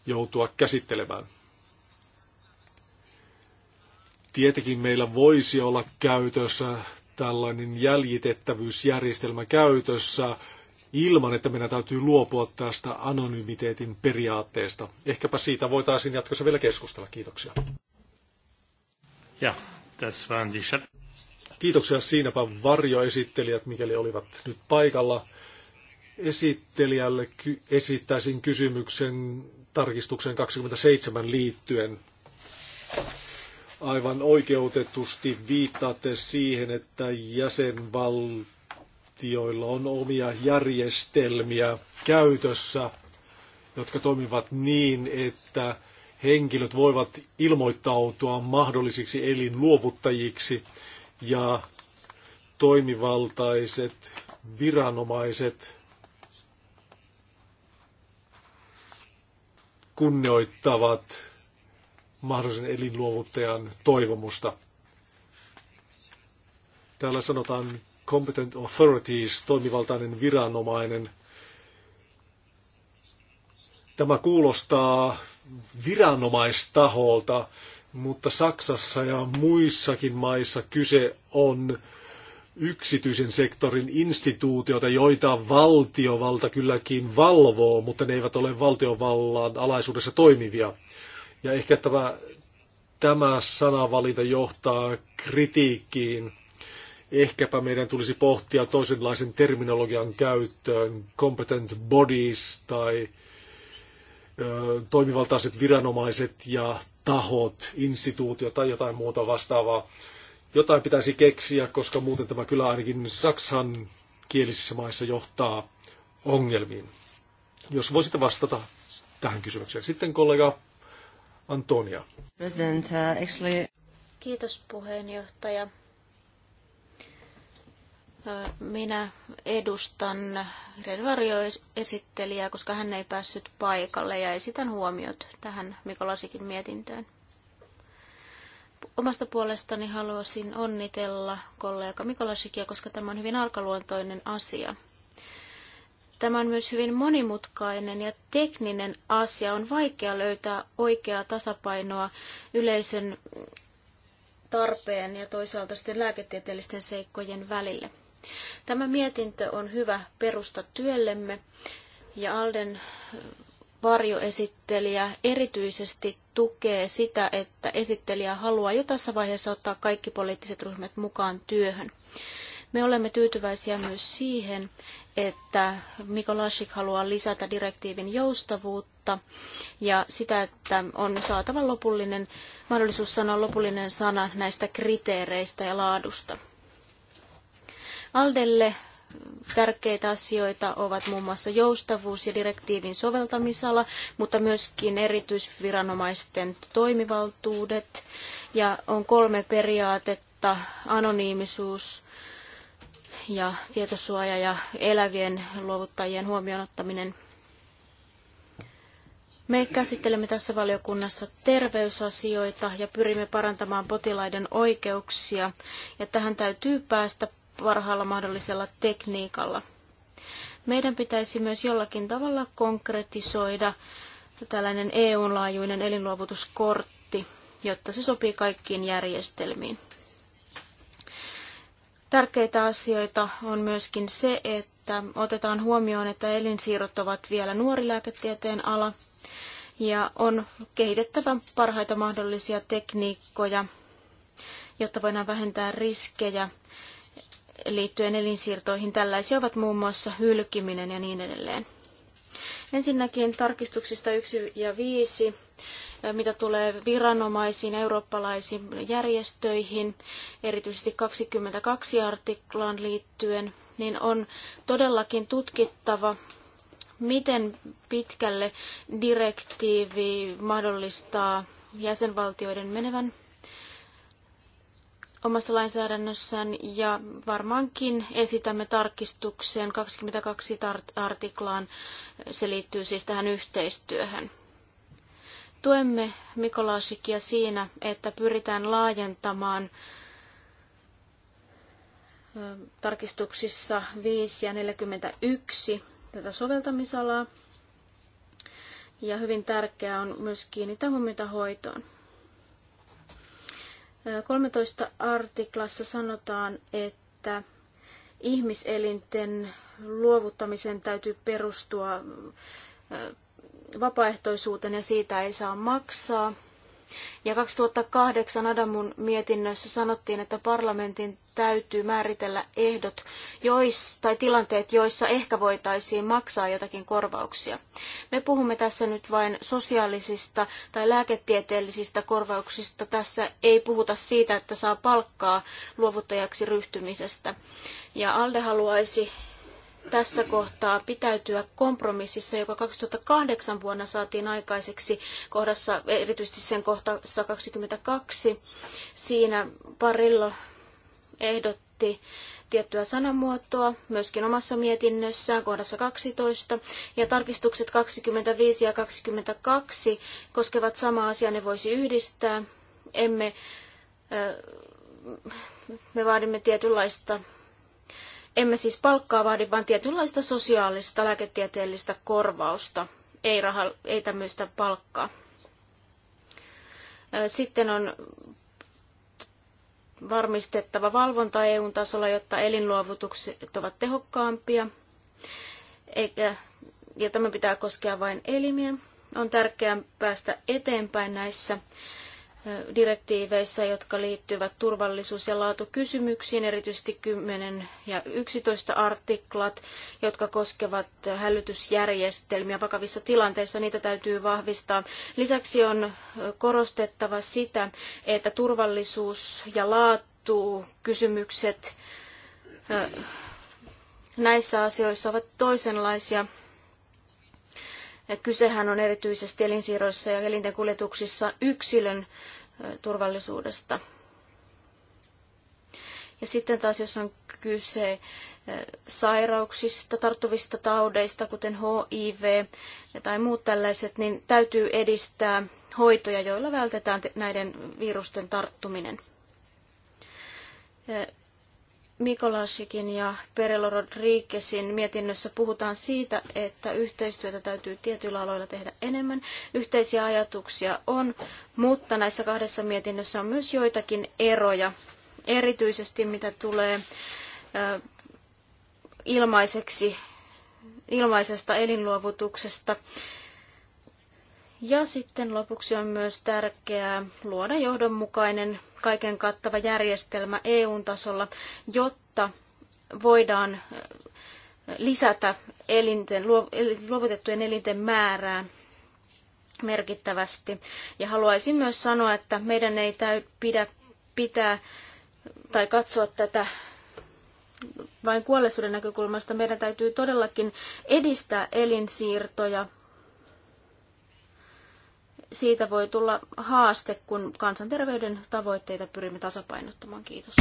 joutua käsittelemään. Tietenkin meillä voisi olla käytössä tällainen jäljitettävyysjärjestelmä käytössä ilman, että meidän täytyy luopua tästä anonymiteetin periaatteesta. Ehkäpä siitä voitaisiin jatkossa vielä keskustella. Kiitoksia. Ja, Tässä on Kiitoksia siinäpä varjoesittelijät, mikäli olivat nyt paikalla. Esittelijälle ky- esittäisin kysymyksen tarkistuksen 27 liittyen. Aivan oikeutetusti viittaatte siihen, että jäsenvaltioilla on omia järjestelmiä käytössä, jotka toimivat niin, että henkilöt voivat ilmoittautua mahdollisiksi elinluovuttajiksi ja toimivaltaiset viranomaiset kunnioittavat mahdollisen elinluovuttajan toivomusta. Täällä sanotaan competent authorities, toimivaltainen viranomainen. Tämä kuulostaa viranomaistaholta, mutta Saksassa ja muissakin maissa kyse on yksityisen sektorin instituutioita, joita valtiovalta kylläkin valvoo, mutta ne eivät ole valtiovallan alaisuudessa toimivia. Ja ehkä tämä, tämä sanavalinta johtaa kritiikkiin. Ehkäpä meidän tulisi pohtia toisenlaisen terminologian käyttöön, competent bodies tai ö, toimivaltaiset viranomaiset ja tahot, instituutio tai jotain muuta vastaavaa. Jotain pitäisi keksiä, koska muuten tämä kyllä ainakin Saksan kielisissä maissa johtaa ongelmiin. Jos voisit vastata tähän kysymykseen. Sitten kollega Antonia. Uh, actually... Kiitos puheenjohtaja. Minä edustan Redvario-esittelijää, koska hän ei päässyt paikalle ja esitän huomiot tähän Mikolasikin mietintöön. Omasta puolestani haluaisin onnitella kollega Mikolasikia, koska tämä on hyvin arkaluontoinen asia. Tämä on myös hyvin monimutkainen ja tekninen asia. On vaikea löytää oikeaa tasapainoa yleisen tarpeen ja toisaalta sitten lääketieteellisten seikkojen välille. Tämä mietintö on hyvä perusta työllemme ja Alden varjoesittelijä erityisesti tukee sitä, että esittelijä haluaa jo tässä vaiheessa ottaa kaikki poliittiset ryhmät mukaan työhön. Me olemme tyytyväisiä myös siihen, että Mikolasik haluaa lisätä direktiivin joustavuutta ja sitä, että on saatava lopullinen, mahdollisuus sanoa lopullinen sana näistä kriteereistä ja laadusta. Aldelle tärkeitä asioita ovat muun muassa joustavuus ja direktiivin soveltamisala, mutta myöskin erityisviranomaisten toimivaltuudet. Ja on kolme periaatetta, anonyymisuus ja tietosuoja ja elävien luovuttajien ottaminen. Me käsittelemme tässä valiokunnassa terveysasioita ja pyrimme parantamaan potilaiden oikeuksia. Ja tähän täytyy päästä parhaalla mahdollisella tekniikalla. Meidän pitäisi myös jollakin tavalla konkretisoida tällainen EU-laajuinen elinluovutuskortti, jotta se sopii kaikkiin järjestelmiin. Tärkeitä asioita on myöskin se, että otetaan huomioon, että elinsiirrot ovat vielä nuori lääketieteen ala ja on kehitettävä parhaita mahdollisia tekniikkoja, jotta voidaan vähentää riskejä liittyen elinsiirtoihin. Tällaisia ovat muun muassa hylkiminen ja niin edelleen. Ensinnäkin tarkistuksista 1 ja 5, eh, mitä tulee viranomaisiin, eurooppalaisiin järjestöihin, erityisesti 22 artiklaan liittyen, niin on todellakin tutkittava, miten pitkälle direktiivi mahdollistaa jäsenvaltioiden menevän omassa lainsäädännössään ja varmaankin esitämme tarkistuksen 22 artiklaan. Se liittyy siis tähän yhteistyöhön. Tuemme Mikolaasikia siinä, että pyritään laajentamaan tarkistuksissa 5 ja 41 tätä soveltamisalaa. Ja hyvin tärkeää on myös kiinnittää huomiota hoitoon. 13 artiklassa sanotaan, että ihmiselinten luovuttamisen täytyy perustua vapaaehtoisuuteen ja siitä ei saa maksaa. Ja 2008 Adamun mietinnössä sanottiin, että parlamentin täytyy määritellä ehdot jois, tai tilanteet, joissa ehkä voitaisiin maksaa jotakin korvauksia. Me puhumme tässä nyt vain sosiaalisista tai lääketieteellisistä korvauksista. Tässä ei puhuta siitä, että saa palkkaa luovuttajaksi ryhtymisestä. Ja Alde haluaisi tässä kohtaa pitäytyä kompromississa, joka 2008 vuonna saatiin aikaiseksi kohdassa, erityisesti sen kohdassa 22. Siinä parilla ehdotti tiettyä sanamuotoa myöskin omassa mietinnössään kohdassa 12. Ja tarkistukset 25 ja 22 koskevat samaa asiaa, ne voisi yhdistää. Emme, me vaadimme tietynlaista, emme siis palkkaa vaadi, vaan tietynlaista sosiaalista lääketieteellistä korvausta, ei, raha, ei tämmöistä palkkaa. Sitten on varmistettava valvonta EU-tasolla, jotta elinluovutukset ovat tehokkaampia. Eikä, ja tämä pitää koskea vain elimiä. On tärkeää päästä eteenpäin näissä direktiiveissä, jotka liittyvät turvallisuus- ja laatukysymyksiin, erityisesti 10 ja 11 artiklat, jotka koskevat hälytysjärjestelmiä vakavissa tilanteissa, niitä täytyy vahvistaa. Lisäksi on korostettava sitä, että turvallisuus- ja laatukysymykset näissä asioissa ovat toisenlaisia kysehän on erityisesti elinsiirroissa ja elinten kuljetuksissa yksilön turvallisuudesta. Ja sitten taas, jos on kyse sairauksista, tarttuvista taudeista, kuten HIV tai muut tällaiset, niin täytyy edistää hoitoja, joilla vältetään näiden virusten tarttuminen. Mikolasikin ja Perelo Rodriguezin mietinnössä puhutaan siitä, että yhteistyötä täytyy tietyillä aloilla tehdä enemmän. Yhteisiä ajatuksia on, mutta näissä kahdessa mietinnössä on myös joitakin eroja. Erityisesti mitä tulee ilmaiseksi, ilmaisesta elinluovutuksesta. Ja sitten lopuksi on myös tärkeää luoda johdonmukainen kaiken kattava järjestelmä eu tasolla, jotta voidaan lisätä elinten, luovutettujen elinten määrää merkittävästi. Ja haluaisin myös sanoa, että meidän ei täy, pidä pitää tai katsoa tätä vain kuolleisuuden näkökulmasta. Meidän täytyy todellakin edistää elinsiirtoja siitä voi tulla haaste, kun kansanterveyden tavoitteita pyrimme tasapainottamaan. Kiitos.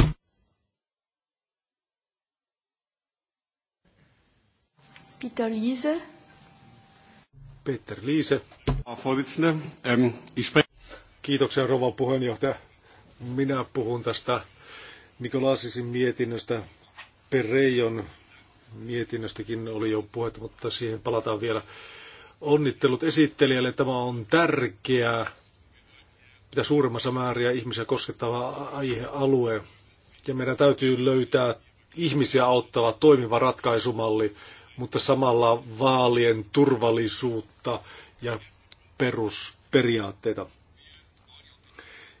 Peter Liese. Peter Liise. Ähm, Kiitoksia rouva puheenjohtaja. Minä puhun tästä Nikolaasisin mietinnöstä. Pereijon mietinnöstäkin oli jo puhetta, mutta siihen palataan vielä. Onnittelut esittelijälle. Tämä on tärkeä, mitä suurimmassa määriä ihmisiä koskettava aihealue. Ja meidän täytyy löytää ihmisiä auttava toimiva ratkaisumalli, mutta samalla vaalien turvallisuutta ja perusperiaatteita.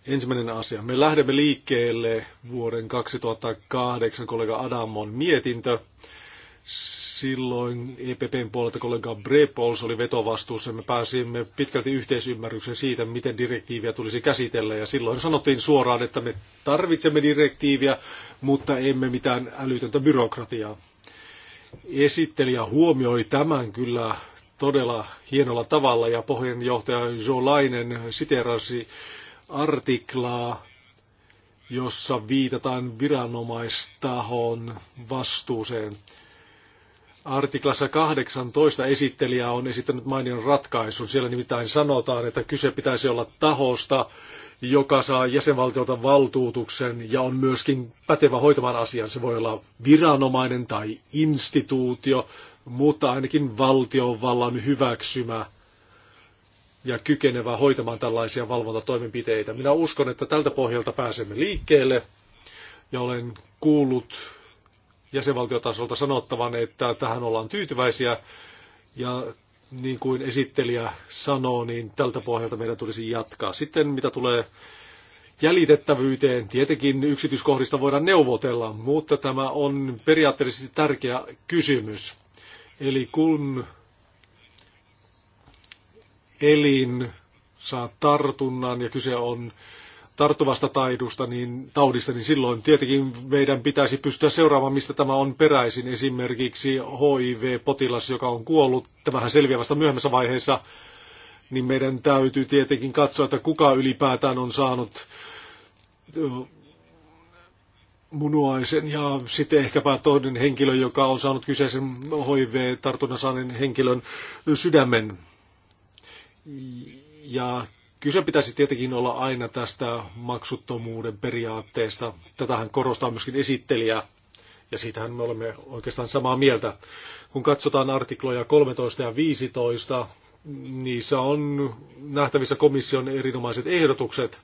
Ensimmäinen asia. Me lähdemme liikkeelle vuoden 2008 kollega Adamon mietintö silloin EPPn puolelta kollega Brepols oli vetovastuussa. Me pääsimme pitkälti yhteisymmärrykseen siitä, miten direktiiviä tulisi käsitellä. Ja silloin sanottiin suoraan, että me tarvitsemme direktiiviä, mutta emme mitään älytöntä byrokratiaa. Esittelijä huomioi tämän kyllä todella hienolla tavalla ja pohjanjohtaja Jo Lainen siterasi artiklaa jossa viitataan viranomaistahon vastuuseen. Artiklassa 18 esittelijä on esittänyt mainion ratkaisun. Siellä nimittäin sanotaan, että kyse pitäisi olla tahosta, joka saa jäsenvaltiolta valtuutuksen ja on myöskin pätevä hoitamaan asian. Se voi olla viranomainen tai instituutio, mutta ainakin valtionvallan hyväksymä ja kykenevä hoitamaan tällaisia valvontatoimenpiteitä. Minä uskon, että tältä pohjalta pääsemme liikkeelle ja olen kuullut jäsenvaltiotasolta sanottavan, että tähän ollaan tyytyväisiä ja niin kuin esittelijä sanoo, niin tältä pohjalta meidän tulisi jatkaa. Sitten mitä tulee jäljitettävyyteen, tietenkin yksityiskohdista voidaan neuvotella, mutta tämä on periaatteellisesti tärkeä kysymys. Eli kun elin saa tartunnan ja kyse on tarttuvasta taidusta, niin, taudista, niin silloin tietenkin meidän pitäisi pystyä seuraamaan, mistä tämä on peräisin. Esimerkiksi HIV-potilas, joka on kuollut, tämähän selviää vasta myöhemmässä vaiheessa, niin meidän täytyy tietenkin katsoa, että kuka ylipäätään on saanut munuaisen ja sitten ehkäpä toinen henkilö, joka on saanut kyseisen HIV-tartunnan saaneen henkilön sydämen. Ja Kyse pitäisi tietenkin olla aina tästä maksuttomuuden periaatteesta. Tätähän korostaa myöskin esittelijä, ja siitähän me olemme oikeastaan samaa mieltä. Kun katsotaan artikloja 13 ja 15, niissä on nähtävissä komission erinomaiset ehdotukset.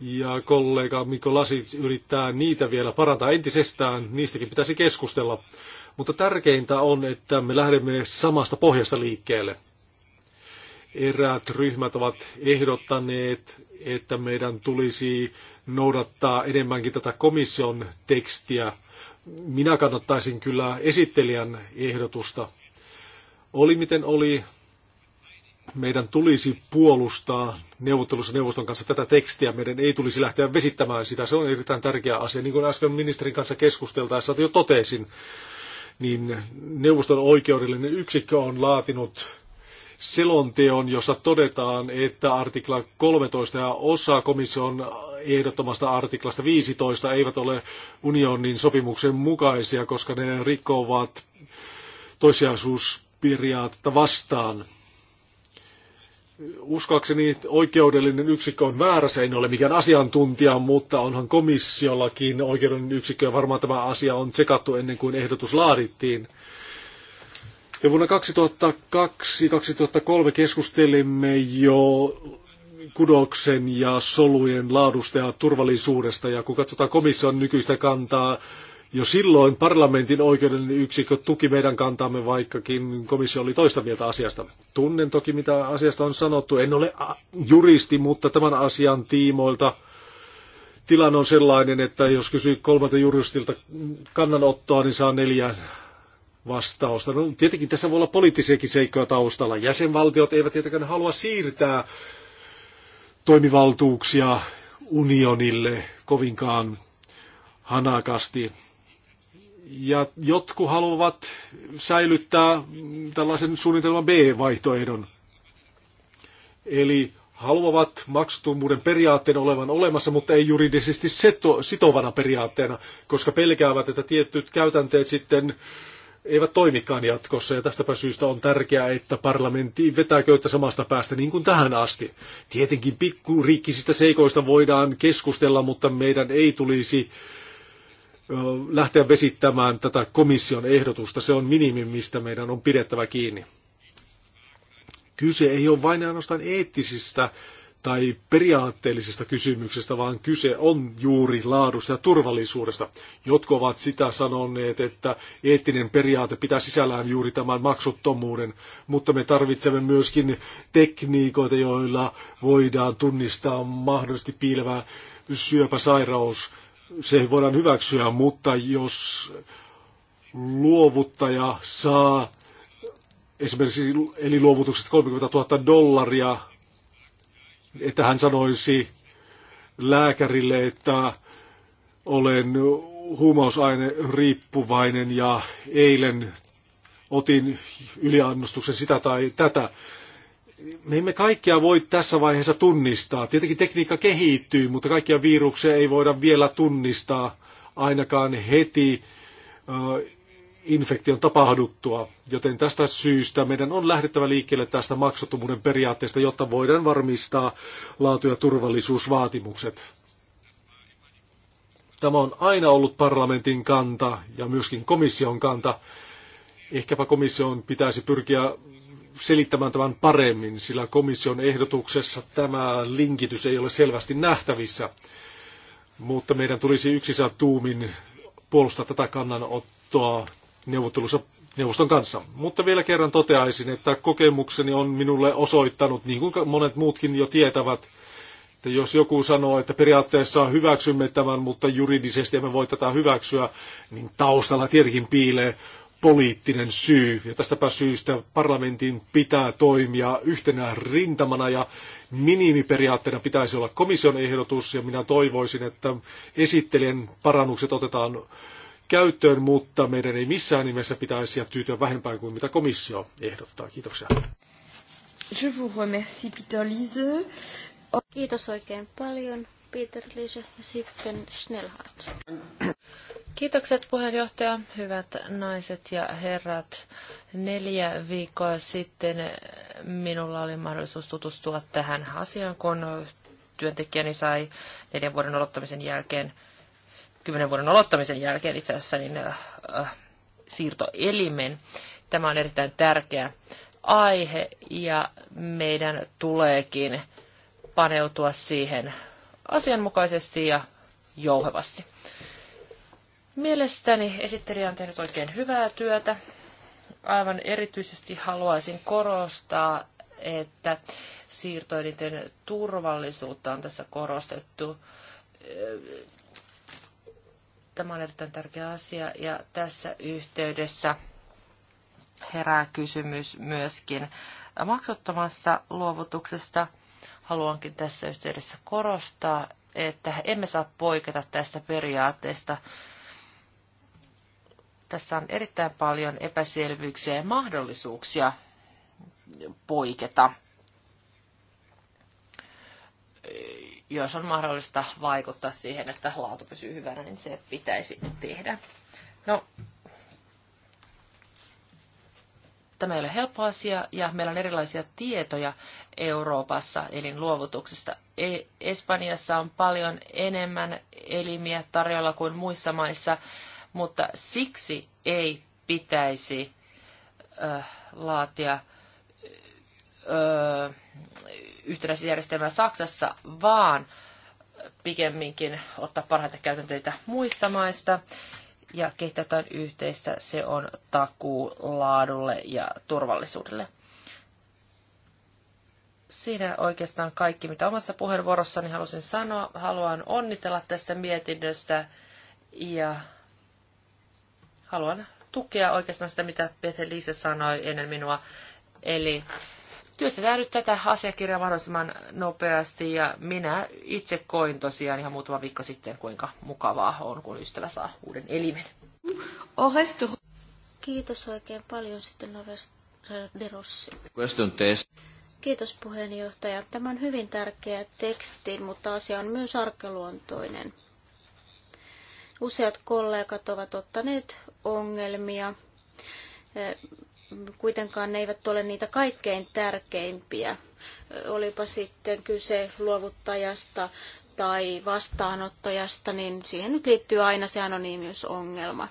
Ja kollega Mikko Lasit yrittää niitä vielä parantaa entisestään, niistäkin pitäisi keskustella. Mutta tärkeintä on, että me lähdemme samasta pohjasta liikkeelle – Eräät ryhmät ovat ehdottaneet, että meidän tulisi noudattaa enemmänkin tätä komission tekstiä. Minä kannattaisin kyllä esittelijän ehdotusta. Oli miten oli, meidän tulisi puolustaa neuvottelussa neuvoston kanssa tätä tekstiä. Meidän ei tulisi lähteä vesittämään sitä. Se on erittäin tärkeä asia. Niin kuin äsken ministerin kanssa keskusteltaessa jo totesin, niin neuvoston oikeudellinen yksikkö on laatinut selonteon, jossa todetaan, että artikla 13 ja osa komission ehdottomasta artiklasta 15 eivät ole unionin sopimuksen mukaisia, koska ne rikkovat toissijaisuusperiaatetta vastaan. Uskoakseni oikeudellinen yksikkö on väärässä, en ole mikään asiantuntija, mutta onhan komissiollakin oikeudellinen yksikkö ja varmaan tämä asia on tsekattu ennen kuin ehdotus laadittiin. Ja vuonna 2002-2003 keskustelimme jo kudoksen ja solujen laadusta ja turvallisuudesta. Ja kun katsotaan komission nykyistä kantaa, jo silloin parlamentin oikeuden yksikkö tuki meidän kantaamme, vaikkakin komissio oli toista mieltä asiasta. Tunnen toki, mitä asiasta on sanottu. En ole juristi, mutta tämän asian tiimoilta tilanne on sellainen, että jos kysyy kolmelta juristilta kannanottoa, niin saa neljä vastausta. No, tietenkin tässä voi olla poliittisiakin seikkoja taustalla. Jäsenvaltiot eivät tietenkään halua siirtää toimivaltuuksia unionille kovinkaan hanakasti. Ja jotkut haluavat säilyttää tällaisen suunnitelman B-vaihtoehdon. Eli haluavat maksuttomuuden periaatteen olevan olemassa, mutta ei juridisesti seto, sitovana periaatteena, koska pelkäävät, että tietyt käytänteet sitten eivät toimikaan jatkossa, ja tästäpä syystä on tärkeää, että parlamentti vetää köyttä samasta päästä niin kuin tähän asti. Tietenkin pikkuriikkisistä seikoista voidaan keskustella, mutta meidän ei tulisi lähteä vesittämään tätä komission ehdotusta. Se on minimi, mistä meidän on pidettävä kiinni. Kyse ei ole vain ainoastaan eettisistä tai periaatteellisesta kysymyksestä, vaan kyse on juuri laadusta ja turvallisuudesta. Jotkut ovat sitä sanoneet, että eettinen periaate pitää sisällään juuri tämän maksuttomuuden, mutta me tarvitsemme myöskin tekniikoita, joilla voidaan tunnistaa mahdollisesti piilevä syöpäsairaus. Se voidaan hyväksyä, mutta jos luovuttaja saa esimerkiksi eli luovutukset 30 000 dollaria että hän sanoisi lääkärille, että olen huumausaine riippuvainen ja eilen otin yliannostuksen sitä tai tätä. Me emme kaikkia voi tässä vaiheessa tunnistaa. Tietenkin tekniikka kehittyy, mutta kaikkia viruksia ei voida vielä tunnistaa ainakaan heti infektion tapahduttua, joten tästä syystä meidän on lähdettävä liikkeelle tästä maksuttomuuden periaatteesta, jotta voidaan varmistaa laatu- ja turvallisuusvaatimukset. Tämä on aina ollut parlamentin kanta ja myöskin komission kanta. Ehkäpä komission pitäisi pyrkiä selittämään tämän paremmin, sillä komission ehdotuksessa tämä linkitys ei ole selvästi nähtävissä. Mutta meidän tulisi yksisä tuumin puolustaa tätä kannanottoa neuvottelussa neuvoston kanssa. Mutta vielä kerran toteaisin, että kokemukseni on minulle osoittanut, niin kuin monet muutkin jo tietävät, että jos joku sanoo, että periaatteessa hyväksymme tämän, mutta juridisesti emme voi tätä hyväksyä, niin taustalla tietenkin piilee poliittinen syy. Ja tästäpä syystä parlamentin pitää toimia yhtenä rintamana ja minimiperiaatteena pitäisi olla komission ehdotus ja minä toivoisin, että esittelijän parannukset otetaan käyttöön, mutta meidän ei missään nimessä pitäisi tyytyä vähempään kuin mitä komissio ehdottaa. Kiitoksia. Je vous remercie, Peter Lise. Kiitos oikein paljon, Peter Lise ja sitten Schnellhardt. Kiitokset puheenjohtaja, hyvät naiset ja herrat. Neljä viikkoa sitten minulla oli mahdollisuus tutustua tähän asiaan, kun työntekijäni sai neljän vuoden odottamisen jälkeen kymmenen vuoden aloittamisen jälkeen itse asiassa niin, äh, äh, siirtoelimen. Tämä on erittäin tärkeä aihe ja meidän tuleekin paneutua siihen asianmukaisesti ja jouhevasti. Mielestäni esittelijä on tehnyt oikein hyvää työtä. Aivan erityisesti haluaisin korostaa, että siirtoelinten turvallisuutta on tässä korostettu Tämä on erittäin tärkeä asia ja tässä yhteydessä herää kysymys myöskin maksuttomasta luovutuksesta. Haluankin tässä yhteydessä korostaa, että emme saa poiketa tästä periaatteesta. Tässä on erittäin paljon epäselvyyksiä ja mahdollisuuksia poiketa jos on mahdollista vaikuttaa siihen, että laatu pysyy hyvänä, niin se pitäisi tehdä. No, tämä ei ole helppo asia ja meillä on erilaisia tietoja Euroopassa elinluovutuksesta. E, Espanjassa on paljon enemmän elimiä tarjolla kuin muissa maissa, mutta siksi ei pitäisi äh, laatia äh, ö, yhtenäisjärjestelmää Saksassa, vaan pikemminkin ottaa parhaita käytänteitä muista maista ja kehittää jotain yhteistä. Se on takuu laadulle ja turvallisuudelle. Siinä oikeastaan kaikki, mitä omassa puheenvuorossani halusin sanoa. Haluan onnitella tästä mietinnöstä ja haluan tukea oikeastaan sitä, mitä Pete Liise sanoi ennen minua. Eli työstetään nyt tätä asiakirjaa mahdollisimman nopeasti ja minä itse koin tosiaan ihan muutama viikko sitten, kuinka mukavaa on, kun ystävä saa uuden elimen. Kiitos oikein paljon sitten De Rossi. Kiitos puheenjohtaja. Tämä on hyvin tärkeä teksti, mutta asia on myös arkeluontoinen. Useat kollegat ovat ottaneet ongelmia kuitenkaan ne eivät ole niitä kaikkein tärkeimpiä. Olipa sitten kyse luovuttajasta tai vastaanottajasta, niin siihen nyt liittyy aina se anonyymiusongelma.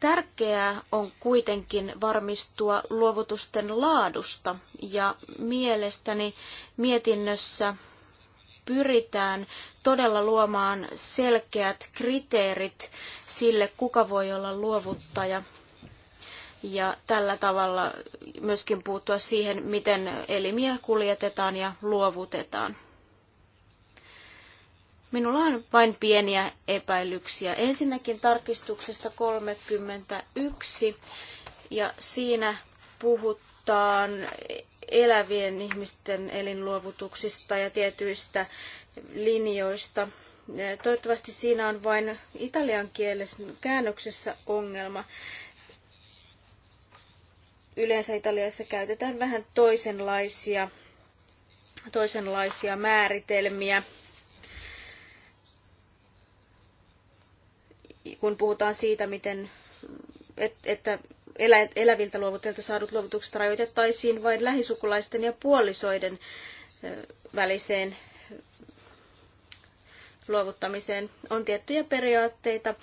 Tärkeää on kuitenkin varmistua luovutusten laadusta ja mielestäni mietinnössä pyritään todella luomaan selkeät kriteerit sille, kuka voi olla luovuttaja ja tällä tavalla myöskin puuttua siihen, miten elimiä kuljetetaan ja luovutetaan. Minulla on vain pieniä epäilyksiä. Ensinnäkin tarkistuksesta 31 ja siinä puhutaan elävien ihmisten elinluovutuksista ja tietyistä linjoista. Toivottavasti siinä on vain italian kielessä käännöksessä ongelma. Yleensä Italiassa käytetään vähän toisenlaisia, toisenlaisia määritelmiä. Kun puhutaan siitä, miten, et, että elä, eläviltä luovutilta saadut luovutukset rajoitettaisiin vain lähisukulaisten ja puolisoiden väliseen luovuttamiseen on tiettyjä periaatteita,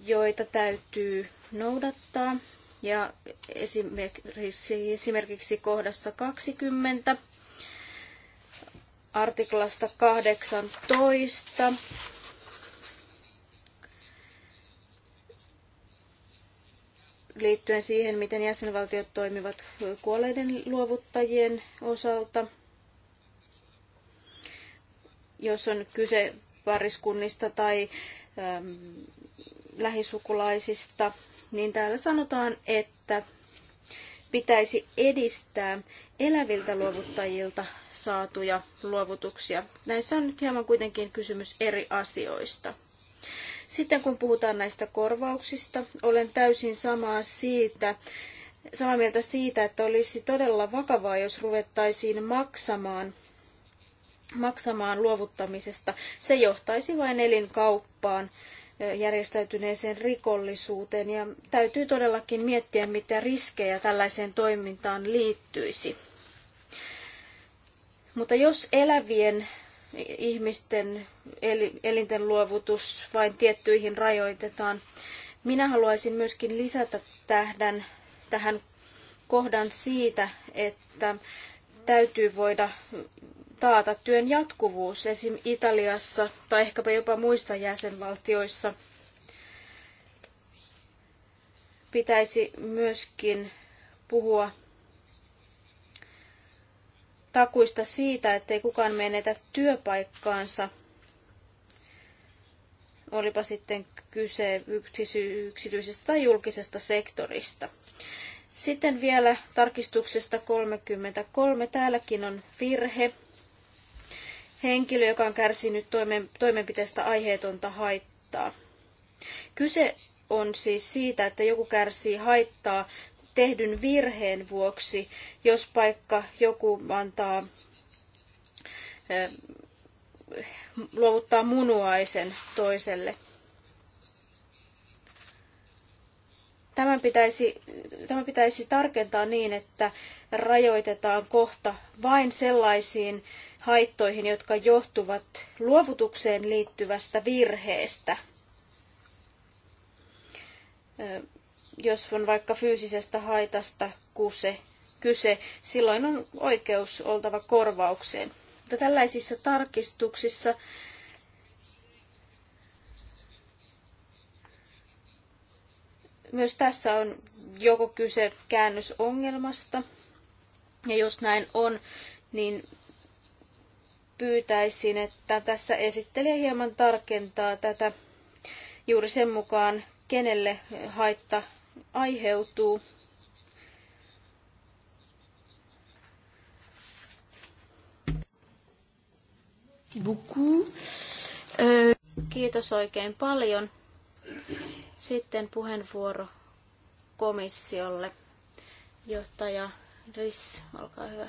joita täytyy noudattaa ja esimerkiksi, esimerkiksi kohdassa 20 artiklasta 18 liittyen siihen, miten jäsenvaltiot toimivat kuolleiden luovuttajien osalta. Jos on kyse pariskunnista tai lähisukulaisista, niin täällä sanotaan, että pitäisi edistää eläviltä luovuttajilta saatuja luovutuksia. Näissä on nyt hieman kuitenkin kysymys eri asioista. Sitten kun puhutaan näistä korvauksista, olen täysin samaa siitä, samaa mieltä siitä, että olisi todella vakavaa, jos ruvettaisiin maksamaan maksamaan luovuttamisesta. Se johtaisi vain elinkauppaan järjestäytyneeseen rikollisuuteen ja täytyy todellakin miettiä, mitä riskejä tällaiseen toimintaan liittyisi. Mutta jos elävien ihmisten elinten luovutus vain tiettyihin rajoitetaan, minä haluaisin myöskin lisätä tähden, tähän kohdan siitä, että täytyy voida taata työn jatkuvuus esim. Italiassa tai ehkäpä jopa muissa jäsenvaltioissa. Pitäisi myöskin puhua takuista siitä, ettei kukaan menetä työpaikkaansa, olipa sitten kyse yksityisestä tai julkisesta sektorista. Sitten vielä tarkistuksesta 33. Täälläkin on virhe henkilö, joka on kärsinyt toimen, toimenpiteestä aiheetonta haittaa. Kyse on siis siitä, että joku kärsii haittaa tehdyn virheen vuoksi, jos paikka joku antaa luovuttaa munuaisen toiselle. Tämän pitäisi, tämä pitäisi tarkentaa niin, että rajoitetaan kohta vain sellaisiin haittoihin, jotka johtuvat luovutukseen liittyvästä virheestä. Jos on vaikka fyysisestä haitasta kuse, kyse, silloin on oikeus oltava korvaukseen. Mutta tällaisissa tarkistuksissa myös tässä on joko kyse käännösongelmasta, ja jos näin on, niin pyytäisin, että tässä esittelijä hieman tarkentaa tätä juuri sen mukaan, kenelle haitta aiheutuu. Euh, Kiitos oikein paljon. Sitten puheenvuoro komissiolle. Johtaja Riss, olkaa hyvä.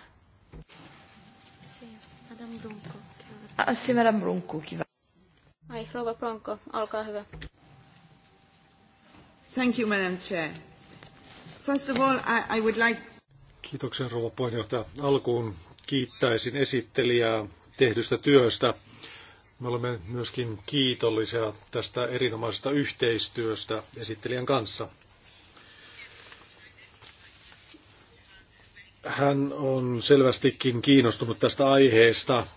Madame Brunko. Ah, olkaa hyvä. Thank you, Madam Chair. First of all, I, I would like... Kiitoksen rouva puheenjohtaja. Alkuun kiittäisin esittelijää tehdystä työstä. Me olemme myöskin kiitollisia tästä erinomaisesta yhteistyöstä esittelijän kanssa. Hän on selvästikin kiinnostunut tästä aiheesta.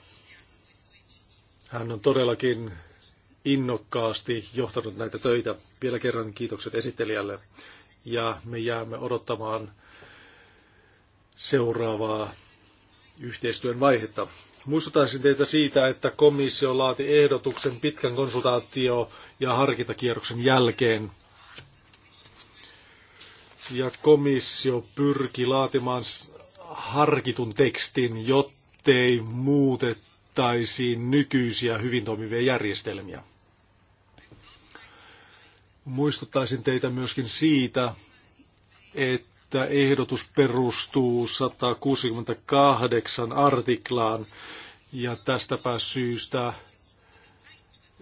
Hän on todellakin innokkaasti johtanut näitä töitä. Vielä kerran kiitokset esittelijälle ja me jäämme odottamaan seuraavaa yhteistyön vaihetta. Muistutaisin teitä siitä, että komissio laati ehdotuksen pitkän konsultaatio- ja harkintakierroksen jälkeen. Ja komissio pyrki laatimaan harkitun tekstin, jottei muutettaisiin nykyisiä hyvin toimivia järjestelmiä. Muistuttaisin teitä myöskin siitä, että ehdotus perustuu 168 artiklaan ja tästäpä syystä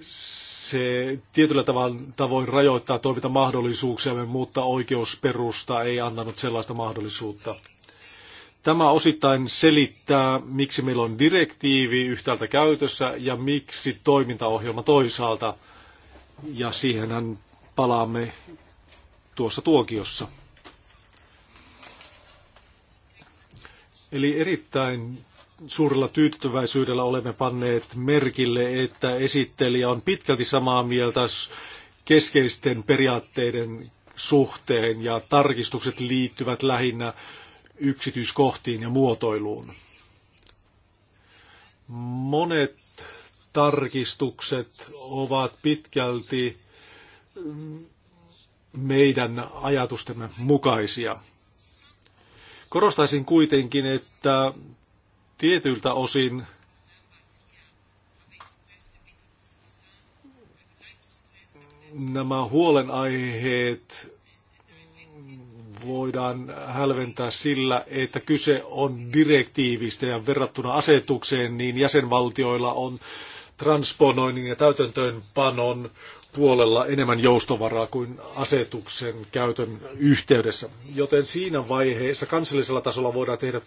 se tietyllä tavalla tavoin rajoittaa toimintamahdollisuuksiamme, mutta oikeusperusta ei antanut sellaista mahdollisuutta. Tämä osittain selittää, miksi meillä on direktiivi yhtäältä käytössä ja miksi toimintaohjelma toisaalta. Ja siihenhän palaamme tuossa tuokiossa. Eli erittäin suurella tyytyväisyydellä olemme panneet merkille, että esittelijä on pitkälti samaa mieltä keskeisten periaatteiden suhteen ja tarkistukset liittyvät lähinnä yksityiskohtiin ja muotoiluun. Monet tarkistukset ovat pitkälti meidän ajatustemme mukaisia. Korostaisin kuitenkin, että tietyiltä osin nämä huolenaiheet voidaan hälventää sillä, että kyse on direktiivistä ja verrattuna asetukseen, niin jäsenvaltioilla on transponoinnin ja täytäntöönpanon puolella enemmän joustovaraa kuin asetuksen käytön yhteydessä. Joten siinä vaiheessa kansallisella tasolla voidaan tehdä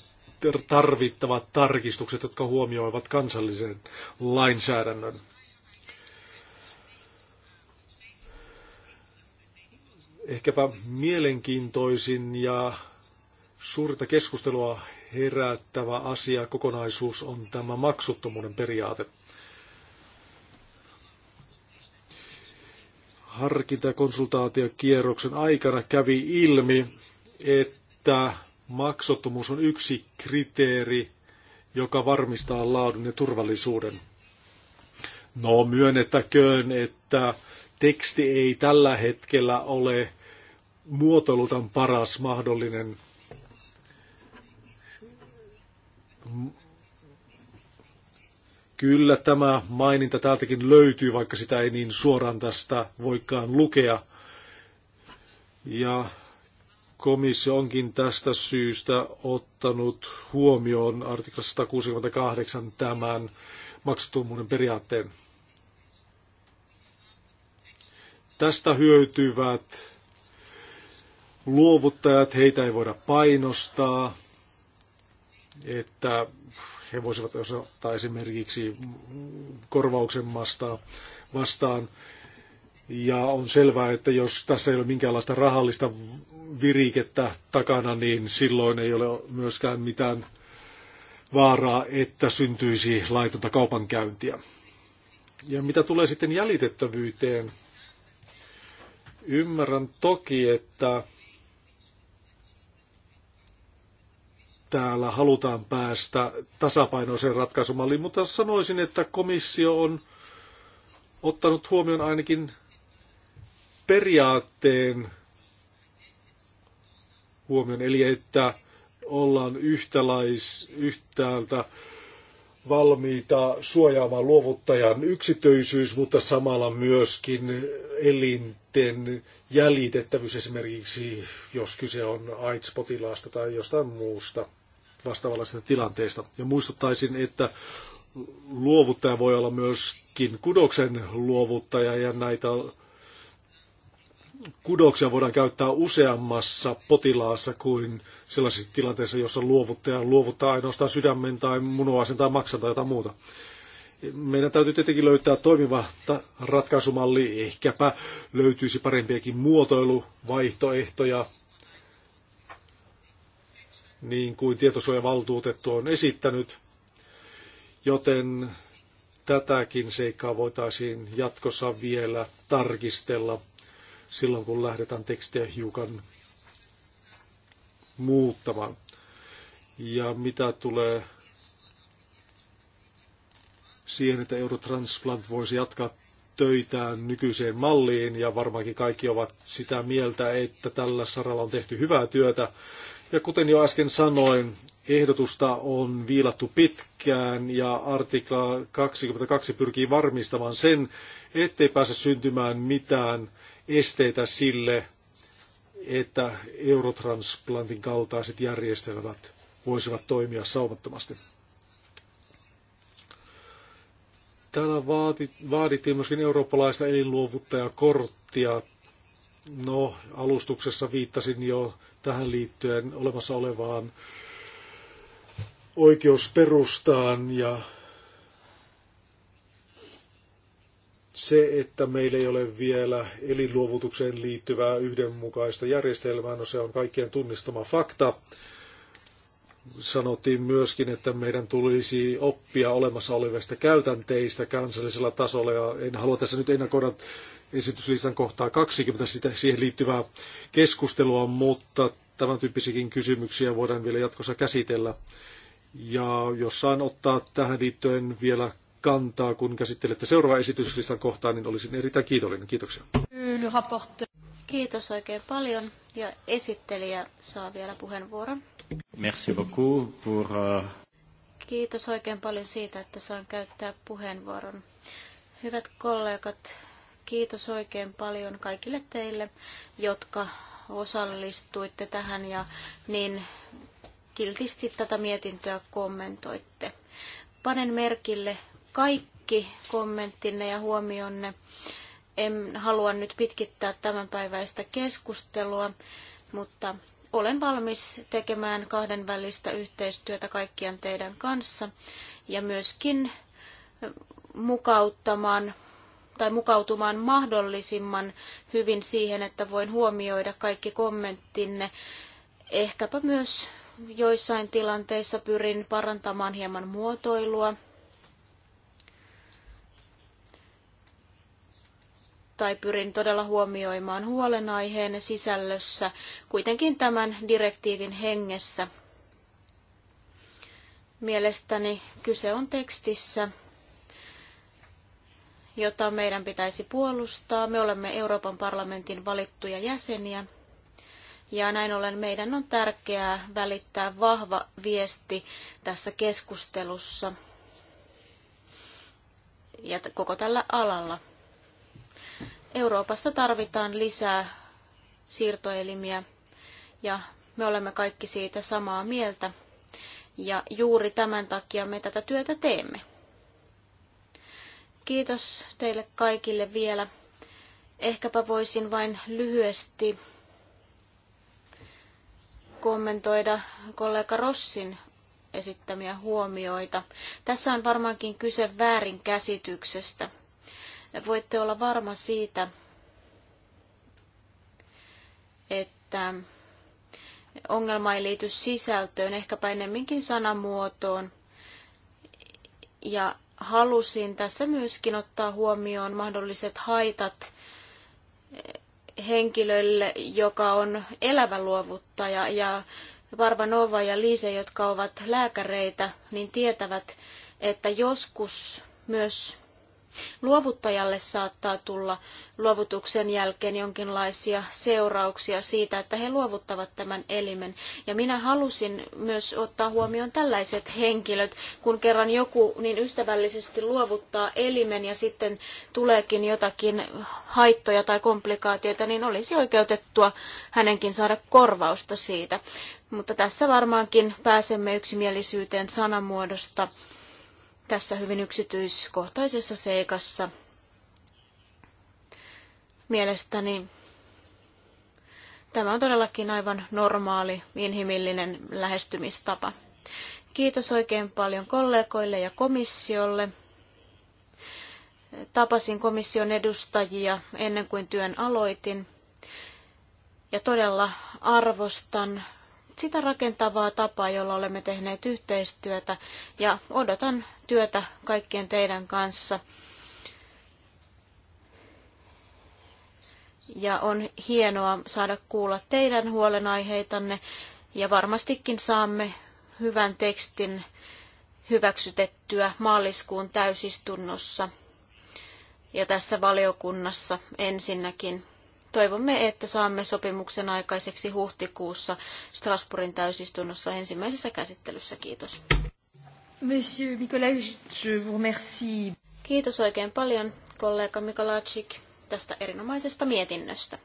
tarvittavat tarkistukset, jotka huomioivat kansallisen lainsäädännön. ehkäpä mielenkiintoisin ja suurta keskustelua herättävä asia kokonaisuus on tämä maksuttomuuden periaate. Harkinta- ja konsultaatiokierroksen aikana kävi ilmi, että maksuttomuus on yksi kriteeri, joka varmistaa laadun ja turvallisuuden. No myönnettäköön, että teksti ei tällä hetkellä ole muotoilutan paras mahdollinen Kyllä tämä maininta täältäkin löytyy, vaikka sitä ei niin suoraan tästä voikaan lukea. Ja komissio onkin tästä syystä ottanut huomioon artikla 168 tämän maksuttomuuden periaatteen. Tästä hyötyvät luovuttajat, heitä ei voida painostaa, että he voisivat osata esimerkiksi korvauksen vastaan. Ja on selvää, että jos tässä ei ole minkäänlaista rahallista virikettä takana, niin silloin ei ole myöskään mitään vaaraa, että syntyisi laitonta kaupankäyntiä. Ja mitä tulee sitten jäljitettävyyteen, ymmärrän toki, että täällä halutaan päästä tasapainoiseen ratkaisumalliin, mutta sanoisin, että komissio on ottanut huomioon ainakin periaatteen huomioon, eli että ollaan yhtälais, yhtäältä valmiita suojaamaan luovuttajan yksityisyys, mutta samalla myöskin elinten jäljitettävyys esimerkiksi, jos kyse on AIDS-potilaasta tai jostain muusta vastaavanlaisista tilanteista. Ja muistuttaisin, että luovuttaja voi olla myöskin kudoksen luovuttaja ja näitä kudoksia voidaan käyttää useammassa potilaassa kuin sellaisissa tilanteissa, jossa luovuttaja luovuttaa ainoastaan sydämen tai munuaisen tai maksan tai jotain muuta. Meidän täytyy tietenkin löytää toimiva ratkaisumalli, ehkäpä löytyisi parempiakin muotoiluvaihtoehtoja niin kuin tietosuojavaltuutettu on esittänyt, joten tätäkin seikkaa voitaisiin jatkossa vielä tarkistella silloin, kun lähdetään tekstejä hiukan muuttamaan. Ja mitä tulee siihen, että Eurotransplant voisi jatkaa töitään nykyiseen malliin, ja varmaankin kaikki ovat sitä mieltä, että tällä saralla on tehty hyvää työtä, ja kuten jo äsken sanoin, ehdotusta on viilattu pitkään ja artikla 22 pyrkii varmistamaan sen, ettei pääse syntymään mitään esteitä sille, että eurotransplantin kaltaiset järjestelmät voisivat toimia saumattomasti. Täällä vaadittiin myöskin eurooppalaista elinluovuttajakorttia No, alustuksessa viittasin jo tähän liittyen olemassa olevaan oikeusperustaan ja se, että meillä ei ole vielä elinluovutukseen liittyvää yhdenmukaista järjestelmää, no se on kaikkien tunnistama fakta. Sanottiin myöskin, että meidän tulisi oppia olemassa olevista käytänteistä kansallisella tasolla, ja en halua tässä nyt ennakoida esityslistan kohtaa 20 sitä, siihen liittyvää keskustelua, mutta tämän tyyppisiäkin kysymyksiä voidaan vielä jatkossa käsitellä. Ja jossain ottaa tähän liittyen vielä kantaa, kun käsittelette seuraavaa esityslistan kohtaa, niin olisin erittäin kiitollinen. Kiitoksia. Kiitos oikein paljon. Ja esittelijä saa vielä puheenvuoron. Merci beaucoup pour... Uh, Kiitos oikein paljon siitä, että saan käyttää puheenvuoron. Hyvät kollegat, Kiitos oikein paljon kaikille teille, jotka osallistuitte tähän ja niin kiltisti tätä mietintöä kommentoitte. Panen merkille kaikki kommenttinne ja huomionne. En halua nyt pitkittää tämänpäiväistä keskustelua, mutta olen valmis tekemään kahdenvälistä yhteistyötä kaikkien teidän kanssa ja myöskin mukauttamaan tai mukautumaan mahdollisimman hyvin siihen, että voin huomioida kaikki kommenttinne. Ehkäpä myös joissain tilanteissa pyrin parantamaan hieman muotoilua tai pyrin todella huomioimaan huolenaiheen sisällössä, kuitenkin tämän direktiivin hengessä. Mielestäni kyse on tekstissä, jota meidän pitäisi puolustaa. Me olemme Euroopan parlamentin valittuja jäseniä ja näin ollen meidän on tärkeää välittää vahva viesti tässä keskustelussa ja koko tällä alalla. Euroopassa tarvitaan lisää siirtoelimiä ja me olemme kaikki siitä samaa mieltä. Ja juuri tämän takia me tätä työtä teemme. Kiitos teille kaikille vielä. Ehkäpä voisin vain lyhyesti kommentoida kollega Rossin esittämiä huomioita. Tässä on varmaankin kyse väärinkäsityksestä. Voitte olla varma siitä, että ongelma ei liity sisältöön, ehkäpä enemminkin sanamuotoon. Ja halusin tässä myöskin ottaa huomioon mahdolliset haitat henkilölle, joka on elävä luovuttaja. Ja Nova ja Liise, jotka ovat lääkäreitä, niin tietävät, että joskus myös Luovuttajalle saattaa tulla luovutuksen jälkeen jonkinlaisia seurauksia siitä, että he luovuttavat tämän elimen. Ja minä halusin myös ottaa huomioon tällaiset henkilöt, kun kerran joku niin ystävällisesti luovuttaa elimen ja sitten tuleekin jotakin haittoja tai komplikaatioita, niin olisi oikeutettua hänenkin saada korvausta siitä. Mutta tässä varmaankin pääsemme yksimielisyyteen sanamuodosta tässä hyvin yksityiskohtaisessa seikassa. Mielestäni tämä on todellakin aivan normaali, inhimillinen lähestymistapa. Kiitos oikein paljon kollegoille ja komissiolle. Tapasin komission edustajia ennen kuin työn aloitin. Ja todella arvostan sitä rakentavaa tapaa, jolla olemme tehneet yhteistyötä ja odotan työtä kaikkien teidän kanssa. Ja on hienoa saada kuulla teidän huolenaiheitanne ja varmastikin saamme hyvän tekstin hyväksytettyä maaliskuun täysistunnossa ja tässä valiokunnassa ensinnäkin. Toivomme, että saamme sopimuksen aikaiseksi huhtikuussa Strasbourgin täysistunnossa ensimmäisessä käsittelyssä. Kiitos. Monsieur Mikolajic, je vous remercie. Kiitos oikein paljon kollega Mikolajic tästä erinomaisesta mietinnöstä.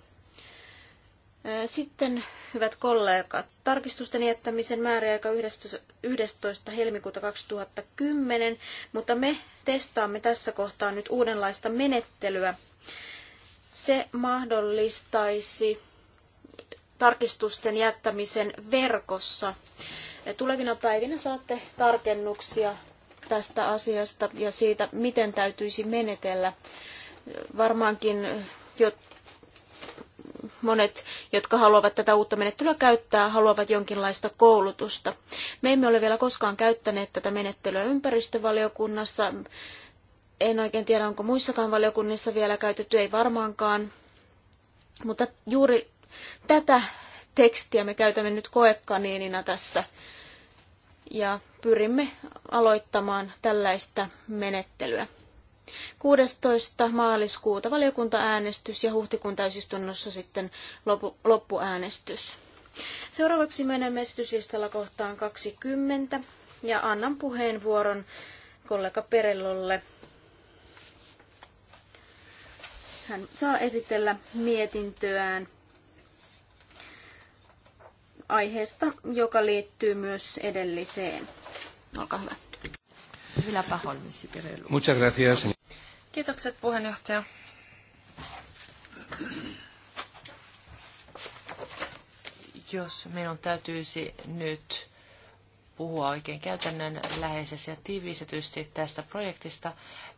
Sitten, hyvät kollegat, tarkistusten jättämisen määräaika 11. helmikuuta 2010, mutta me testaamme tässä kohtaa nyt uudenlaista menettelyä se mahdollistaisi tarkistusten jättämisen verkossa. Tulevina päivinä saatte tarkennuksia tästä asiasta ja siitä, miten täytyisi menetellä. Varmaankin jo monet, jotka haluavat tätä uutta menettelyä käyttää, haluavat jonkinlaista koulutusta. Me emme ole vielä koskaan käyttäneet tätä menettelyä ympäristövaliokunnassa. En oikein tiedä, onko muissakaan valiokunnissa vielä käytetty, ei varmaankaan. Mutta juuri tätä tekstiä me käytämme nyt koekaniinina tässä ja pyrimme aloittamaan tällaista menettelyä. 16. maaliskuuta valiokuntaäänestys ja huhtikuun täysistunnossa sitten lopu, loppuäänestys. Seuraavaksi menemme esityslistalla kohtaan 20 ja annan puheenvuoron kollega Perellolle Hän saa esitellä mietintöään aiheesta, joka liittyy myös edelliseen. Olkaa hyvä. Hyvä pahoin, Muchas gracias. Kiitokset puheenjohtaja. Jos minun täytyisi nyt puhua oikein käytännön läheisesti ja tiivistetysti tästä projektista,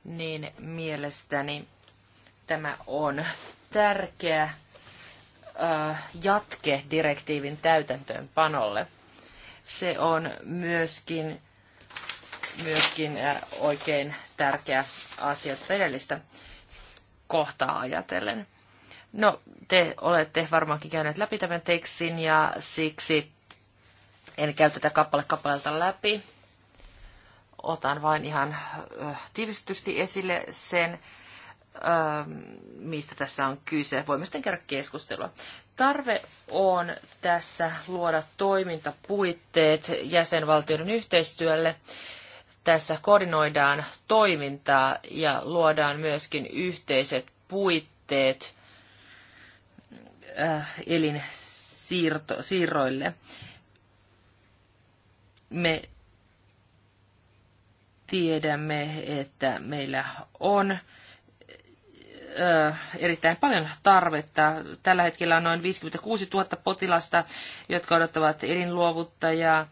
niin mielestäni Tämä on tärkeä jatke direktiivin täytäntöönpanolle. Se on myöskin, myöskin oikein tärkeä asia edellistä kohtaa ajatellen. No, te olette varmaankin käyneet läpi tämän tekstin ja siksi en käy tätä kappale kappaleelta läpi. Otan vain ihan tiivistysti esille sen, Ähm, mistä tässä on kyse. Voimme sitten käydä keskustelua. Tarve on tässä luoda toimintapuitteet jäsenvaltioiden yhteistyölle. Tässä koordinoidaan toimintaa ja luodaan myöskin yhteiset puitteet äh, elinsiirroille. Me tiedämme, että meillä on erittäin paljon tarvetta. Tällä hetkellä on noin 56 000 potilasta, jotka odottavat elinluovuttajaa,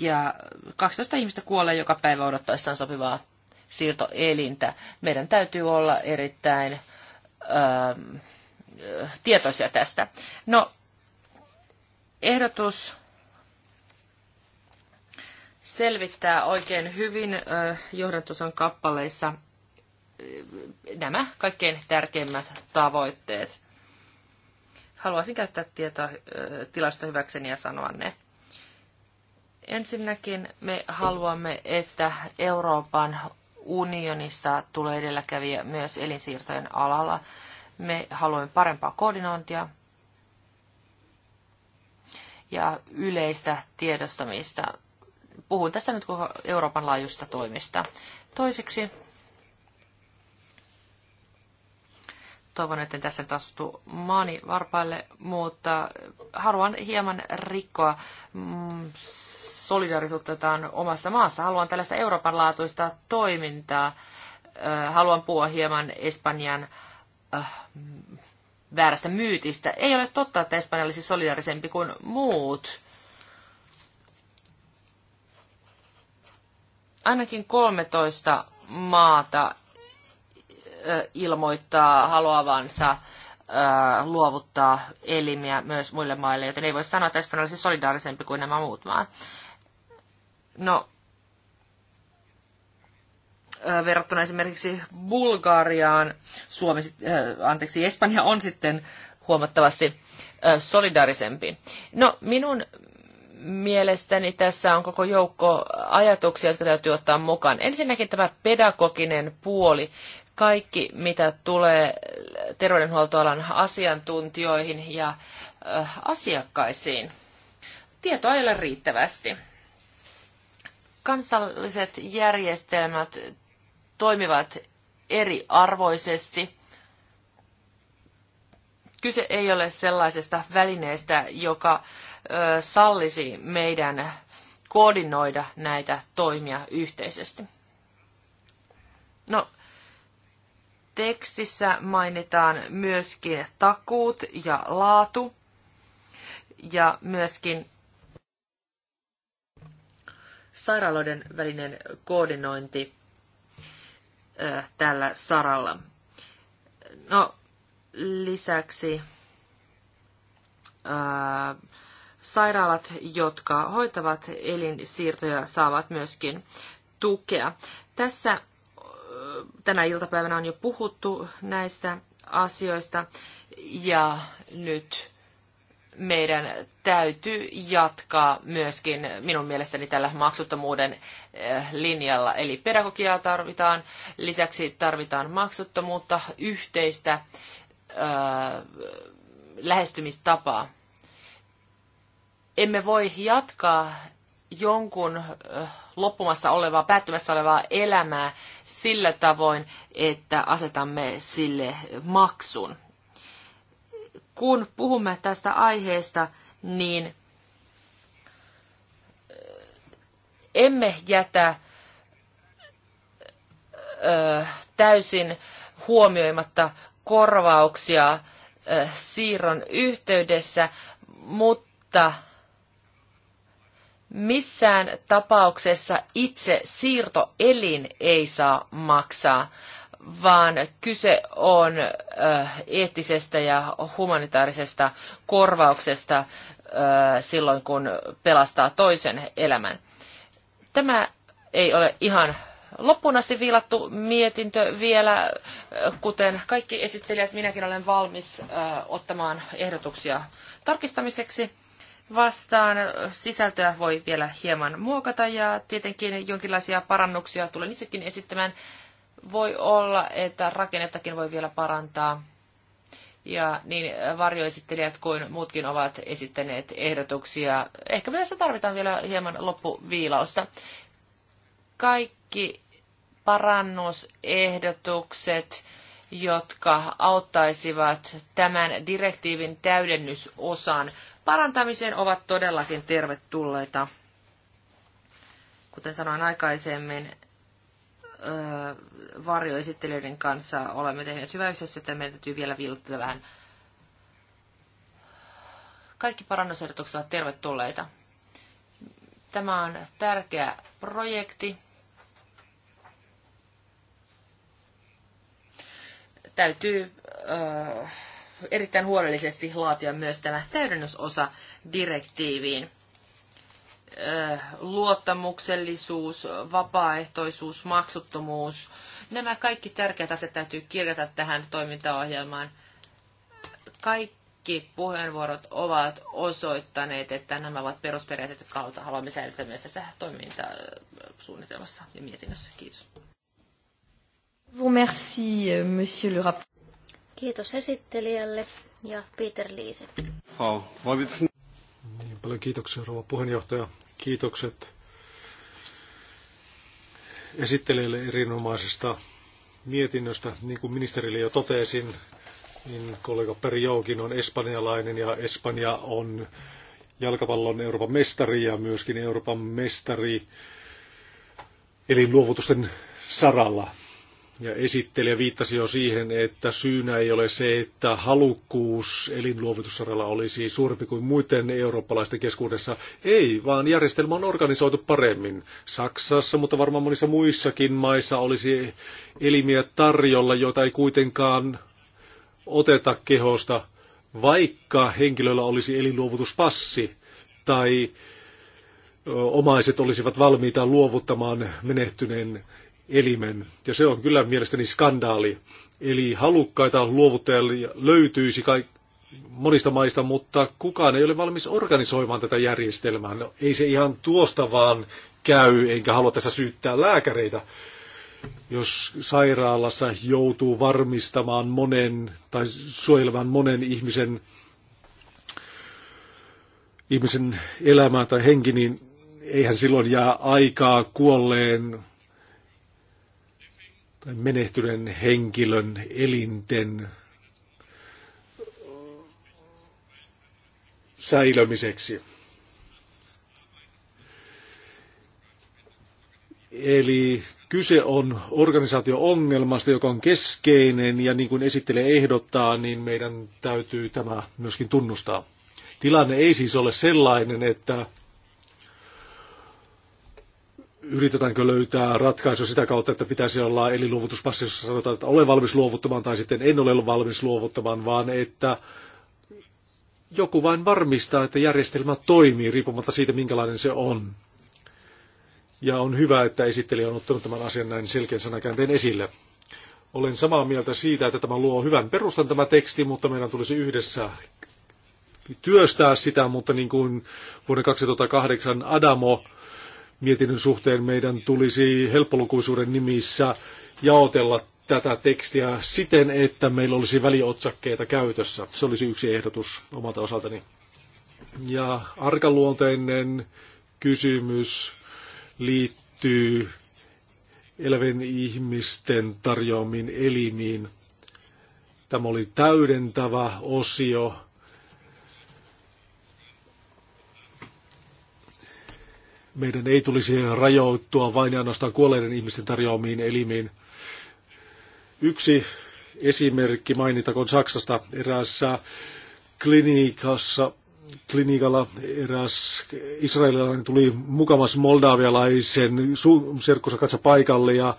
ja 12 ihmistä kuolee joka päivä odottaessaan sopivaa siirtoelintä. Meidän täytyy olla erittäin ö, tietoisia tästä. No, ehdotus selvittää oikein hyvin johdantosan kappaleissa nämä kaikkein tärkeimmät tavoitteet. Haluaisin käyttää tietoa, tilasta hyväkseni ja sanoa ne. Ensinnäkin me haluamme, että Euroopan unionista tulee edelläkävijä myös elinsiirtojen alalla. Me haluamme parempaa koordinointia ja yleistä tiedostamista. Puhun tässä nyt koko Euroopan laajuista toimista. Toiseksi Toivon, että tässä nyt astu maani varpaille, mutta haluan hieman rikkoa mm, solidarisuutta, jota on omassa maassa. Haluan tällaista Euroopan laatuista toimintaa. Haluan puhua hieman Espanjan äh, väärästä myytistä. Ei ole totta, että Espanja olisi solidarisempi kuin muut. Ainakin 13 maata ilmoittaa haluavansa luovuttaa elimiä myös muille maille, joten ei voi sanoa, että Espanja olisi solidaarisempi kuin nämä muut maat. No, verrattuna esimerkiksi Bulgariaan, Suomi, anteeksi, Espanja on sitten huomattavasti solidaarisempi. No, minun mielestäni tässä on koko joukko ajatuksia, jotka täytyy ottaa mukaan. Ensinnäkin tämä pedagoginen puoli kaikki, mitä tulee terveydenhuoltoalan asiantuntijoihin ja asiakkaisiin. Tietoa ei ole riittävästi. Kansalliset järjestelmät toimivat eriarvoisesti. Kyse ei ole sellaisesta välineestä, joka sallisi meidän koordinoida näitä toimia yhteisesti. No, Tekstissä mainitaan myöskin takuut ja laatu ja myöskin sairaaloiden välinen koordinointi tällä saralla. No, lisäksi ää, sairaalat, jotka hoitavat elinsiirtoja, saavat myöskin tukea. Tässä tänä iltapäivänä on jo puhuttu näistä asioista ja nyt meidän täytyy jatkaa myöskin minun mielestäni tällä maksuttomuuden eh, linjalla. Eli pedagogiaa tarvitaan, lisäksi tarvitaan maksuttomuutta, yhteistä eh, lähestymistapaa. Emme voi jatkaa jonkun loppumassa olevaa, päättymässä olevaa elämää sillä tavoin, että asetamme sille maksun. Kun puhumme tästä aiheesta, niin emme jätä täysin huomioimatta korvauksia siirron yhteydessä, mutta – Missään tapauksessa itse siirtoelin ei saa maksaa, vaan kyse on äh, eettisestä ja humanitaarisesta korvauksesta äh, silloin, kun pelastaa toisen elämän. Tämä ei ole ihan loppuun asti viilattu mietintö vielä. Kuten kaikki esittelijät, minäkin olen valmis äh, ottamaan ehdotuksia tarkistamiseksi vastaan. Sisältöä voi vielä hieman muokata ja tietenkin jonkinlaisia parannuksia tulen itsekin esittämään. Voi olla, että rakennettakin voi vielä parantaa. Ja niin varjoesittelijät kuin muutkin ovat esittäneet ehdotuksia. Ehkä tässä tarvitaan vielä hieman loppuviilausta. Kaikki parannusehdotukset jotka auttaisivat tämän direktiivin täydennysosan parantamiseen, ovat todellakin tervetulleita. Kuten sanoin aikaisemmin, varjoesittelijöiden kanssa olemme tehneet hyvää yhteistyötä, meidän täytyy vielä viilata vähän. Kaikki parannusehdotukset ovat tervetulleita. Tämä on tärkeä projekti täytyy äh, erittäin huolellisesti laatia myös tämä täydennysosa direktiiviin. Äh, luottamuksellisuus, vapaaehtoisuus, maksuttomuus, nämä kaikki tärkeät asiat täytyy kirjata tähän toimintaohjelmaan. Kaikki puheenvuorot ovat osoittaneet, että nämä ovat perusperiaatteet, jotka haluamme säilyttää myös tässä toimintasuunnitelmassa ja mietinnössä. Kiitos. Euh, Kiitos esittelijälle ja Peter Liise. Niin, paljon kiitoksia rouva puheenjohtaja. Kiitokset esittelijälle erinomaisesta mietinnöstä. Niin kuin ministerille jo totesin, niin kollega Peri Joukin on espanjalainen ja Espanja on jalkapallon Euroopan mestari ja myöskin Euroopan mestari eli luovutusten saralla. Ja esittelijä viittasi jo siihen, että syynä ei ole se, että halukkuus elinluovutussaralla olisi siis suurempi kuin muiden eurooppalaisten keskuudessa. Ei, vaan järjestelmä on organisoitu paremmin. Saksassa, mutta varmaan monissa muissakin maissa olisi elimiä tarjolla, joita ei kuitenkaan oteta kehosta, vaikka henkilöllä olisi elinluovutuspassi tai omaiset olisivat valmiita luovuttamaan menehtyneen elimen. Ja se on kyllä mielestäni skandaali. Eli halukkaita luovuttajia löytyisi kaik- monista maista, mutta kukaan ei ole valmis organisoimaan tätä järjestelmää. No, ei se ihan tuosta vaan käy, enkä halua tässä syyttää lääkäreitä. Jos sairaalassa joutuu varmistamaan monen tai suojelemaan monen ihmisen, ihmisen elämää tai henki, niin eihän silloin jää aikaa kuolleen tai menehtyneen henkilön elinten säilömiseksi. Eli kyse on organisaatio-ongelmasta, joka on keskeinen ja niin kuin esittelee ehdottaa, niin meidän täytyy tämä myöskin tunnustaa. Tilanne ei siis ole sellainen, että yritetäänkö löytää ratkaisu sitä kautta, että pitäisi olla jossa sanotaan, että olen valmis luovuttamaan tai sitten en ole valmis luovuttamaan, vaan että joku vain varmistaa, että järjestelmä toimii riippumatta siitä, minkälainen se on. Ja on hyvä, että esittelijä on ottanut tämän asian näin selkeän sanakäänteen esille. Olen samaa mieltä siitä, että tämä luo hyvän perustan tämä teksti, mutta meidän tulisi yhdessä työstää sitä, mutta niin kuin vuoden 2008 Adamo mietinnön suhteen meidän tulisi helppolukuisuuden nimissä jaotella tätä tekstiä siten, että meillä olisi väliotsakkeita käytössä. Se olisi yksi ehdotus omalta osaltani. Ja arkaluonteinen kysymys liittyy elävien ihmisten tarjoamiin elimiin. Tämä oli täydentävä osio meidän ei tulisi rajoittua vain ja ainoastaan kuolleiden ihmisten tarjoamiin elimiin. Yksi esimerkki mainitakoon Saksasta. Eräässä klinikassa, klinikalla eräs israelilainen tuli mukamas moldavialaisen serkkusakatsa paikalle ja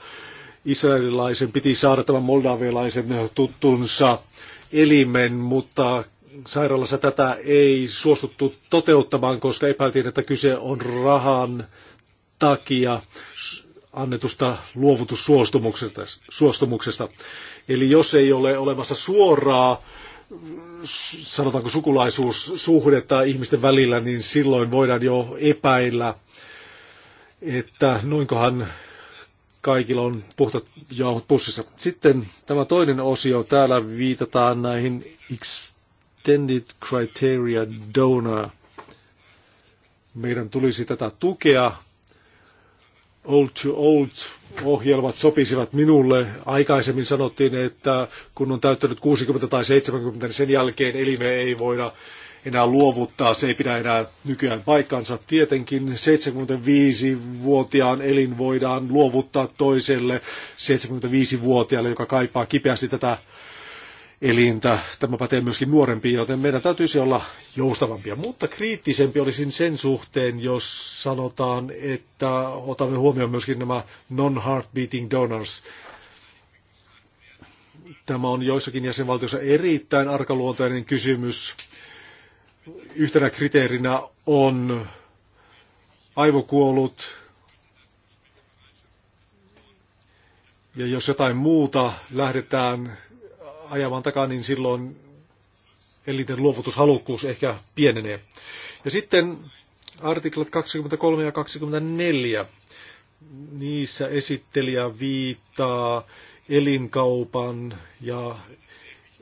israelilaisen piti saada tämän moldavialaisen tuttunsa elimen, mutta sairaalassa tätä ei suostuttu toteuttamaan, koska epäiltiin, että kyse on rahan takia annetusta luovutussuostumuksesta. Eli jos ei ole olemassa suoraa, sanotaanko sukulaisuussuhdetta ihmisten välillä, niin silloin voidaan jo epäillä, että noinkohan kaikilla on puhtat jauhot pussissa. Sitten tämä toinen osio, täällä viitataan näihin X Intended Criteria Donor. Meidän tulisi tätä tukea. Old to Old ohjelmat sopisivat minulle. Aikaisemmin sanottiin, että kun on täyttänyt 60 tai 70, niin sen jälkeen elime ei voida enää luovuttaa, se ei pidä enää nykyään paikkansa. Tietenkin 75-vuotiaan elin voidaan luovuttaa toiselle 75-vuotiaalle, joka kaipaa kipeästi tätä elintä. Tämä pätee myöskin nuorempiin, joten meidän täytyisi olla joustavampia. Mutta kriittisempi olisin sen suhteen, jos sanotaan, että otamme huomioon myöskin nämä non-heartbeating donors. Tämä on joissakin jäsenvaltioissa erittäin arkaluontoinen kysymys. Yhtenä kriteerinä on aivokuollut, ja jos jotain muuta lähdetään ajavan takaa, niin silloin elinten luovutushalukkuus ehkä pienenee. Ja sitten artiklat 23 ja 24. Niissä esittelijä viittaa elinkaupan ja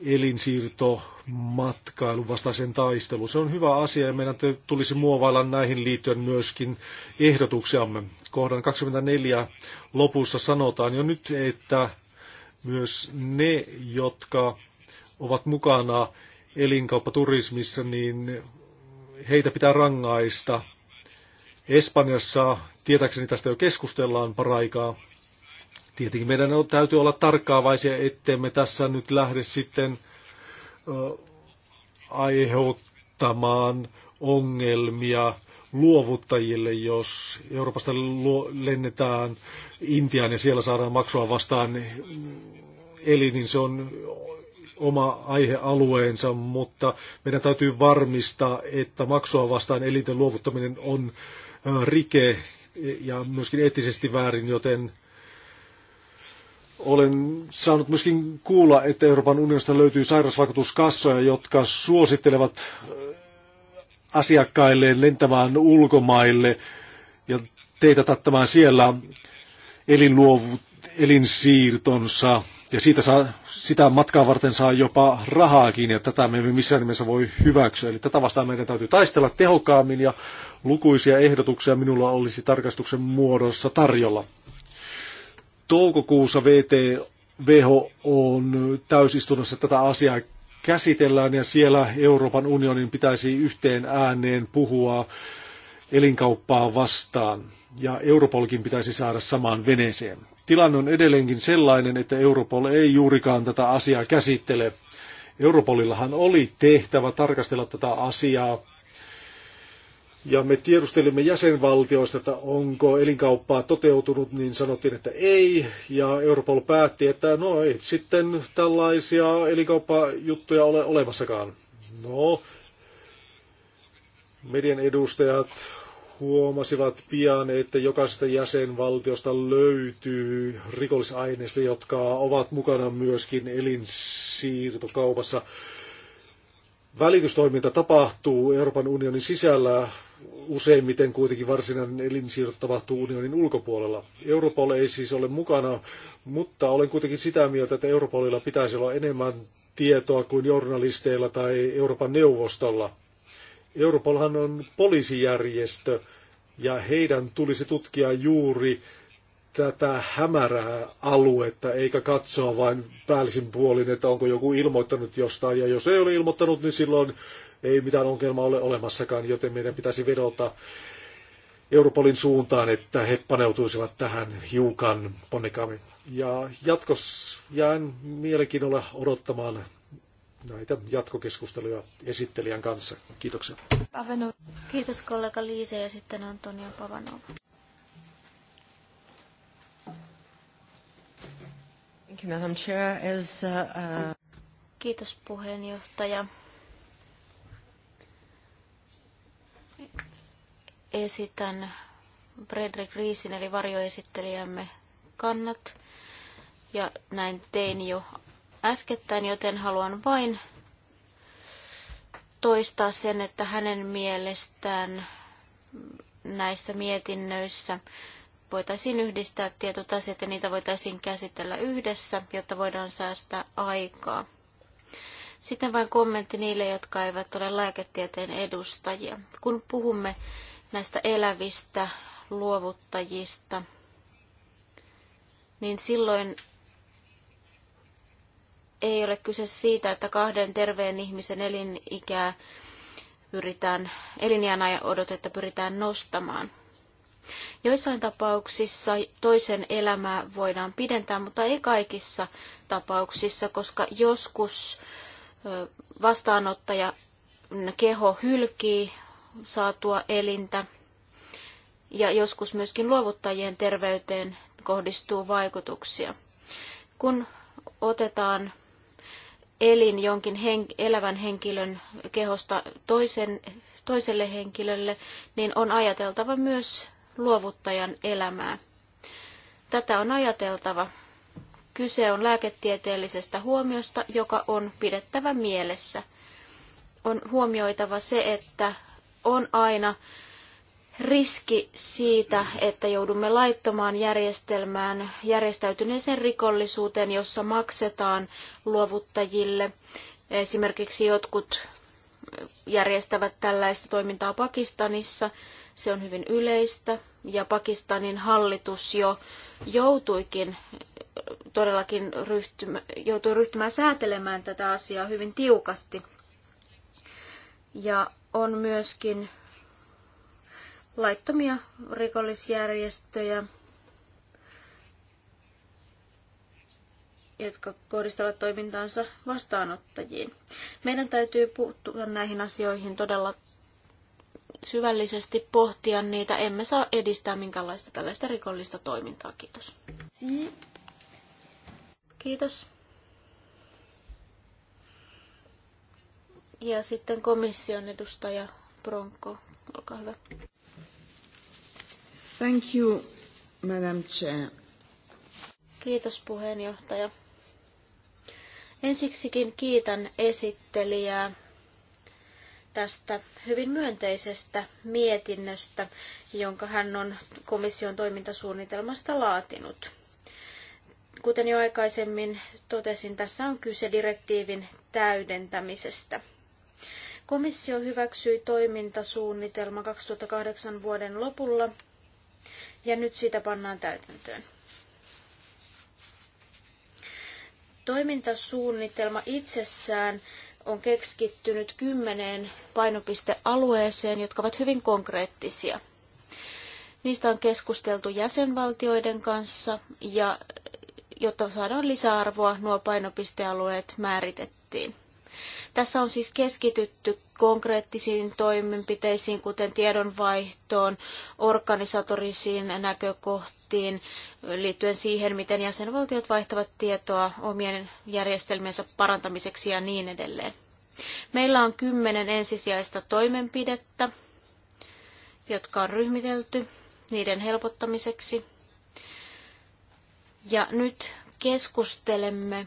elinsiirto matkailun vastaisen taistelu. Se on hyvä asia ja meidän tulisi muovailla näihin liittyen myöskin ehdotuksiamme. Kohdan 24 lopussa sanotaan jo nyt, että myös ne, jotka ovat mukana elinkauppaturismissa, niin heitä pitää rangaista. Espanjassa tietääkseni tästä jo keskustellaan paraikaa. Tietenkin meidän on, täytyy olla tarkkaavaisia, ettemme tässä nyt lähde sitten aiheuttamaan ongelmia luovuttajille, jos Euroopasta lennetään Intiaan ja siellä saadaan maksua vastaan eli, niin se on oma aihealueensa, mutta meidän täytyy varmistaa, että maksua vastaan elinten luovuttaminen on rike ja myöskin eettisesti väärin, joten olen saanut myöskin kuulla, että Euroopan unionista löytyy sairausvakuutuskassoja, jotka suosittelevat Asiakkaille lentämään ulkomaille ja teitä tattamaan siellä elinluovut, elinsiirtonsa ja siitä saa, sitä matkaa varten saa jopa rahaakin ja tätä me emme missään nimessä voi hyväksyä. Eli tätä vastaan meidän täytyy taistella tehokkaammin ja lukuisia ehdotuksia minulla olisi tarkastuksen muodossa tarjolla. Toukokuussa VT, WHO on täysistunnossa tätä asiaa käsitellään ja siellä Euroopan unionin pitäisi yhteen ääneen puhua elinkauppaa vastaan ja Europolkin pitäisi saada samaan veneeseen. Tilanne on edelleenkin sellainen, että Europol ei juurikaan tätä asiaa käsittele. Europolillahan oli tehtävä tarkastella tätä asiaa ja me tiedustelimme jäsenvaltioista, että onko elinkauppaa toteutunut, niin sanottiin, että ei. Ja Europol päätti, että no ei sitten tällaisia elinkauppajuttuja ole olemassakaan. No, median edustajat huomasivat pian, että jokaisesta jäsenvaltiosta löytyy rikollisaineista, jotka ovat mukana myöskin elinsiirtokaupassa. Välitystoiminta tapahtuu Euroopan unionin sisällä useimmiten kuitenkin varsinainen elinsiirto tapahtuu unionin ulkopuolella. Europol ei siis ole mukana, mutta olen kuitenkin sitä mieltä, että Europolilla pitäisi olla enemmän tietoa kuin journalisteilla tai Euroopan neuvostolla. Europolhan on poliisijärjestö ja heidän tulisi tutkia juuri tätä hämärää aluetta, eikä katsoa vain päällisin puolin, että onko joku ilmoittanut jostain, ja jos ei ole ilmoittanut, niin silloin ei mitään ongelmaa ole olemassakaan, joten meidän pitäisi vedota Europolin suuntaan, että he paneutuisivat tähän hiukan ponnekaammin. Ja jatkos jään mielenkiinnolla odottamaan näitä jatkokeskusteluja esittelijän kanssa. Kiitoksia. Kiitos kollega Liise ja sitten Antonio Pavanova. Uh, uh, Kiitos puheenjohtaja. esitän Fredrik Riisin eli varjoesittelijämme kannat. Ja näin tein jo äskettäin, joten haluan vain toistaa sen, että hänen mielestään näissä mietinnöissä voitaisiin yhdistää tietyt asiat ja niitä voitaisiin käsitellä yhdessä, jotta voidaan säästää aikaa. Sitten vain kommentti niille, jotka eivät ole lääketieteen edustajia. Kun puhumme näistä elävistä luovuttajista, niin silloin ei ole kyse siitä, että kahden terveen ihmisen elinikää pyritään, elinjään odotetta pyritään nostamaan. Joissain tapauksissa toisen elämää voidaan pidentää, mutta ei kaikissa tapauksissa, koska joskus vastaanottaja keho hylkii saatua elintä. Ja joskus myöskin luovuttajien terveyteen kohdistuu vaikutuksia. Kun otetaan elin jonkin hen, elävän henkilön kehosta toisen, toiselle henkilölle, niin on ajateltava myös luovuttajan elämää. Tätä on ajateltava. Kyse on lääketieteellisestä huomiosta, joka on pidettävä mielessä. On huomioitava se, että on aina riski siitä, että joudumme laittomaan järjestelmään järjestäytyneeseen rikollisuuteen, jossa maksetaan luovuttajille. Esimerkiksi jotkut järjestävät tällaista toimintaa Pakistanissa. Se on hyvin yleistä ja Pakistanin hallitus jo joutuikin todellakin ryhtymä, joutui ryhtymään säätelemään tätä asiaa hyvin tiukasti. Ja on myöskin laittomia rikollisjärjestöjä, jotka kohdistavat toimintaansa vastaanottajiin. Meidän täytyy puuttua näihin asioihin todella syvällisesti pohtia niitä. Emme saa edistää minkäänlaista tällaista rikollista toimintaa. Kiitos. Kiitos. Ja sitten komission edustaja Bronko, olkaa hyvä. Thank you, Madam Chair. Kiitos puheenjohtaja. Ensiksikin kiitän esittelijää tästä hyvin myönteisestä mietinnöstä, jonka hän on komission toimintasuunnitelmasta laatinut. Kuten jo aikaisemmin totesin, tässä on kyse direktiivin täydentämisestä – Komissio hyväksyi toimintasuunnitelma 2008 vuoden lopulla ja nyt sitä pannaan täytäntöön. Toimintasuunnitelma itsessään on keskittynyt kymmeneen painopistealueeseen, jotka ovat hyvin konkreettisia. Niistä on keskusteltu jäsenvaltioiden kanssa ja jotta saadaan lisäarvoa, nuo painopistealueet määritettiin. Tässä on siis keskitytty konkreettisiin toimenpiteisiin, kuten tiedonvaihtoon, organisatorisiin näkökohtiin, liittyen siihen, miten jäsenvaltiot vaihtavat tietoa omien järjestelmiensä parantamiseksi ja niin edelleen. Meillä on kymmenen ensisijaista toimenpidettä, jotka on ryhmitelty niiden helpottamiseksi. Ja nyt keskustelemme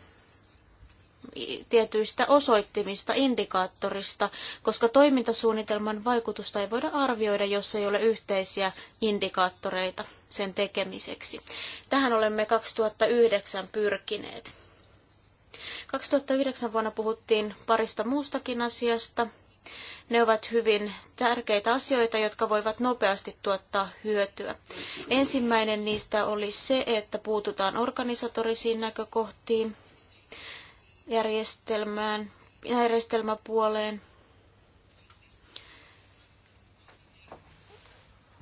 tietyistä osoittimista, indikaattorista, koska toimintasuunnitelman vaikutusta ei voida arvioida, jos ei ole yhteisiä indikaattoreita sen tekemiseksi. Tähän olemme 2009 pyrkineet. 2009 vuonna puhuttiin parista muustakin asiasta. Ne ovat hyvin tärkeitä asioita, jotka voivat nopeasti tuottaa hyötyä. Ensimmäinen niistä oli se, että puututaan organisatorisiin näkökohtiin järjestelmään, järjestelmäpuoleen.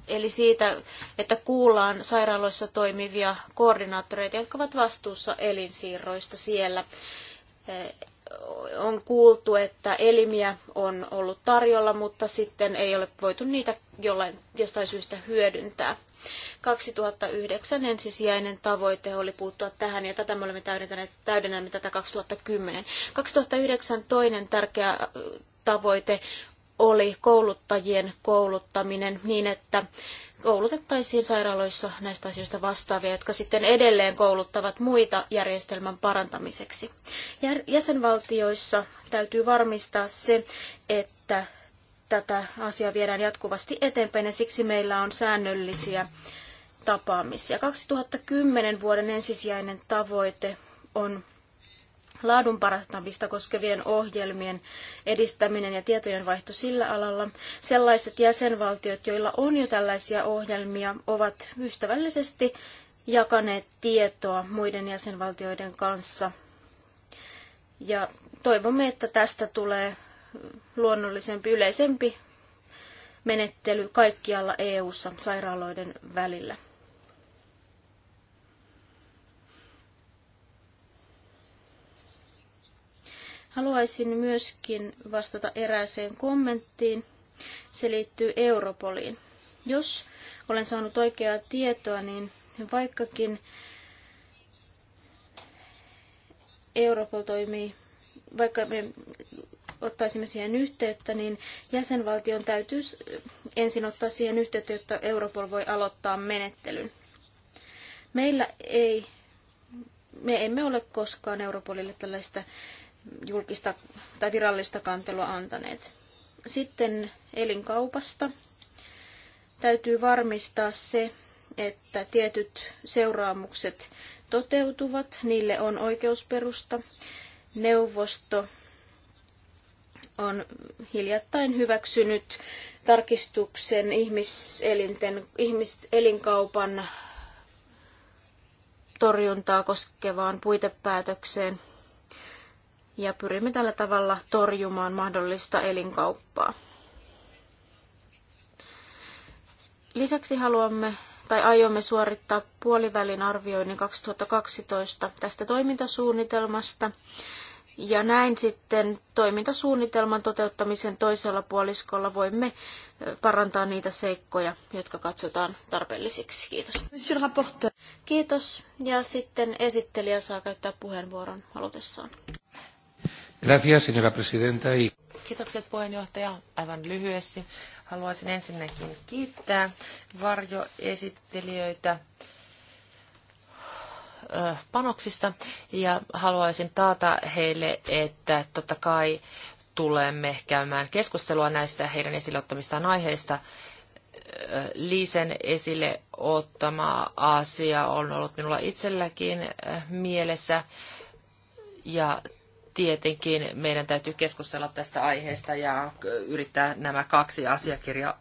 Eli siitä, että kuullaan sairaaloissa toimivia koordinaattoreita, jotka ovat vastuussa elinsiirroista siellä on kuultu, että elimiä on ollut tarjolla, mutta sitten ei ole voitu niitä jollain, jostain syystä hyödyntää. 2009 ensisijainen tavoite oli puuttua tähän, ja tätä me olemme täydentäneet, täydennämme tätä 2010. 2009 toinen tärkeä tavoite oli kouluttajien kouluttaminen niin, että koulutettaisiin sairaaloissa näistä asioista vastaavia, jotka sitten edelleen kouluttavat muita järjestelmän parantamiseksi. Jäsenvaltioissa täytyy varmistaa se, että tätä asiaa viedään jatkuvasti eteenpäin ja siksi meillä on säännöllisiä tapaamisia. 2010 vuoden ensisijainen tavoite on laadun parantamista koskevien ohjelmien edistäminen ja tietojenvaihto sillä alalla. Sellaiset jäsenvaltiot, joilla on jo tällaisia ohjelmia, ovat ystävällisesti jakaneet tietoa muiden jäsenvaltioiden kanssa. Ja toivomme, että tästä tulee luonnollisempi, yleisempi menettely kaikkialla EU-ssa sairaaloiden välillä. Haluaisin myöskin vastata erääseen kommenttiin. Se liittyy Europoliin. Jos olen saanut oikeaa tietoa, niin vaikkakin Europol toimii, vaikka me ottaisimme siihen yhteyttä, niin jäsenvaltion täytyy ensin ottaa siihen yhteyttä, jotta Europol voi aloittaa menettelyn. Meillä ei, me emme ole koskaan Europolille tällaista julkista tai virallista kantelua antaneet. Sitten elinkaupasta täytyy varmistaa se, että tietyt seuraamukset toteutuvat, niille on oikeusperusta. Neuvosto on hiljattain hyväksynyt tarkistuksen ihmiselinten, ihmiselinkaupan torjuntaa koskevaan puitepäätökseen ja pyrimme tällä tavalla torjumaan mahdollista elinkauppaa. Lisäksi haluamme tai aiomme suorittaa puolivälin arvioinnin 2012 tästä toimintasuunnitelmasta. Ja näin sitten toimintasuunnitelman toteuttamisen toisella puoliskolla voimme parantaa niitä seikkoja, jotka katsotaan tarpeellisiksi. Kiitos. Kiitos. Ja sitten esittelijä saa käyttää puheenvuoron halutessaan. Gracias, señora presidenta. Y... Kiitokset puheenjohtaja. Aivan lyhyesti haluaisin ensinnäkin kiittää varjoesittelijöitä panoksista ja haluaisin taata heille, että totta kai tulemme käymään keskustelua näistä heidän esille ottamistaan aiheista. Liisen esille ottama asia on ollut minulla itselläkin mielessä ja tietenkin meidän täytyy keskustella tästä aiheesta ja yrittää nämä kaksi asiakirjaa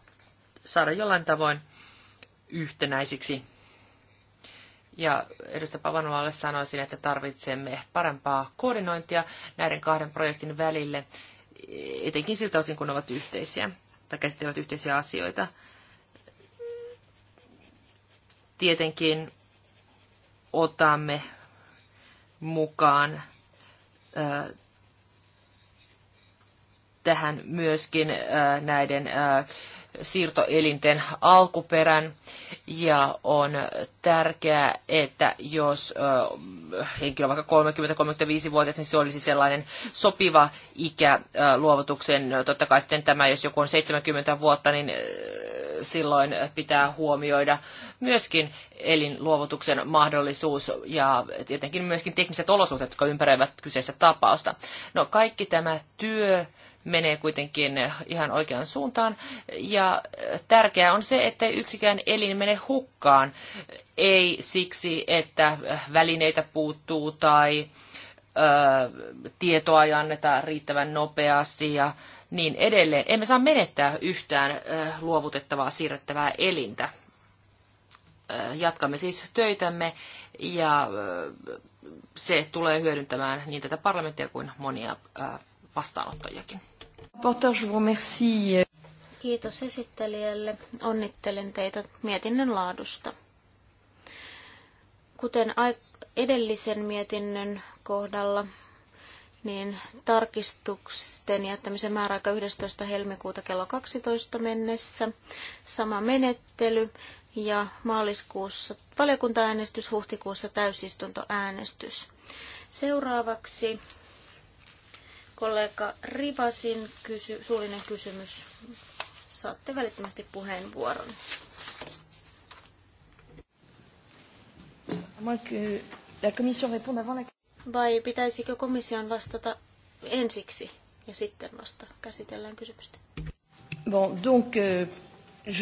saada jollain tavoin yhtenäisiksi. Ja edustaja Pavanualle sanoisin, että tarvitsemme parempaa koordinointia näiden kahden projektin välille, etenkin siltä osin, kun ne ovat yhteisiä tai käsittelevät yhteisiä asioita. Tietenkin otamme mukaan tähän myöskin näiden siirtoelinten alkuperän ja on tärkeää, että jos henkilö on vaikka 30-35-vuotias, niin se olisi sellainen sopiva ikä luovutuksen. Totta kai sitten tämä, jos joku on 70 vuotta, niin silloin pitää huomioida myöskin elinluovutuksen mahdollisuus ja tietenkin myöskin tekniset olosuhteet, jotka ympäröivät kyseistä tapausta. No kaikki tämä työ, menee kuitenkin ihan oikeaan suuntaan. Ja tärkeää on se, että yksikään elin mene hukkaan. Ei siksi, että välineitä puuttuu tai ö, tietoa ei anneta riittävän nopeasti ja niin edelleen. Emme saa menettää yhtään ö, luovutettavaa siirrettävää elintä. Jatkamme siis töitämme ja se tulee hyödyntämään niin tätä parlamenttia kuin monia vastaanottajiakin. Kiitos esittelijälle. Onnittelen teitä mietinnön laadusta. Kuten edellisen mietinnön kohdalla, niin tarkistusten jättämisen määräaika 11. helmikuuta kello 12 mennessä. Sama menettely ja maaliskuussa valiokuntaäänestys, huhtikuussa täysistuntoäänestys. Seuraavaksi Kollega Rivasin kysy- suullinen kysymys. Saatte välittömästi puheenvuoron. Vai pitäisikö komission vastata ensiksi ja sitten vasta käsitellään kysymystä? Bon, donc, euh,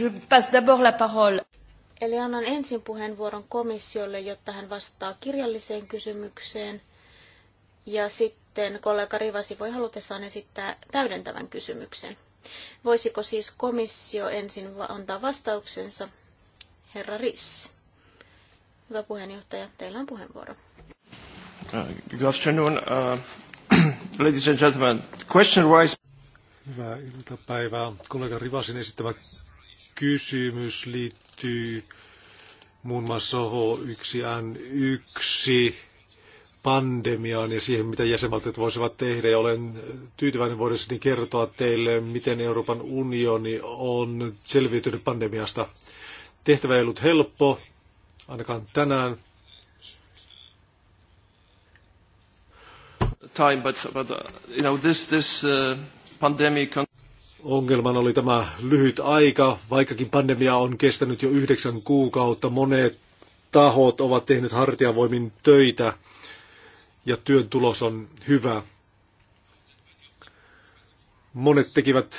je passe d'abord la parole. Eli annan ensin puheenvuoron komissiolle, jotta hän vastaa kirjalliseen kysymykseen – ja sitten kollega Rivasi voi halutessaan esittää täydentävän kysymyksen. Voisiko siis komissio ensin antaa vastauksensa? Herra Riss. Hyvä puheenjohtaja, teillä on puheenvuoro. Uh, good afternoon, uh, <clears throat> ladies and gentlemen. Question wise... Hyvää iltapäivää. Kollega Rivasin esittämä kysymys liittyy muun muassa H1N1 pandemiaan ja siihen, mitä jäsenvaltiot voisivat tehdä. Ja olen tyytyväinen voidessani kertoa teille, miten Euroopan unioni on selviytynyt pandemiasta. Tehtävä ei ollut helppo, ainakaan tänään. Time, but, but uh, you know, this, this uh, pandemic... Ongelman oli tämä lyhyt aika, vaikkakin pandemia on kestänyt jo yhdeksän kuukautta. Monet tahot ovat tehneet hartiavoimin töitä ja työn tulos on hyvä. Monet tekivät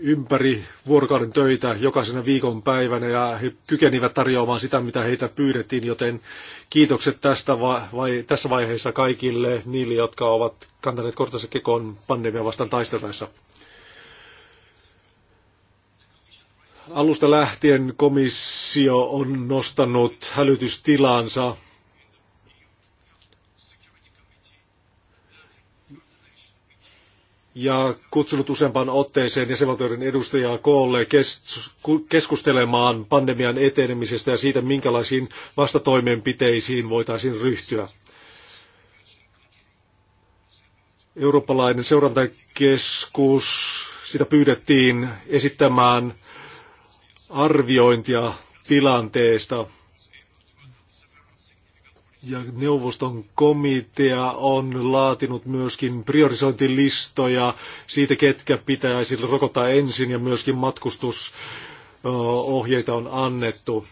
ympäri vuorokauden töitä jokaisena viikonpäivänä ja he kykenivät tarjoamaan sitä, mitä heitä pyydettiin, joten kiitokset tästä va- vai- tässä vaiheessa kaikille niille, jotka ovat kantaneet kortansa kekoon pandemian vastaan taisteltaessa. Alusta lähtien komissio on nostanut hälytystilansa ja kutsunut useampaan otteeseen jäsenvaltioiden edustajaa koolle keskustelemaan pandemian etenemisestä ja siitä, minkälaisiin vastatoimenpiteisiin voitaisiin ryhtyä. Eurooppalainen seurantakeskus, sitä pyydettiin esittämään arviointia tilanteesta – ja neuvoston komitea on laatinut myöskin priorisointilistoja siitä, ketkä pitäisi rokottaa ensin ja myöskin matkustusohjeita on annettu.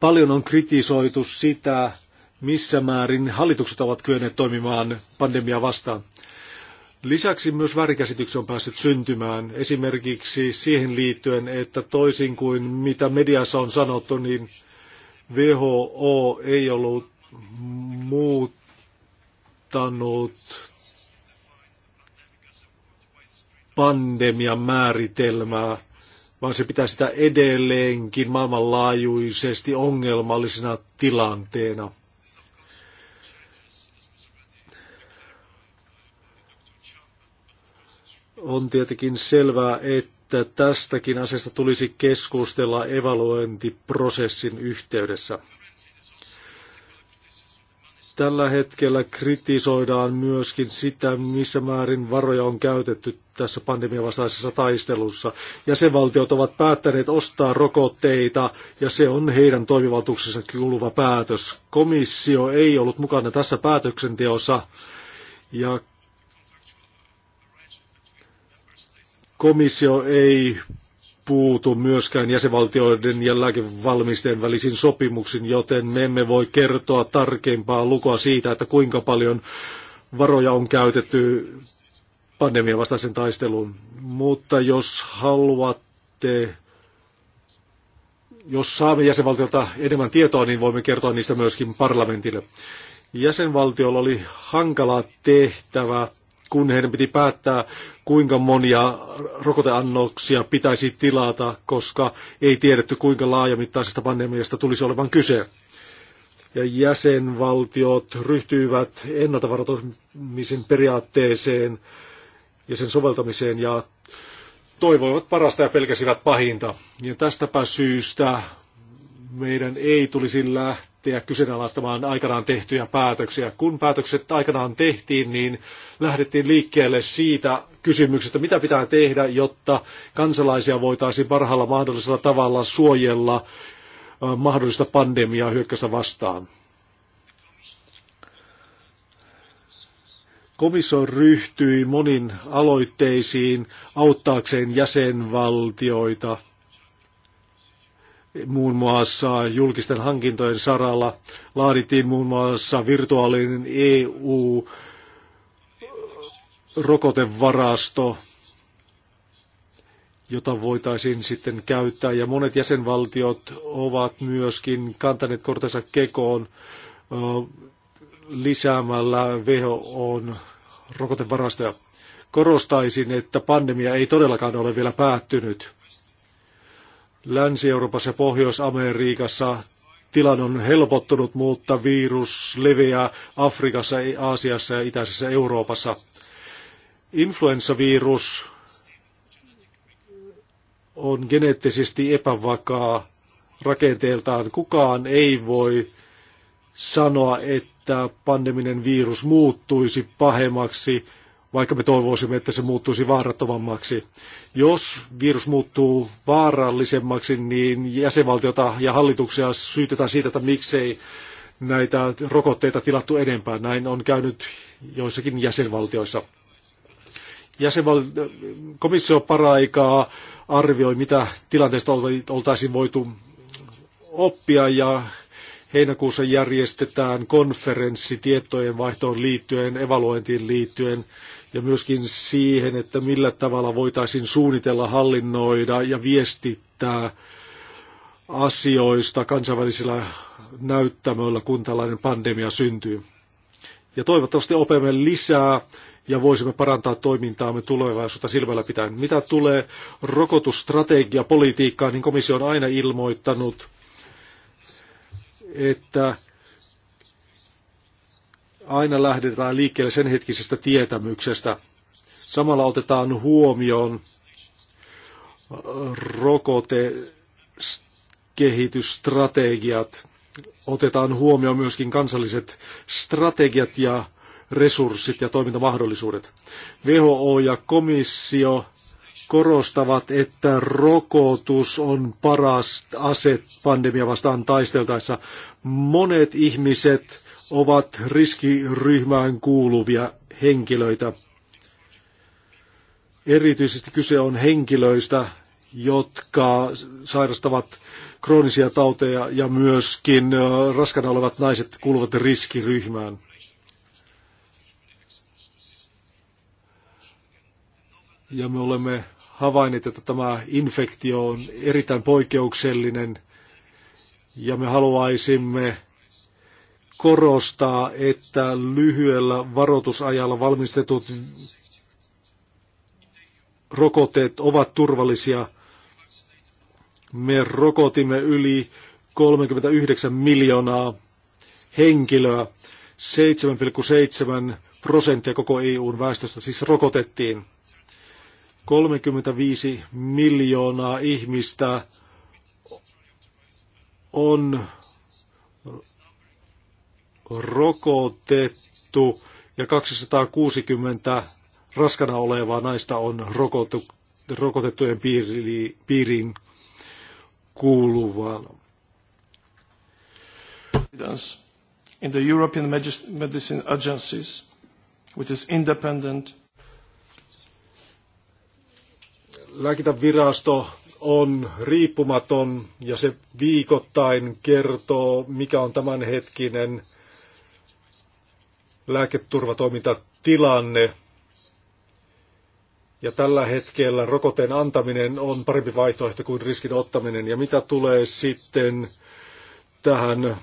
Paljon on kritisoitu sitä, missä määrin hallitukset ovat kyenneet toimimaan pandemia vastaan. Lisäksi myös väärinkäsityksiä on päässyt syntymään, esimerkiksi siihen liittyen, että toisin kuin mitä mediassa on sanottu, niin WHO ei ollut muuttanut pandemian määritelmää, vaan se pitää sitä edelleenkin maailmanlaajuisesti ongelmallisena tilanteena. On tietenkin selvää, että että tästäkin asiasta tulisi keskustella evaluointiprosessin yhteydessä. Tällä hetkellä kritisoidaan myöskin sitä, missä määrin varoja on käytetty tässä pandemiavastaisessa taistelussa. Jäsenvaltiot ovat päättäneet ostaa rokotteita ja se on heidän toimivaltuuksensa kuuluva päätös. Komissio ei ollut mukana tässä päätöksenteossa ja komissio ei puutu myöskään jäsenvaltioiden ja lääkevalmisteen välisiin sopimuksiin, joten me emme voi kertoa tarkempaa lukua siitä, että kuinka paljon varoja on käytetty pandemian vastaisen taisteluun. Mutta jos haluatte, jos saamme jäsenvaltiolta enemmän tietoa, niin voimme kertoa niistä myöskin parlamentille. Jäsenvaltiolla oli hankala tehtävä kun heidän piti päättää, kuinka monia rokoteannoksia pitäisi tilata, koska ei tiedetty, kuinka laajamittaisesta pandemiasta tulisi olevan kyse. Ja jäsenvaltiot ryhtyivät ennaltavaroitumisen periaatteeseen ja sen soveltamiseen ja toivoivat parasta ja pelkäsivät pahinta. Ja tästäpä syystä meidän ei tulisi lähteä lähteä kyseenalaistamaan aikanaan tehtyjä päätöksiä. Kun päätökset aikanaan tehtiin, niin lähdettiin liikkeelle siitä kysymyksestä, mitä pitää tehdä, jotta kansalaisia voitaisiin parhaalla mahdollisella tavalla suojella mahdollista pandemiaa hyökkäystä vastaan. Komissio ryhtyi monin aloitteisiin auttaakseen jäsenvaltioita – muun muassa julkisten hankintojen saralla. Laadittiin muun muassa virtuaalinen EU, rokotevarasto, jota voitaisiin sitten käyttää. Ja monet jäsenvaltiot ovat myöskin kantaneet kortensa kekoon lisäämällä WHOn rokotevarastoja. Korostaisin, että pandemia ei todellakaan ole vielä päättynyt. Länsi-Euroopassa ja Pohjois-Amerikassa tilanne on helpottunut, mutta virus leviää Afrikassa, Aasiassa ja Itäisessä Euroopassa. Influenssavirus on geneettisesti epävakaa rakenteeltaan. Kukaan ei voi sanoa, että pandeminen virus muuttuisi pahemmaksi vaikka me toivoisimme, että se muuttuisi vaarattomammaksi. Jos virus muuttuu vaarallisemmaksi, niin jäsenvaltiota ja hallituksia syytetään siitä, että miksei näitä rokotteita tilattu enempää. Näin on käynyt joissakin jäsenvaltioissa. Jäsenval- komissio paraikaa arvioi, mitä tilanteesta oltaisiin voitu oppia ja heinäkuussa järjestetään konferenssi tietojen vaihtoon liittyen, evaluointiin liittyen ja myöskin siihen, että millä tavalla voitaisiin suunnitella, hallinnoida ja viestittää asioista kansainvälisillä näyttämöillä, kun tällainen pandemia syntyy. Ja toivottavasti opemme lisää ja voisimme parantaa toimintaamme tulevaisuutta silmällä pitäen. Mitä tulee rokotusstrategia politiikkaan, niin komissio on aina ilmoittanut, että aina lähdetään liikkeelle sen hetkisestä tietämyksestä. Samalla otetaan huomioon äh, rokotekehitysstrategiat. Otetaan huomioon myöskin kansalliset strategiat ja resurssit ja toimintamahdollisuudet. WHO ja komissio korostavat, että rokotus on paras ase pandemia vastaan taisteltaessa. Monet ihmiset ovat riskiryhmään kuuluvia henkilöitä. Erityisesti kyse on henkilöistä, jotka sairastavat kroonisia tauteja ja myöskin raskana olevat naiset kuuluvat riskiryhmään. Ja me olemme havainneet, että tämä infektio on erittäin poikkeuksellinen ja me haluaisimme korostaa, että lyhyellä varoitusajalla valmistetut rokotteet ovat turvallisia. Me rokotimme yli 39 miljoonaa henkilöä, 7,7 prosenttia koko EUn väestöstä siis rokotettiin. 35 miljoonaa ihmistä on rokotettu ja 260 raskana olevaa naista on rokotettujen piiriin kuuluvana. In the European Medicine Agencies, which is independent lääkintävirasto on riippumaton ja se viikoittain kertoo, mikä on tämänhetkinen lääketurvatoimintatilanne. Ja tällä hetkellä rokoteen antaminen on parempi vaihtoehto kuin riskin ottaminen. Ja mitä tulee sitten tähän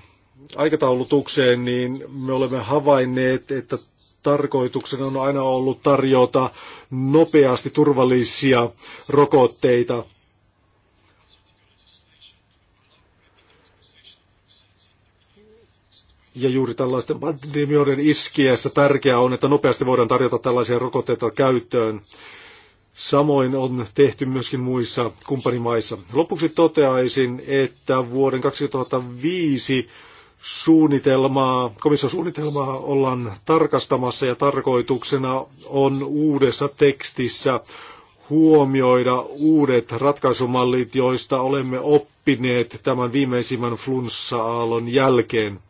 aikataulutukseen, niin me olemme havainneet, että tarkoituksena on aina ollut tarjota nopeasti turvallisia rokotteita. Ja juuri tällaisten pandemioiden iskiessä tärkeää on, että nopeasti voidaan tarjota tällaisia rokotteita käyttöön. Samoin on tehty myöskin muissa kumppanimaissa. Lopuksi toteaisin, että vuoden 2005 suunnitelmaa, komission suunnitelmaa ollaan tarkastamassa ja tarkoituksena on uudessa tekstissä huomioida uudet ratkaisumallit, joista olemme oppineet tämän viimeisimmän flunssa-aallon jälkeen.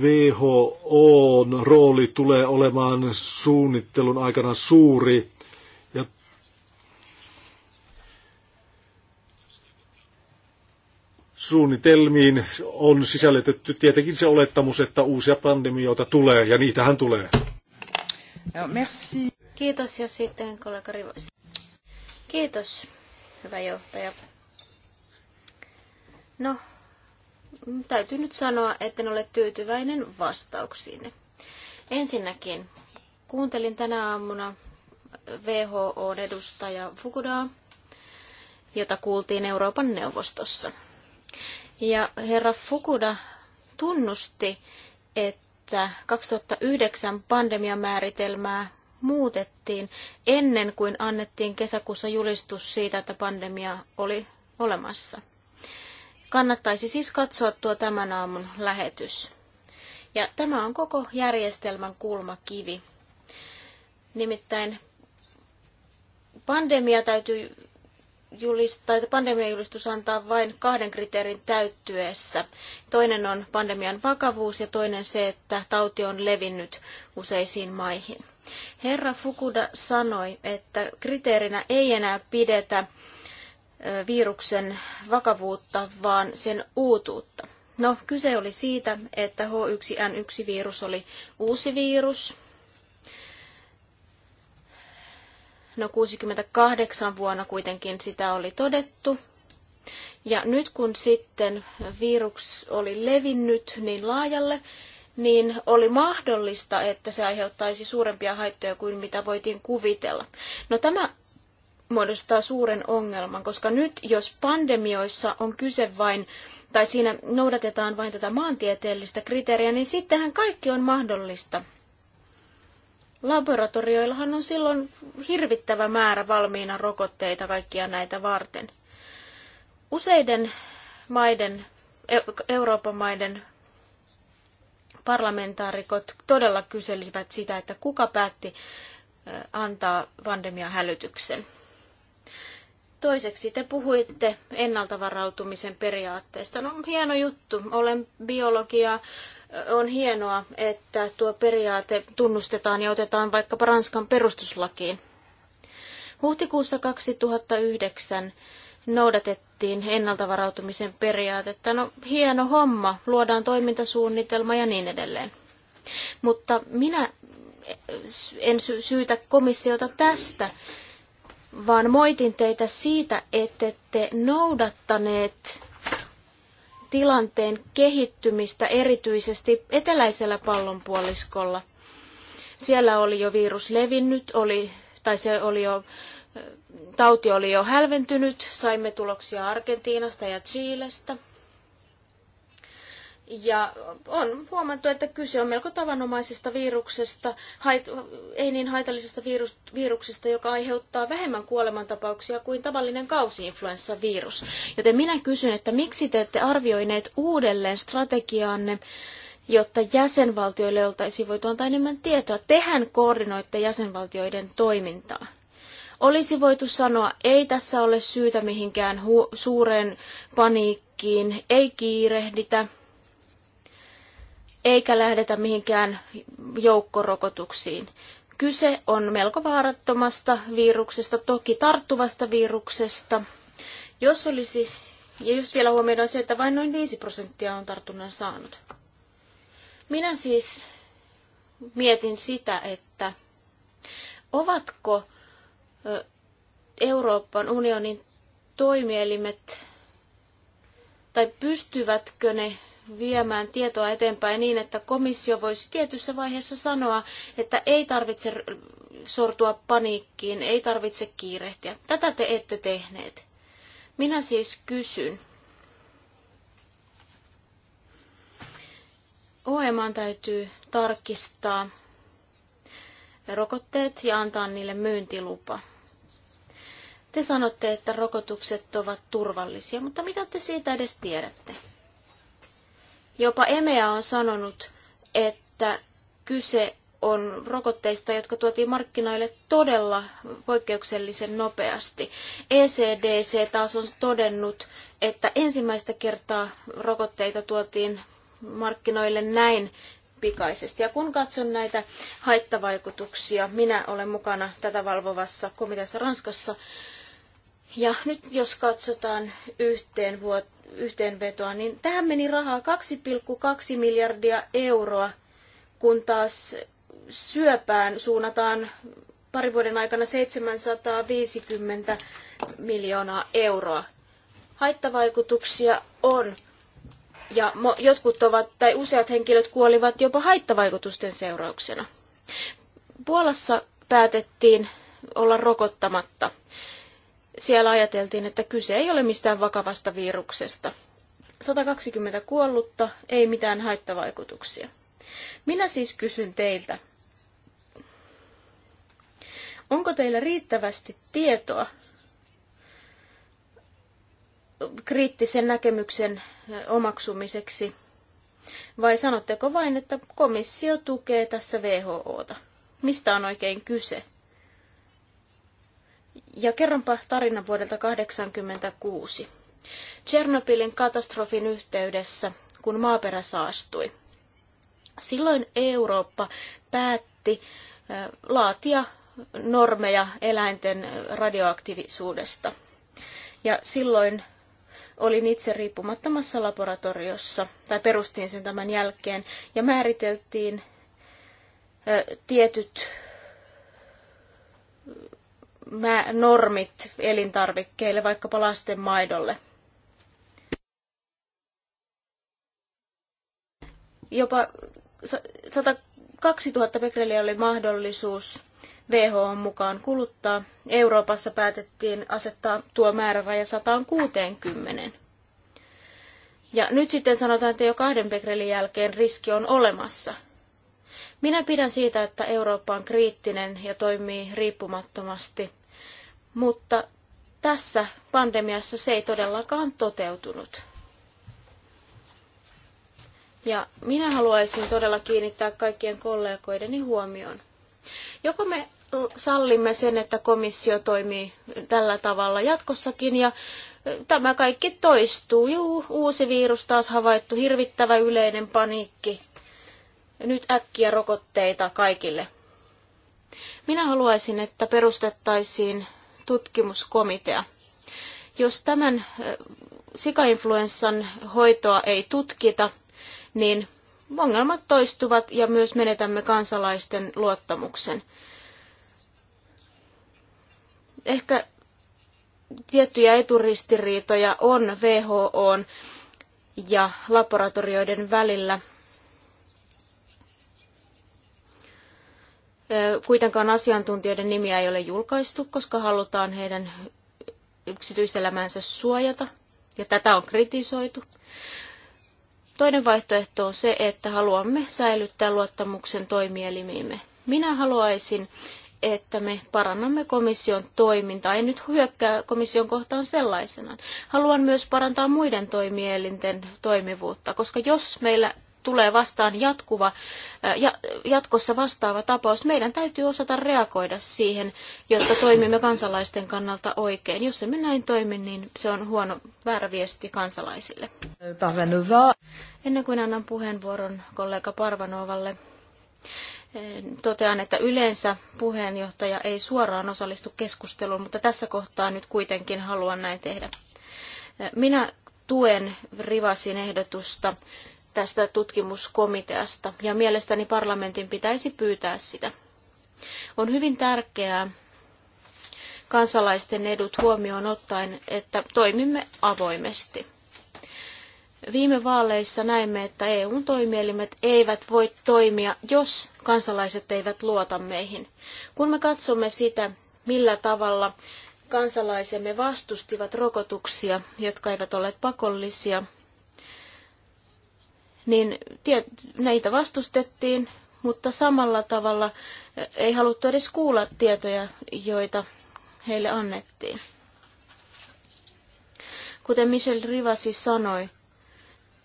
WHOn rooli tulee olemaan suunnittelun aikana suuri suunnitelmiin on sisällytetty tietenkin se olettamus, että uusia pandemioita tulee, ja niitähän tulee. merci. Kiitos, ja sitten kollega Rivas. Kiitos, hyvä johtaja. No, täytyy nyt sanoa, että en ole tyytyväinen vastauksiin. Ensinnäkin kuuntelin tänä aamuna WHO:n edustaja Fukudaa, jota kuultiin Euroopan neuvostossa. Ja herra Fukuda tunnusti, että 2009 pandemiamääritelmää muutettiin ennen kuin annettiin kesäkuussa julistus siitä, että pandemia oli olemassa. Kannattaisi siis katsoa tuo tämän aamun lähetys. Ja tämä on koko järjestelmän kulmakivi. Nimittäin pandemia täytyy julist, tai pandemiajulistus antaa vain kahden kriteerin täyttyessä. Toinen on pandemian vakavuus ja toinen se, että tauti on levinnyt useisiin maihin. Herra Fukuda sanoi, että kriteerinä ei enää pidetä viruksen vakavuutta, vaan sen uutuutta. No, kyse oli siitä, että H1N1-virus oli uusi virus, No 68 vuonna kuitenkin sitä oli todettu. Ja nyt kun sitten virus oli levinnyt niin laajalle, niin oli mahdollista, että se aiheuttaisi suurempia haittoja kuin mitä voitiin kuvitella. No tämä muodostaa suuren ongelman, koska nyt jos pandemioissa on kyse vain, tai siinä noudatetaan vain tätä maantieteellistä kriteeriä, niin sittenhän kaikki on mahdollista. Laboratorioillahan on silloin hirvittävä määrä valmiina rokotteita kaikkia näitä varten. Useiden maiden, Euroopan maiden parlamentaarikot todella kyselisivät sitä, että kuka päätti antaa pandemian hälytyksen. Toiseksi te puhuitte ennaltavarautumisen periaatteesta. No hieno juttu, olen biologia, on hienoa, että tuo periaate tunnustetaan ja otetaan vaikkapa Ranskan perustuslakiin. Huhtikuussa 2009 noudatettiin ennaltavarautumisen periaatetta. No hieno homma, luodaan toimintasuunnitelma ja niin edelleen. Mutta minä en syytä komissiota tästä, vaan moitin teitä siitä, että ette noudattaneet tilanteen kehittymistä erityisesti eteläisellä pallonpuoliskolla. Siellä oli jo virus levinnyt, oli, tai se oli jo, tauti oli jo hälventynyt, saimme tuloksia Argentiinasta ja Chiilestä. Ja on huomattu, että kyse on melko tavanomaisesta viruksesta, hait, ei niin haitallisesta virus, viruksesta, joka aiheuttaa vähemmän kuolemantapauksia kuin tavallinen kausiinfluenssavirus. Joten minä kysyn, että miksi te ette arvioineet uudelleen strategiaanne, jotta jäsenvaltioille oltaisiin voitu antaa enemmän tietoa. Tehän koordinoitte jäsenvaltioiden toimintaa. Olisi voitu sanoa, ei tässä ole syytä mihinkään suureen paniikkiin, ei kiirehditä, eikä lähdetä mihinkään joukkorokotuksiin. Kyse on melko vaarattomasta viruksesta, toki tarttuvasta viruksesta. Jos olisi, ja jos vielä huomioidaan se, että vain noin 5 prosenttia on tartunnan saanut. Minä siis mietin sitä, että ovatko Euroopan unionin toimielimet tai pystyvätkö ne viemään tietoa eteenpäin niin, että komissio voisi tietyssä vaiheessa sanoa, että ei tarvitse sortua paniikkiin, ei tarvitse kiirehtiä. Tätä te ette tehneet. Minä siis kysyn. OEMAan täytyy tarkistaa rokotteet ja antaa niille myyntilupa. Te sanotte, että rokotukset ovat turvallisia, mutta mitä te siitä edes tiedätte? Jopa EMEA on sanonut, että kyse on rokotteista, jotka tuotiin markkinoille todella poikkeuksellisen nopeasti. ECDC taas on todennut, että ensimmäistä kertaa rokotteita tuotiin markkinoille näin pikaisesti. Ja kun katson näitä haittavaikutuksia, minä olen mukana tätä valvovassa komiteassa Ranskassa. Ja nyt jos katsotaan yhteen vuoteen, yhteenvetoa, niin tähän meni rahaa 2,2 miljardia euroa, kun taas syöpään suunnataan parin vuoden aikana 750 miljoonaa euroa. Haittavaikutuksia on, ja jotkut ovat, tai useat henkilöt kuolivat jopa haittavaikutusten seurauksena. Puolassa päätettiin olla rokottamatta siellä ajateltiin, että kyse ei ole mistään vakavasta viruksesta. 120 kuollutta, ei mitään haittavaikutuksia. Minä siis kysyn teiltä, onko teillä riittävästi tietoa kriittisen näkemyksen omaksumiseksi, vai sanotteko vain, että komissio tukee tässä WHOta? Mistä on oikein kyse? Ja kerronpa tarinan vuodelta 1986. Tchernobylin katastrofin yhteydessä, kun maaperä saastui. Silloin Eurooppa päätti laatia normeja eläinten radioaktiivisuudesta. Ja silloin olin itse riippumattomassa laboratoriossa, tai perustin sen tämän jälkeen, ja määriteltiin tietyt normit elintarvikkeille, vaikkapa lasten maidolle. Jopa 102 000 oli mahdollisuus WHO mukaan kuluttaa. Euroopassa päätettiin asettaa tuo määräraja 160. Ja nyt sitten sanotaan, että jo kahden bekrelin jälkeen riski on olemassa – minä pidän siitä, että Eurooppa on kriittinen ja toimii riippumattomasti, mutta tässä pandemiassa se ei todellakaan toteutunut. Ja minä haluaisin todella kiinnittää kaikkien kollegoideni huomioon. Joko me sallimme sen, että komissio toimii tällä tavalla jatkossakin ja tämä kaikki toistuu. Juu, uusi virus taas havaittu, hirvittävä yleinen paniikki nyt äkkiä rokotteita kaikille. Minä haluaisin, että perustettaisiin tutkimuskomitea. Jos tämän sikainfluenssan hoitoa ei tutkita, niin ongelmat toistuvat ja myös menetämme kansalaisten luottamuksen. Ehkä tiettyjä eturistiriitoja on WHOn ja laboratorioiden välillä – Kuitenkaan asiantuntijoiden nimiä ei ole julkaistu, koska halutaan heidän yksityiselämänsä suojata, ja tätä on kritisoitu. Toinen vaihtoehto on se, että haluamme säilyttää luottamuksen toimielimiimme. Minä haluaisin, että me parannamme komission toimintaa. En nyt hyökkää komission kohtaan sellaisenaan. Haluan myös parantaa muiden toimielinten toimivuutta, koska jos meillä tulee vastaan jatkuva, äh, jatkossa vastaava tapaus, meidän täytyy osata reagoida siihen, jotta toimimme kansalaisten kannalta oikein. Jos emme näin toimi, niin se on huono väärä viesti kansalaisille. Parvanova. Ennen kuin annan puheenvuoron kollega Parvanovalle, eh, Totean, että yleensä puheenjohtaja ei suoraan osallistu keskusteluun, mutta tässä kohtaa nyt kuitenkin haluan näin tehdä. Eh, minä tuen Rivasin ehdotusta tästä tutkimuskomiteasta, ja mielestäni parlamentin pitäisi pyytää sitä. On hyvin tärkeää kansalaisten edut huomioon ottaen, että toimimme avoimesti. Viime vaaleissa näimme, että EUn toimielimet eivät voi toimia, jos kansalaiset eivät luota meihin. Kun me katsomme sitä, millä tavalla kansalaisemme vastustivat rokotuksia, jotka eivät olleet pakollisia, niin näitä vastustettiin, mutta samalla tavalla e, ei haluttu edes kuulla tietoja, joita heille annettiin. Kuten Michel Rivasi sanoi,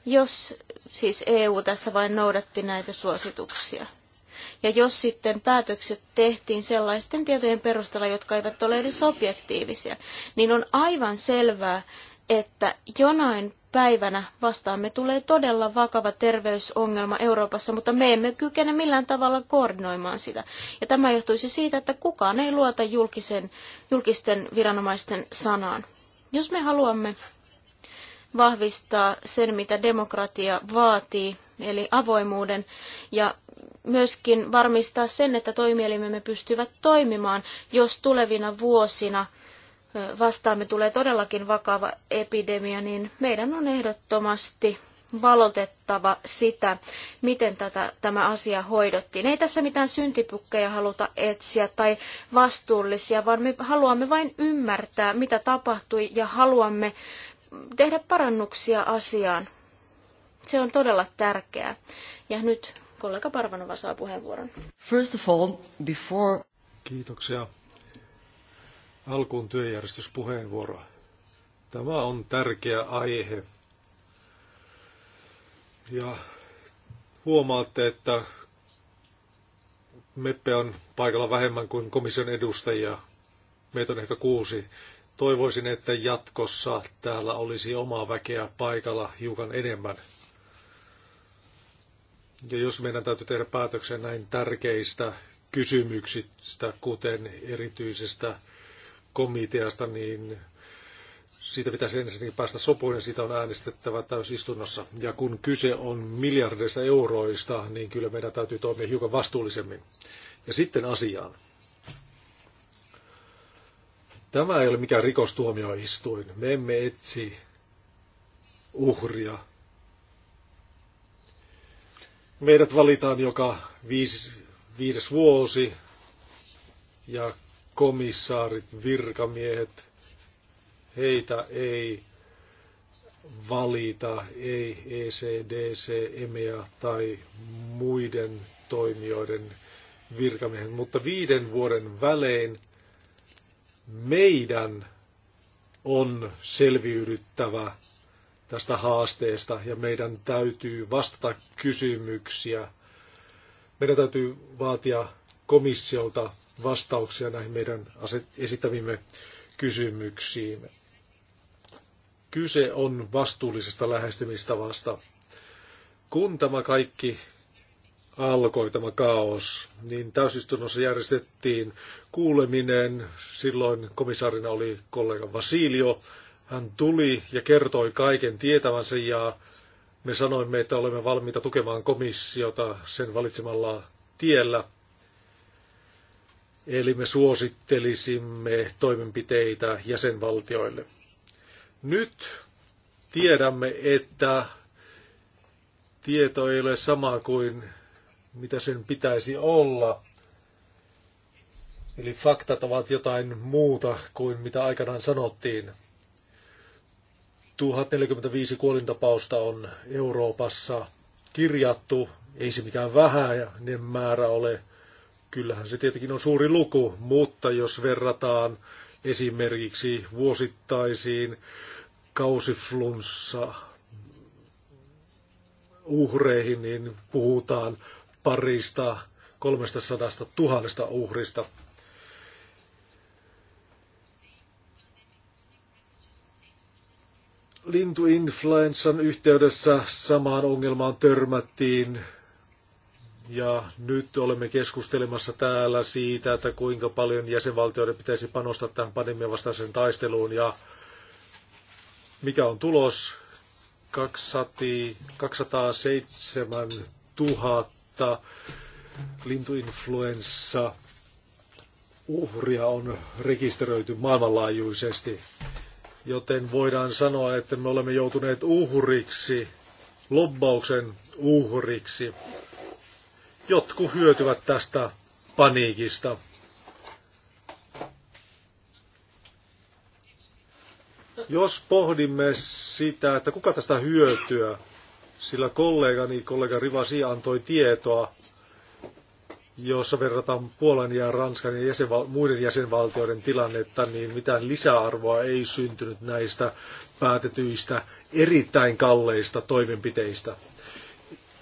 jos siis EU tässä vain noudatti näitä suosituksia. Ja jos sitten päätökset tehtiin sellaisten tietojen perusteella, jotka eivät ole edes objektiivisia, niin on aivan selvää, että jonain päivänä vastaamme tulee todella vakava terveysongelma Euroopassa, mutta me emme kykene millään tavalla koordinoimaan sitä. Ja tämä johtuisi siitä, että kukaan ei luota julkisen, julkisten viranomaisten sanaan. Jos me haluamme vahvistaa sen, mitä demokratia vaatii, eli avoimuuden, ja myöskin varmistaa sen, että toimielimemme pystyvät toimimaan, jos tulevina vuosina – vastaamme tulee todellakin vakava epidemia, niin meidän on ehdottomasti valotettava sitä, miten tätä, tämä asia hoidottiin. Ei tässä mitään syntipukkeja haluta etsiä tai vastuullisia, vaan me haluamme vain ymmärtää, mitä tapahtui ja haluamme tehdä parannuksia asiaan. Se on todella tärkeää. Ja nyt kollega Parvanova saa puheenvuoron. First of all, before... Kiitoksia alkuun työjärjestyspuheenvuoro. Tämä on tärkeä aihe. Ja huomaatte, että meppe on paikalla vähemmän kuin komission edustajia. Meitä on ehkä kuusi. Toivoisin, että jatkossa täällä olisi omaa väkeä paikalla hiukan enemmän. Ja jos meidän täytyy tehdä päätöksen näin tärkeistä kysymyksistä, kuten erityisestä komiteasta, niin siitä pitäisi ensinnäkin päästä sopuun ja siitä on äänestettävä täysistunnossa. Ja kun kyse on miljardeista euroista, niin kyllä meidän täytyy toimia hiukan vastuullisemmin. Ja sitten asiaan. Tämä ei ole mikään rikostuomioistuin. Me emme etsi uhria. Meidät valitaan joka viisi, viides vuosi ja komissaarit, virkamiehet, heitä ei valita, ei ECDC, EMEA tai muiden toimijoiden virkamiehen, mutta viiden vuoden välein meidän on selviydyttävä tästä haasteesta ja meidän täytyy vastata kysymyksiä. Meidän täytyy vaatia komissiolta vastauksia näihin meidän esittävimme kysymyksiin. Kyse on vastuullisesta lähestymistavasta. Kun tämä kaikki alkoi tämä kaos, niin täysistunnossa järjestettiin kuuleminen. Silloin komissaarina oli kollega Vasilio. Hän tuli ja kertoi kaiken tietävänsä ja me sanoimme, että olemme valmiita tukemaan komissiota sen valitsemalla tiellä. Eli me suosittelisimme toimenpiteitä jäsenvaltioille. Nyt tiedämme, että tieto ei ole sama kuin mitä sen pitäisi olla. Eli faktat ovat jotain muuta kuin mitä aikanaan sanottiin. 1045 kuolintapausta on Euroopassa kirjattu, ei se mikään vähäinen määrä ole. Kyllähän se tietenkin on suuri luku, mutta jos verrataan esimerkiksi vuosittaisiin kausiflunssa uhreihin, niin puhutaan parista 300 tuhannesta uhrista. Lintuinfluenssan yhteydessä samaan ongelmaan törmättiin ja nyt olemme keskustelemassa täällä siitä, että kuinka paljon jäsenvaltioiden pitäisi panostaa tähän pandemian vastaiseen taisteluun ja mikä on tulos. 207 000 lintuinfluenssa uhria on rekisteröity maailmanlaajuisesti, joten voidaan sanoa, että me olemme joutuneet uhriksi, lobbauksen uhriksi jotkut hyötyvät tästä paniikista. Jos pohdimme sitä, että kuka tästä hyötyä, sillä kollegani, kollega Rivasi antoi tietoa, jossa verrataan Puolan ja Ranskan ja jäsenval- muiden jäsenvaltioiden tilannetta, niin mitään lisäarvoa ei syntynyt näistä päätetyistä erittäin kalleista toimenpiteistä.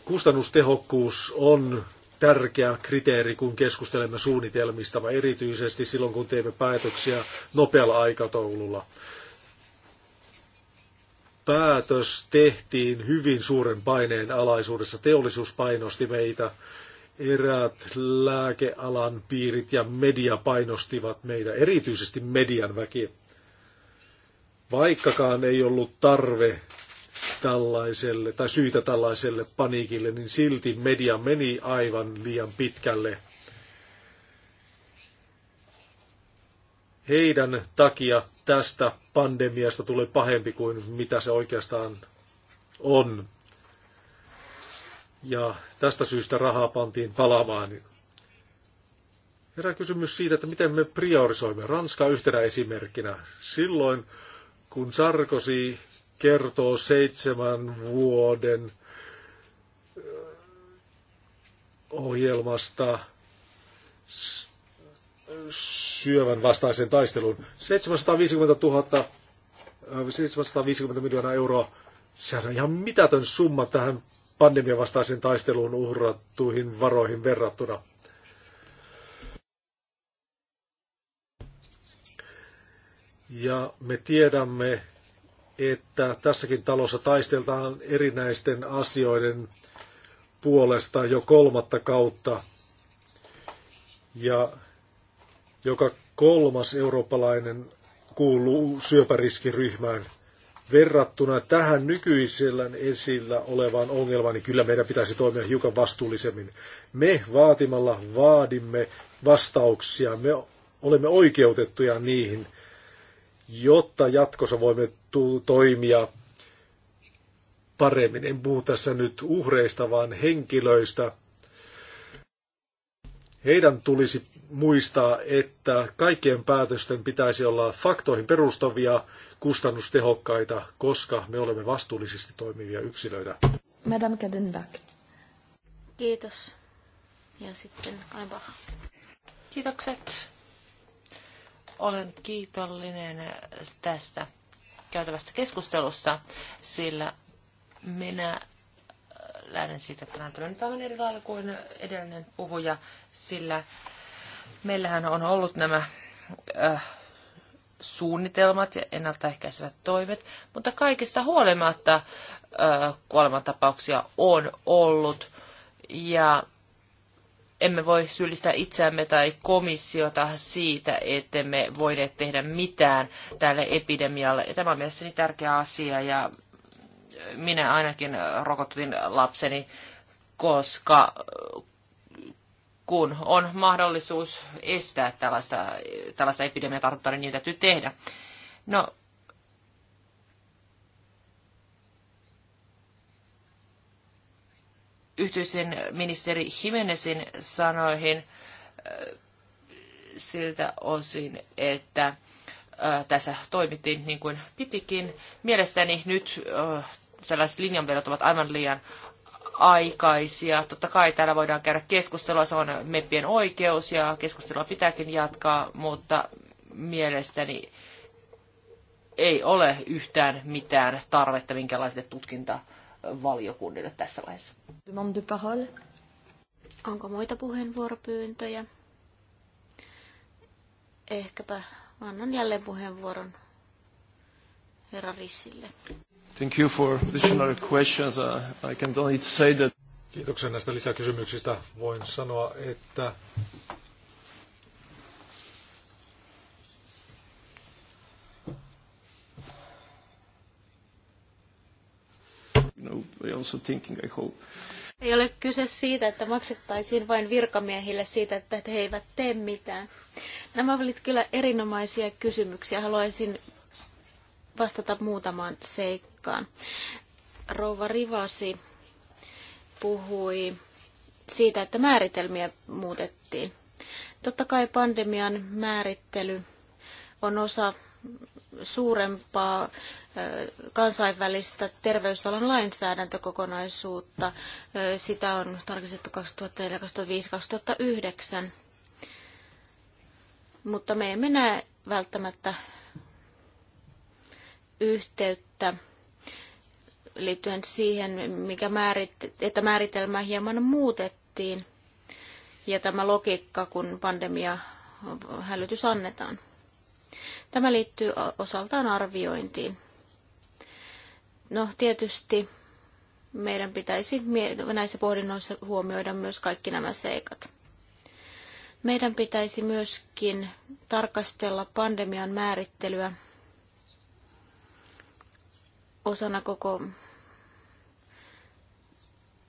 Kustannustehokkuus on tärkeä kriteeri, kun keskustelemme suunnitelmista, vaan erityisesti silloin, kun teemme päätöksiä nopealla aikataululla. Päätös tehtiin hyvin suuren paineen alaisuudessa. Teollisuus painosti meitä, eräät lääkealan piirit ja media painostivat meitä, erityisesti median väki. Vaikkakaan ei ollut tarve tällaiselle, tai syitä tällaiselle paniikille, niin silti media meni aivan liian pitkälle. Heidän takia tästä pandemiasta tulee pahempi kuin mitä se oikeastaan on. Ja tästä syystä rahaa pantiin palamaan. Herää kysymys siitä, että miten me priorisoimme. Ranska yhtenä esimerkkinä. Silloin, kun Sarkozy kertoo seitsemän vuoden äh, ohjelmasta syövän vastaisen taistelun. 750 000, 750 miljoonaa euroa, sehän on ihan mitätön summa tähän pandemian vastaisen taisteluun uhrattuihin varoihin verrattuna. Ja me tiedämme, että tässäkin talossa taisteltaan erinäisten asioiden puolesta jo kolmatta kautta. Ja joka kolmas eurooppalainen kuuluu syöpäriskiryhmään. Verrattuna tähän nykyisellä esillä olevaan ongelmaan, niin kyllä meidän pitäisi toimia hiukan vastuullisemmin. Me vaatimalla vaadimme vastauksia, me olemme oikeutettuja niihin, jotta jatkossa voimme toimia paremmin. En puhu tässä nyt uhreista, vaan henkilöistä. Heidän tulisi muistaa, että kaikkien päätösten pitäisi olla faktoihin perustavia, kustannustehokkaita, koska me olemme vastuullisesti toimivia yksilöitä. Madame Kadenbach. Kiitos. Ja sitten Kadenbach. Kiitokset. Olen kiitollinen tästä käytävästä keskustelusta, sillä minä äh, lähden siitä, että tämä on aivan eri lailla kuin edellinen puhuja, sillä meillähän on ollut nämä äh, suunnitelmat ja ennaltaehkäisevät toimet, mutta kaikista huolimatta äh, kuolemantapauksia on ollut. Ja emme voi syyllistää itseämme tai komissiota siitä, ettemme voineet tehdä mitään tälle epidemialle. Ja tämä on mielestäni tärkeä asia ja minä ainakin rokotin lapseni, koska kun on mahdollisuus estää tällaista, tällaista epidemiatartuntaa, niin niitä täytyy tehdä. No, yhtyisin ministeri Jimenezin sanoihin äh, siltä osin, että äh, tässä toimittiin niin kuin pitikin. Mielestäni nyt äh, sellaiset linjanvedot ovat aivan liian aikaisia. Totta kai täällä voidaan käydä keskustelua, se on meppien oikeus ja keskustelua pitääkin jatkaa, mutta mielestäni ei ole yhtään mitään tarvetta minkälaiselle tutkintaa valiokunnille tässä vaiheessa. Onko muita puheenvuoropyyntöjä? Ehkäpä annan jälleen puheenvuoron herra Rissille. Thank you for additional questions. I can only say that... Kiitoksia näistä lisäkysymyksistä. Voin sanoa, että we're also thinking, I hope. Ei ole kyse siitä, että maksettaisiin vain virkamiehille siitä, että he eivät tee mitään. Nämä olivat kyllä erinomaisia kysymyksiä. Haluaisin vastata muutamaan seikkaan. Rouva Rivasi puhui siitä, että määritelmiä muutettiin. Totta kai pandemian määrittely on osa suurempaa kansainvälistä terveysalan lainsäädäntökokonaisuutta. Sitä on tarkistettu 2004, 2005, 2009. Mutta me emme näe välttämättä yhteyttä liittyen siihen, mikä määrit, että määritelmää hieman muutettiin ja tämä logiikka, kun pandemia hälytys annetaan. Tämä liittyy osaltaan arviointiin. No tietysti meidän pitäisi näissä pohdinnoissa huomioida myös kaikki nämä seikat. Meidän pitäisi myöskin tarkastella pandemian määrittelyä osana koko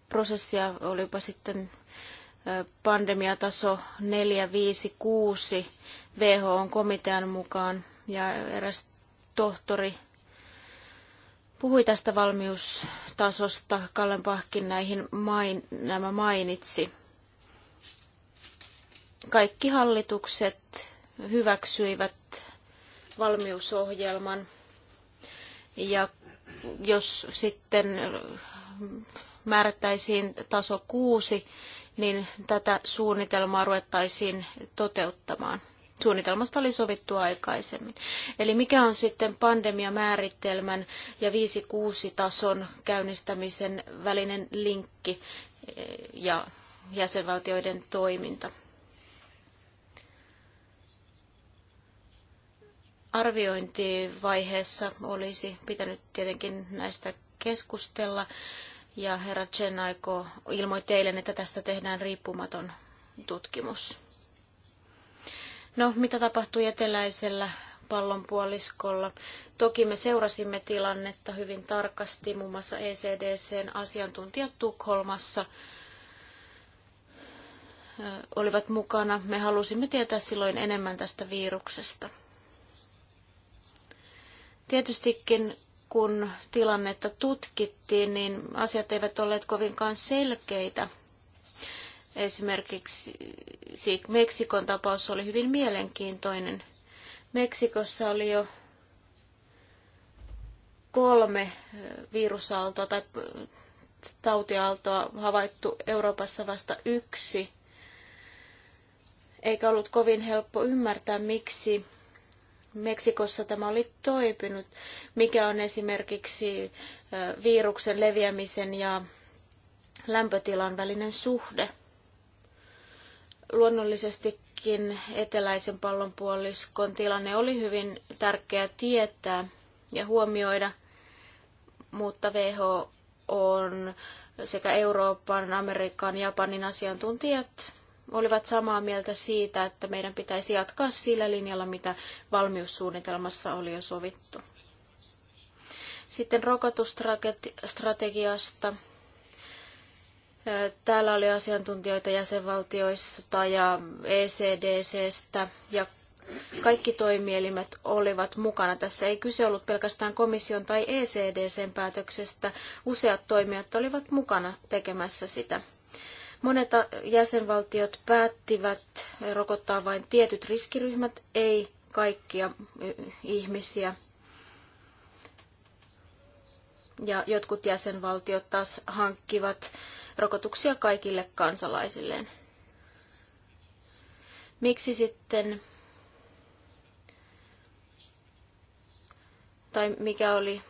prosessia, olipa sitten pandemiataso 4, 5, 6 WHOn komitean mukaan ja eräs tohtori puhui tästä valmiustasosta. pahkin näihin main, nämä mainitsi. Kaikki hallitukset hyväksyivät valmiusohjelman. Ja jos sitten määrättäisiin taso kuusi, niin tätä suunnitelmaa ruvettaisiin toteuttamaan suunnitelmasta oli sovittu aikaisemmin. Eli mikä on sitten pandemiamääritelmän ja 5-6 tason käynnistämisen välinen linkki eh, ja jäsenvaltioiden toiminta? Arviointivaiheessa olisi pitänyt tietenkin näistä keskustella ja herra Chen aikoo ilmoitti eilen, että tästä tehdään riippumaton tutkimus. No, mitä tapahtui eteläisellä pallonpuoliskolla? Toki me seurasimme tilannetta hyvin tarkasti, muun muassa ECDCn asiantuntijat Tukholmassa olivat mukana. Me halusimme tietää silloin enemmän tästä viruksesta. Tietystikin kun tilannetta tutkittiin, niin asiat eivät olleet kovinkaan selkeitä – Esimerkiksi Meksikon tapaus oli hyvin mielenkiintoinen. Meksikossa oli jo kolme virusaaltoa tai tautiaaltoa havaittu Euroopassa vasta yksi. Eikä ollut kovin helppo ymmärtää, miksi Meksikossa tämä oli toipunut, mikä on esimerkiksi viruksen leviämisen ja lämpötilan välinen suhde. Luonnollisestikin eteläisen pallonpuoliskon tilanne oli hyvin tärkeä tietää ja huomioida, mutta WHO on sekä Euroopan, Amerikan, Japanin asiantuntijat olivat samaa mieltä siitä, että meidän pitäisi jatkaa sillä linjalla, mitä valmiussuunnitelmassa oli jo sovittu. Sitten rokotusstrategiasta Täällä oli asiantuntijoita jäsenvaltioista ja ECDCstä ja kaikki toimielimet olivat mukana. Tässä ei kyse ollut pelkästään komission tai ECDCn päätöksestä. Useat toimijat olivat mukana tekemässä sitä. Monet jäsenvaltiot päättivät rokottaa vain tietyt riskiryhmät, ei kaikkia ihmisiä. Ja jotkut jäsenvaltiot taas hankkivat rokotuksia kaikille kansalaisilleen. Miksi sitten, tai mikä oli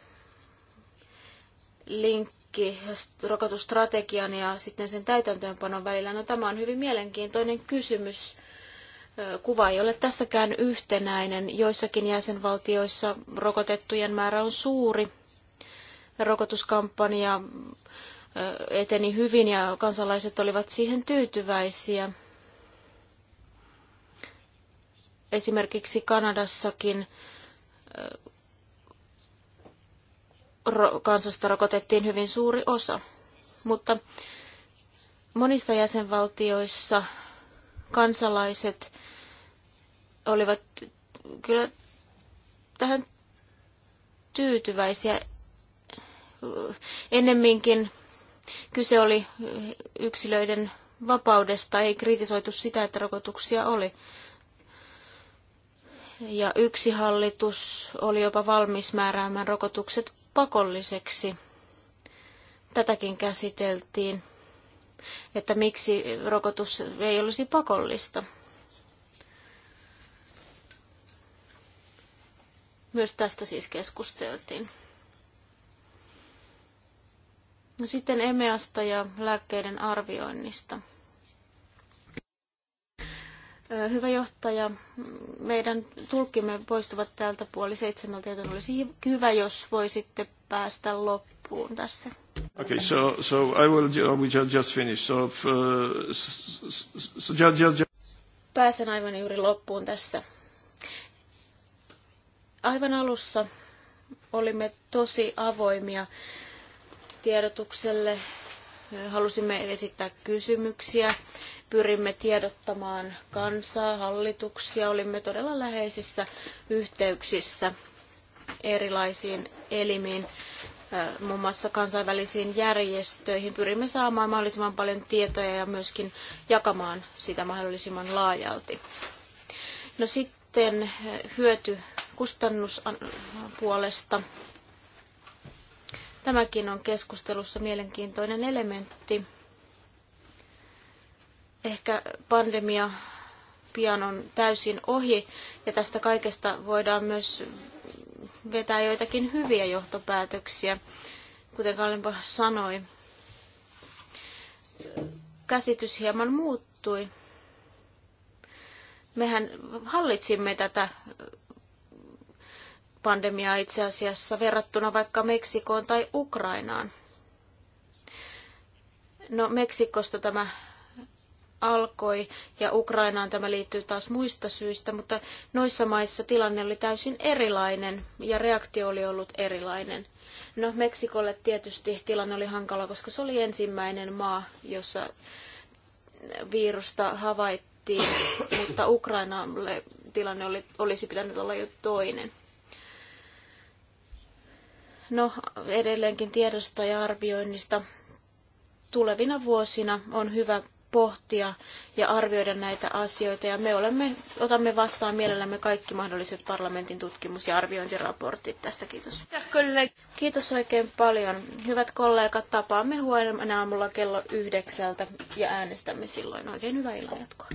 linkki rokotusstrategian ja sitten sen täytäntöönpanon välillä? No tämä on hyvin mielenkiintoinen kysymys kuva ei ole tässäkään yhtenäinen. Joissakin jäsenvaltioissa rokotettujen määrä on suuri. Rokotuskampanja eteni hyvin ja kansalaiset olivat siihen tyytyväisiä. Esimerkiksi Kanadassakin eh, kansasta rokotettiin hyvin suuri osa. Mutta monissa jäsenvaltioissa kansalaiset olivat kyllä tähän tyytyväisiä ennemminkin Kyse oli eh, yksilöiden vapaudesta, ei kritisoitu sitä, että rokotuksia oli. Ja yksi hallitus oli jopa valmis määräämään rokotukset pakolliseksi. Tätäkin käsiteltiin, että miksi rokotus ei olisi pakollista. Myös tästä siis keskusteltiin. No sitten EMEAsta ja lääkkeiden arvioinnista. Hyvä johtaja, meidän tulkkimme poistuvat täältä puoli seitsemältä, joten olisi hyvä, jos voisitte päästä loppuun tässä. Okay, so, so I will we just finish. So, uh, so just, just, just. Pääsen aivan juuri loppuun tässä. Aivan alussa olimme tosi avoimia tiedotukselle. Halusimme esittää kysymyksiä. Pyrimme tiedottamaan kansaa, hallituksia. Olimme todella läheisissä yhteyksissä erilaisiin elimiin, muun muassa kansainvälisiin järjestöihin. Pyrimme saamaan mahdollisimman paljon tietoja ja myöskin jakamaan sitä mahdollisimman laajalti. No sitten hyöty kustannuspuolesta. Tämäkin on keskustelussa mielenkiintoinen elementti. Ehkä pandemia pian on täysin ohi ja tästä kaikesta voidaan myös vetää joitakin hyviä johtopäätöksiä, kuten Kallenpa sanoi. Käsitys hieman muuttui. Mehän hallitsimme tätä pandemiaa itse asiassa verrattuna vaikka Meksikoon tai Ukrainaan. No Meksikosta tämä alkoi ja Ukrainaan tämä liittyy taas muista syistä, mutta noissa maissa tilanne oli täysin erilainen ja reaktio oli ollut erilainen. No Meksikolle tietysti tilanne oli hankala, koska se oli ensimmäinen maa, jossa virusta havaittiin, mutta Ukrainalle tilanne oli, olisi pitänyt olla jo toinen. No, edelleenkin tiedosta ja arvioinnista tulevina vuosina on hyvä pohtia ja arvioida näitä asioita. Ja me olemme, otamme vastaan mielellämme kaikki mahdolliset parlamentin tutkimus- ja arviointiraportit tästä. Kiitos. Kiitos oikein paljon. Hyvät kollegat, tapaamme huomenna aamulla kello yhdeksältä ja äänestämme silloin. Oikein hyvää illanjatkoa.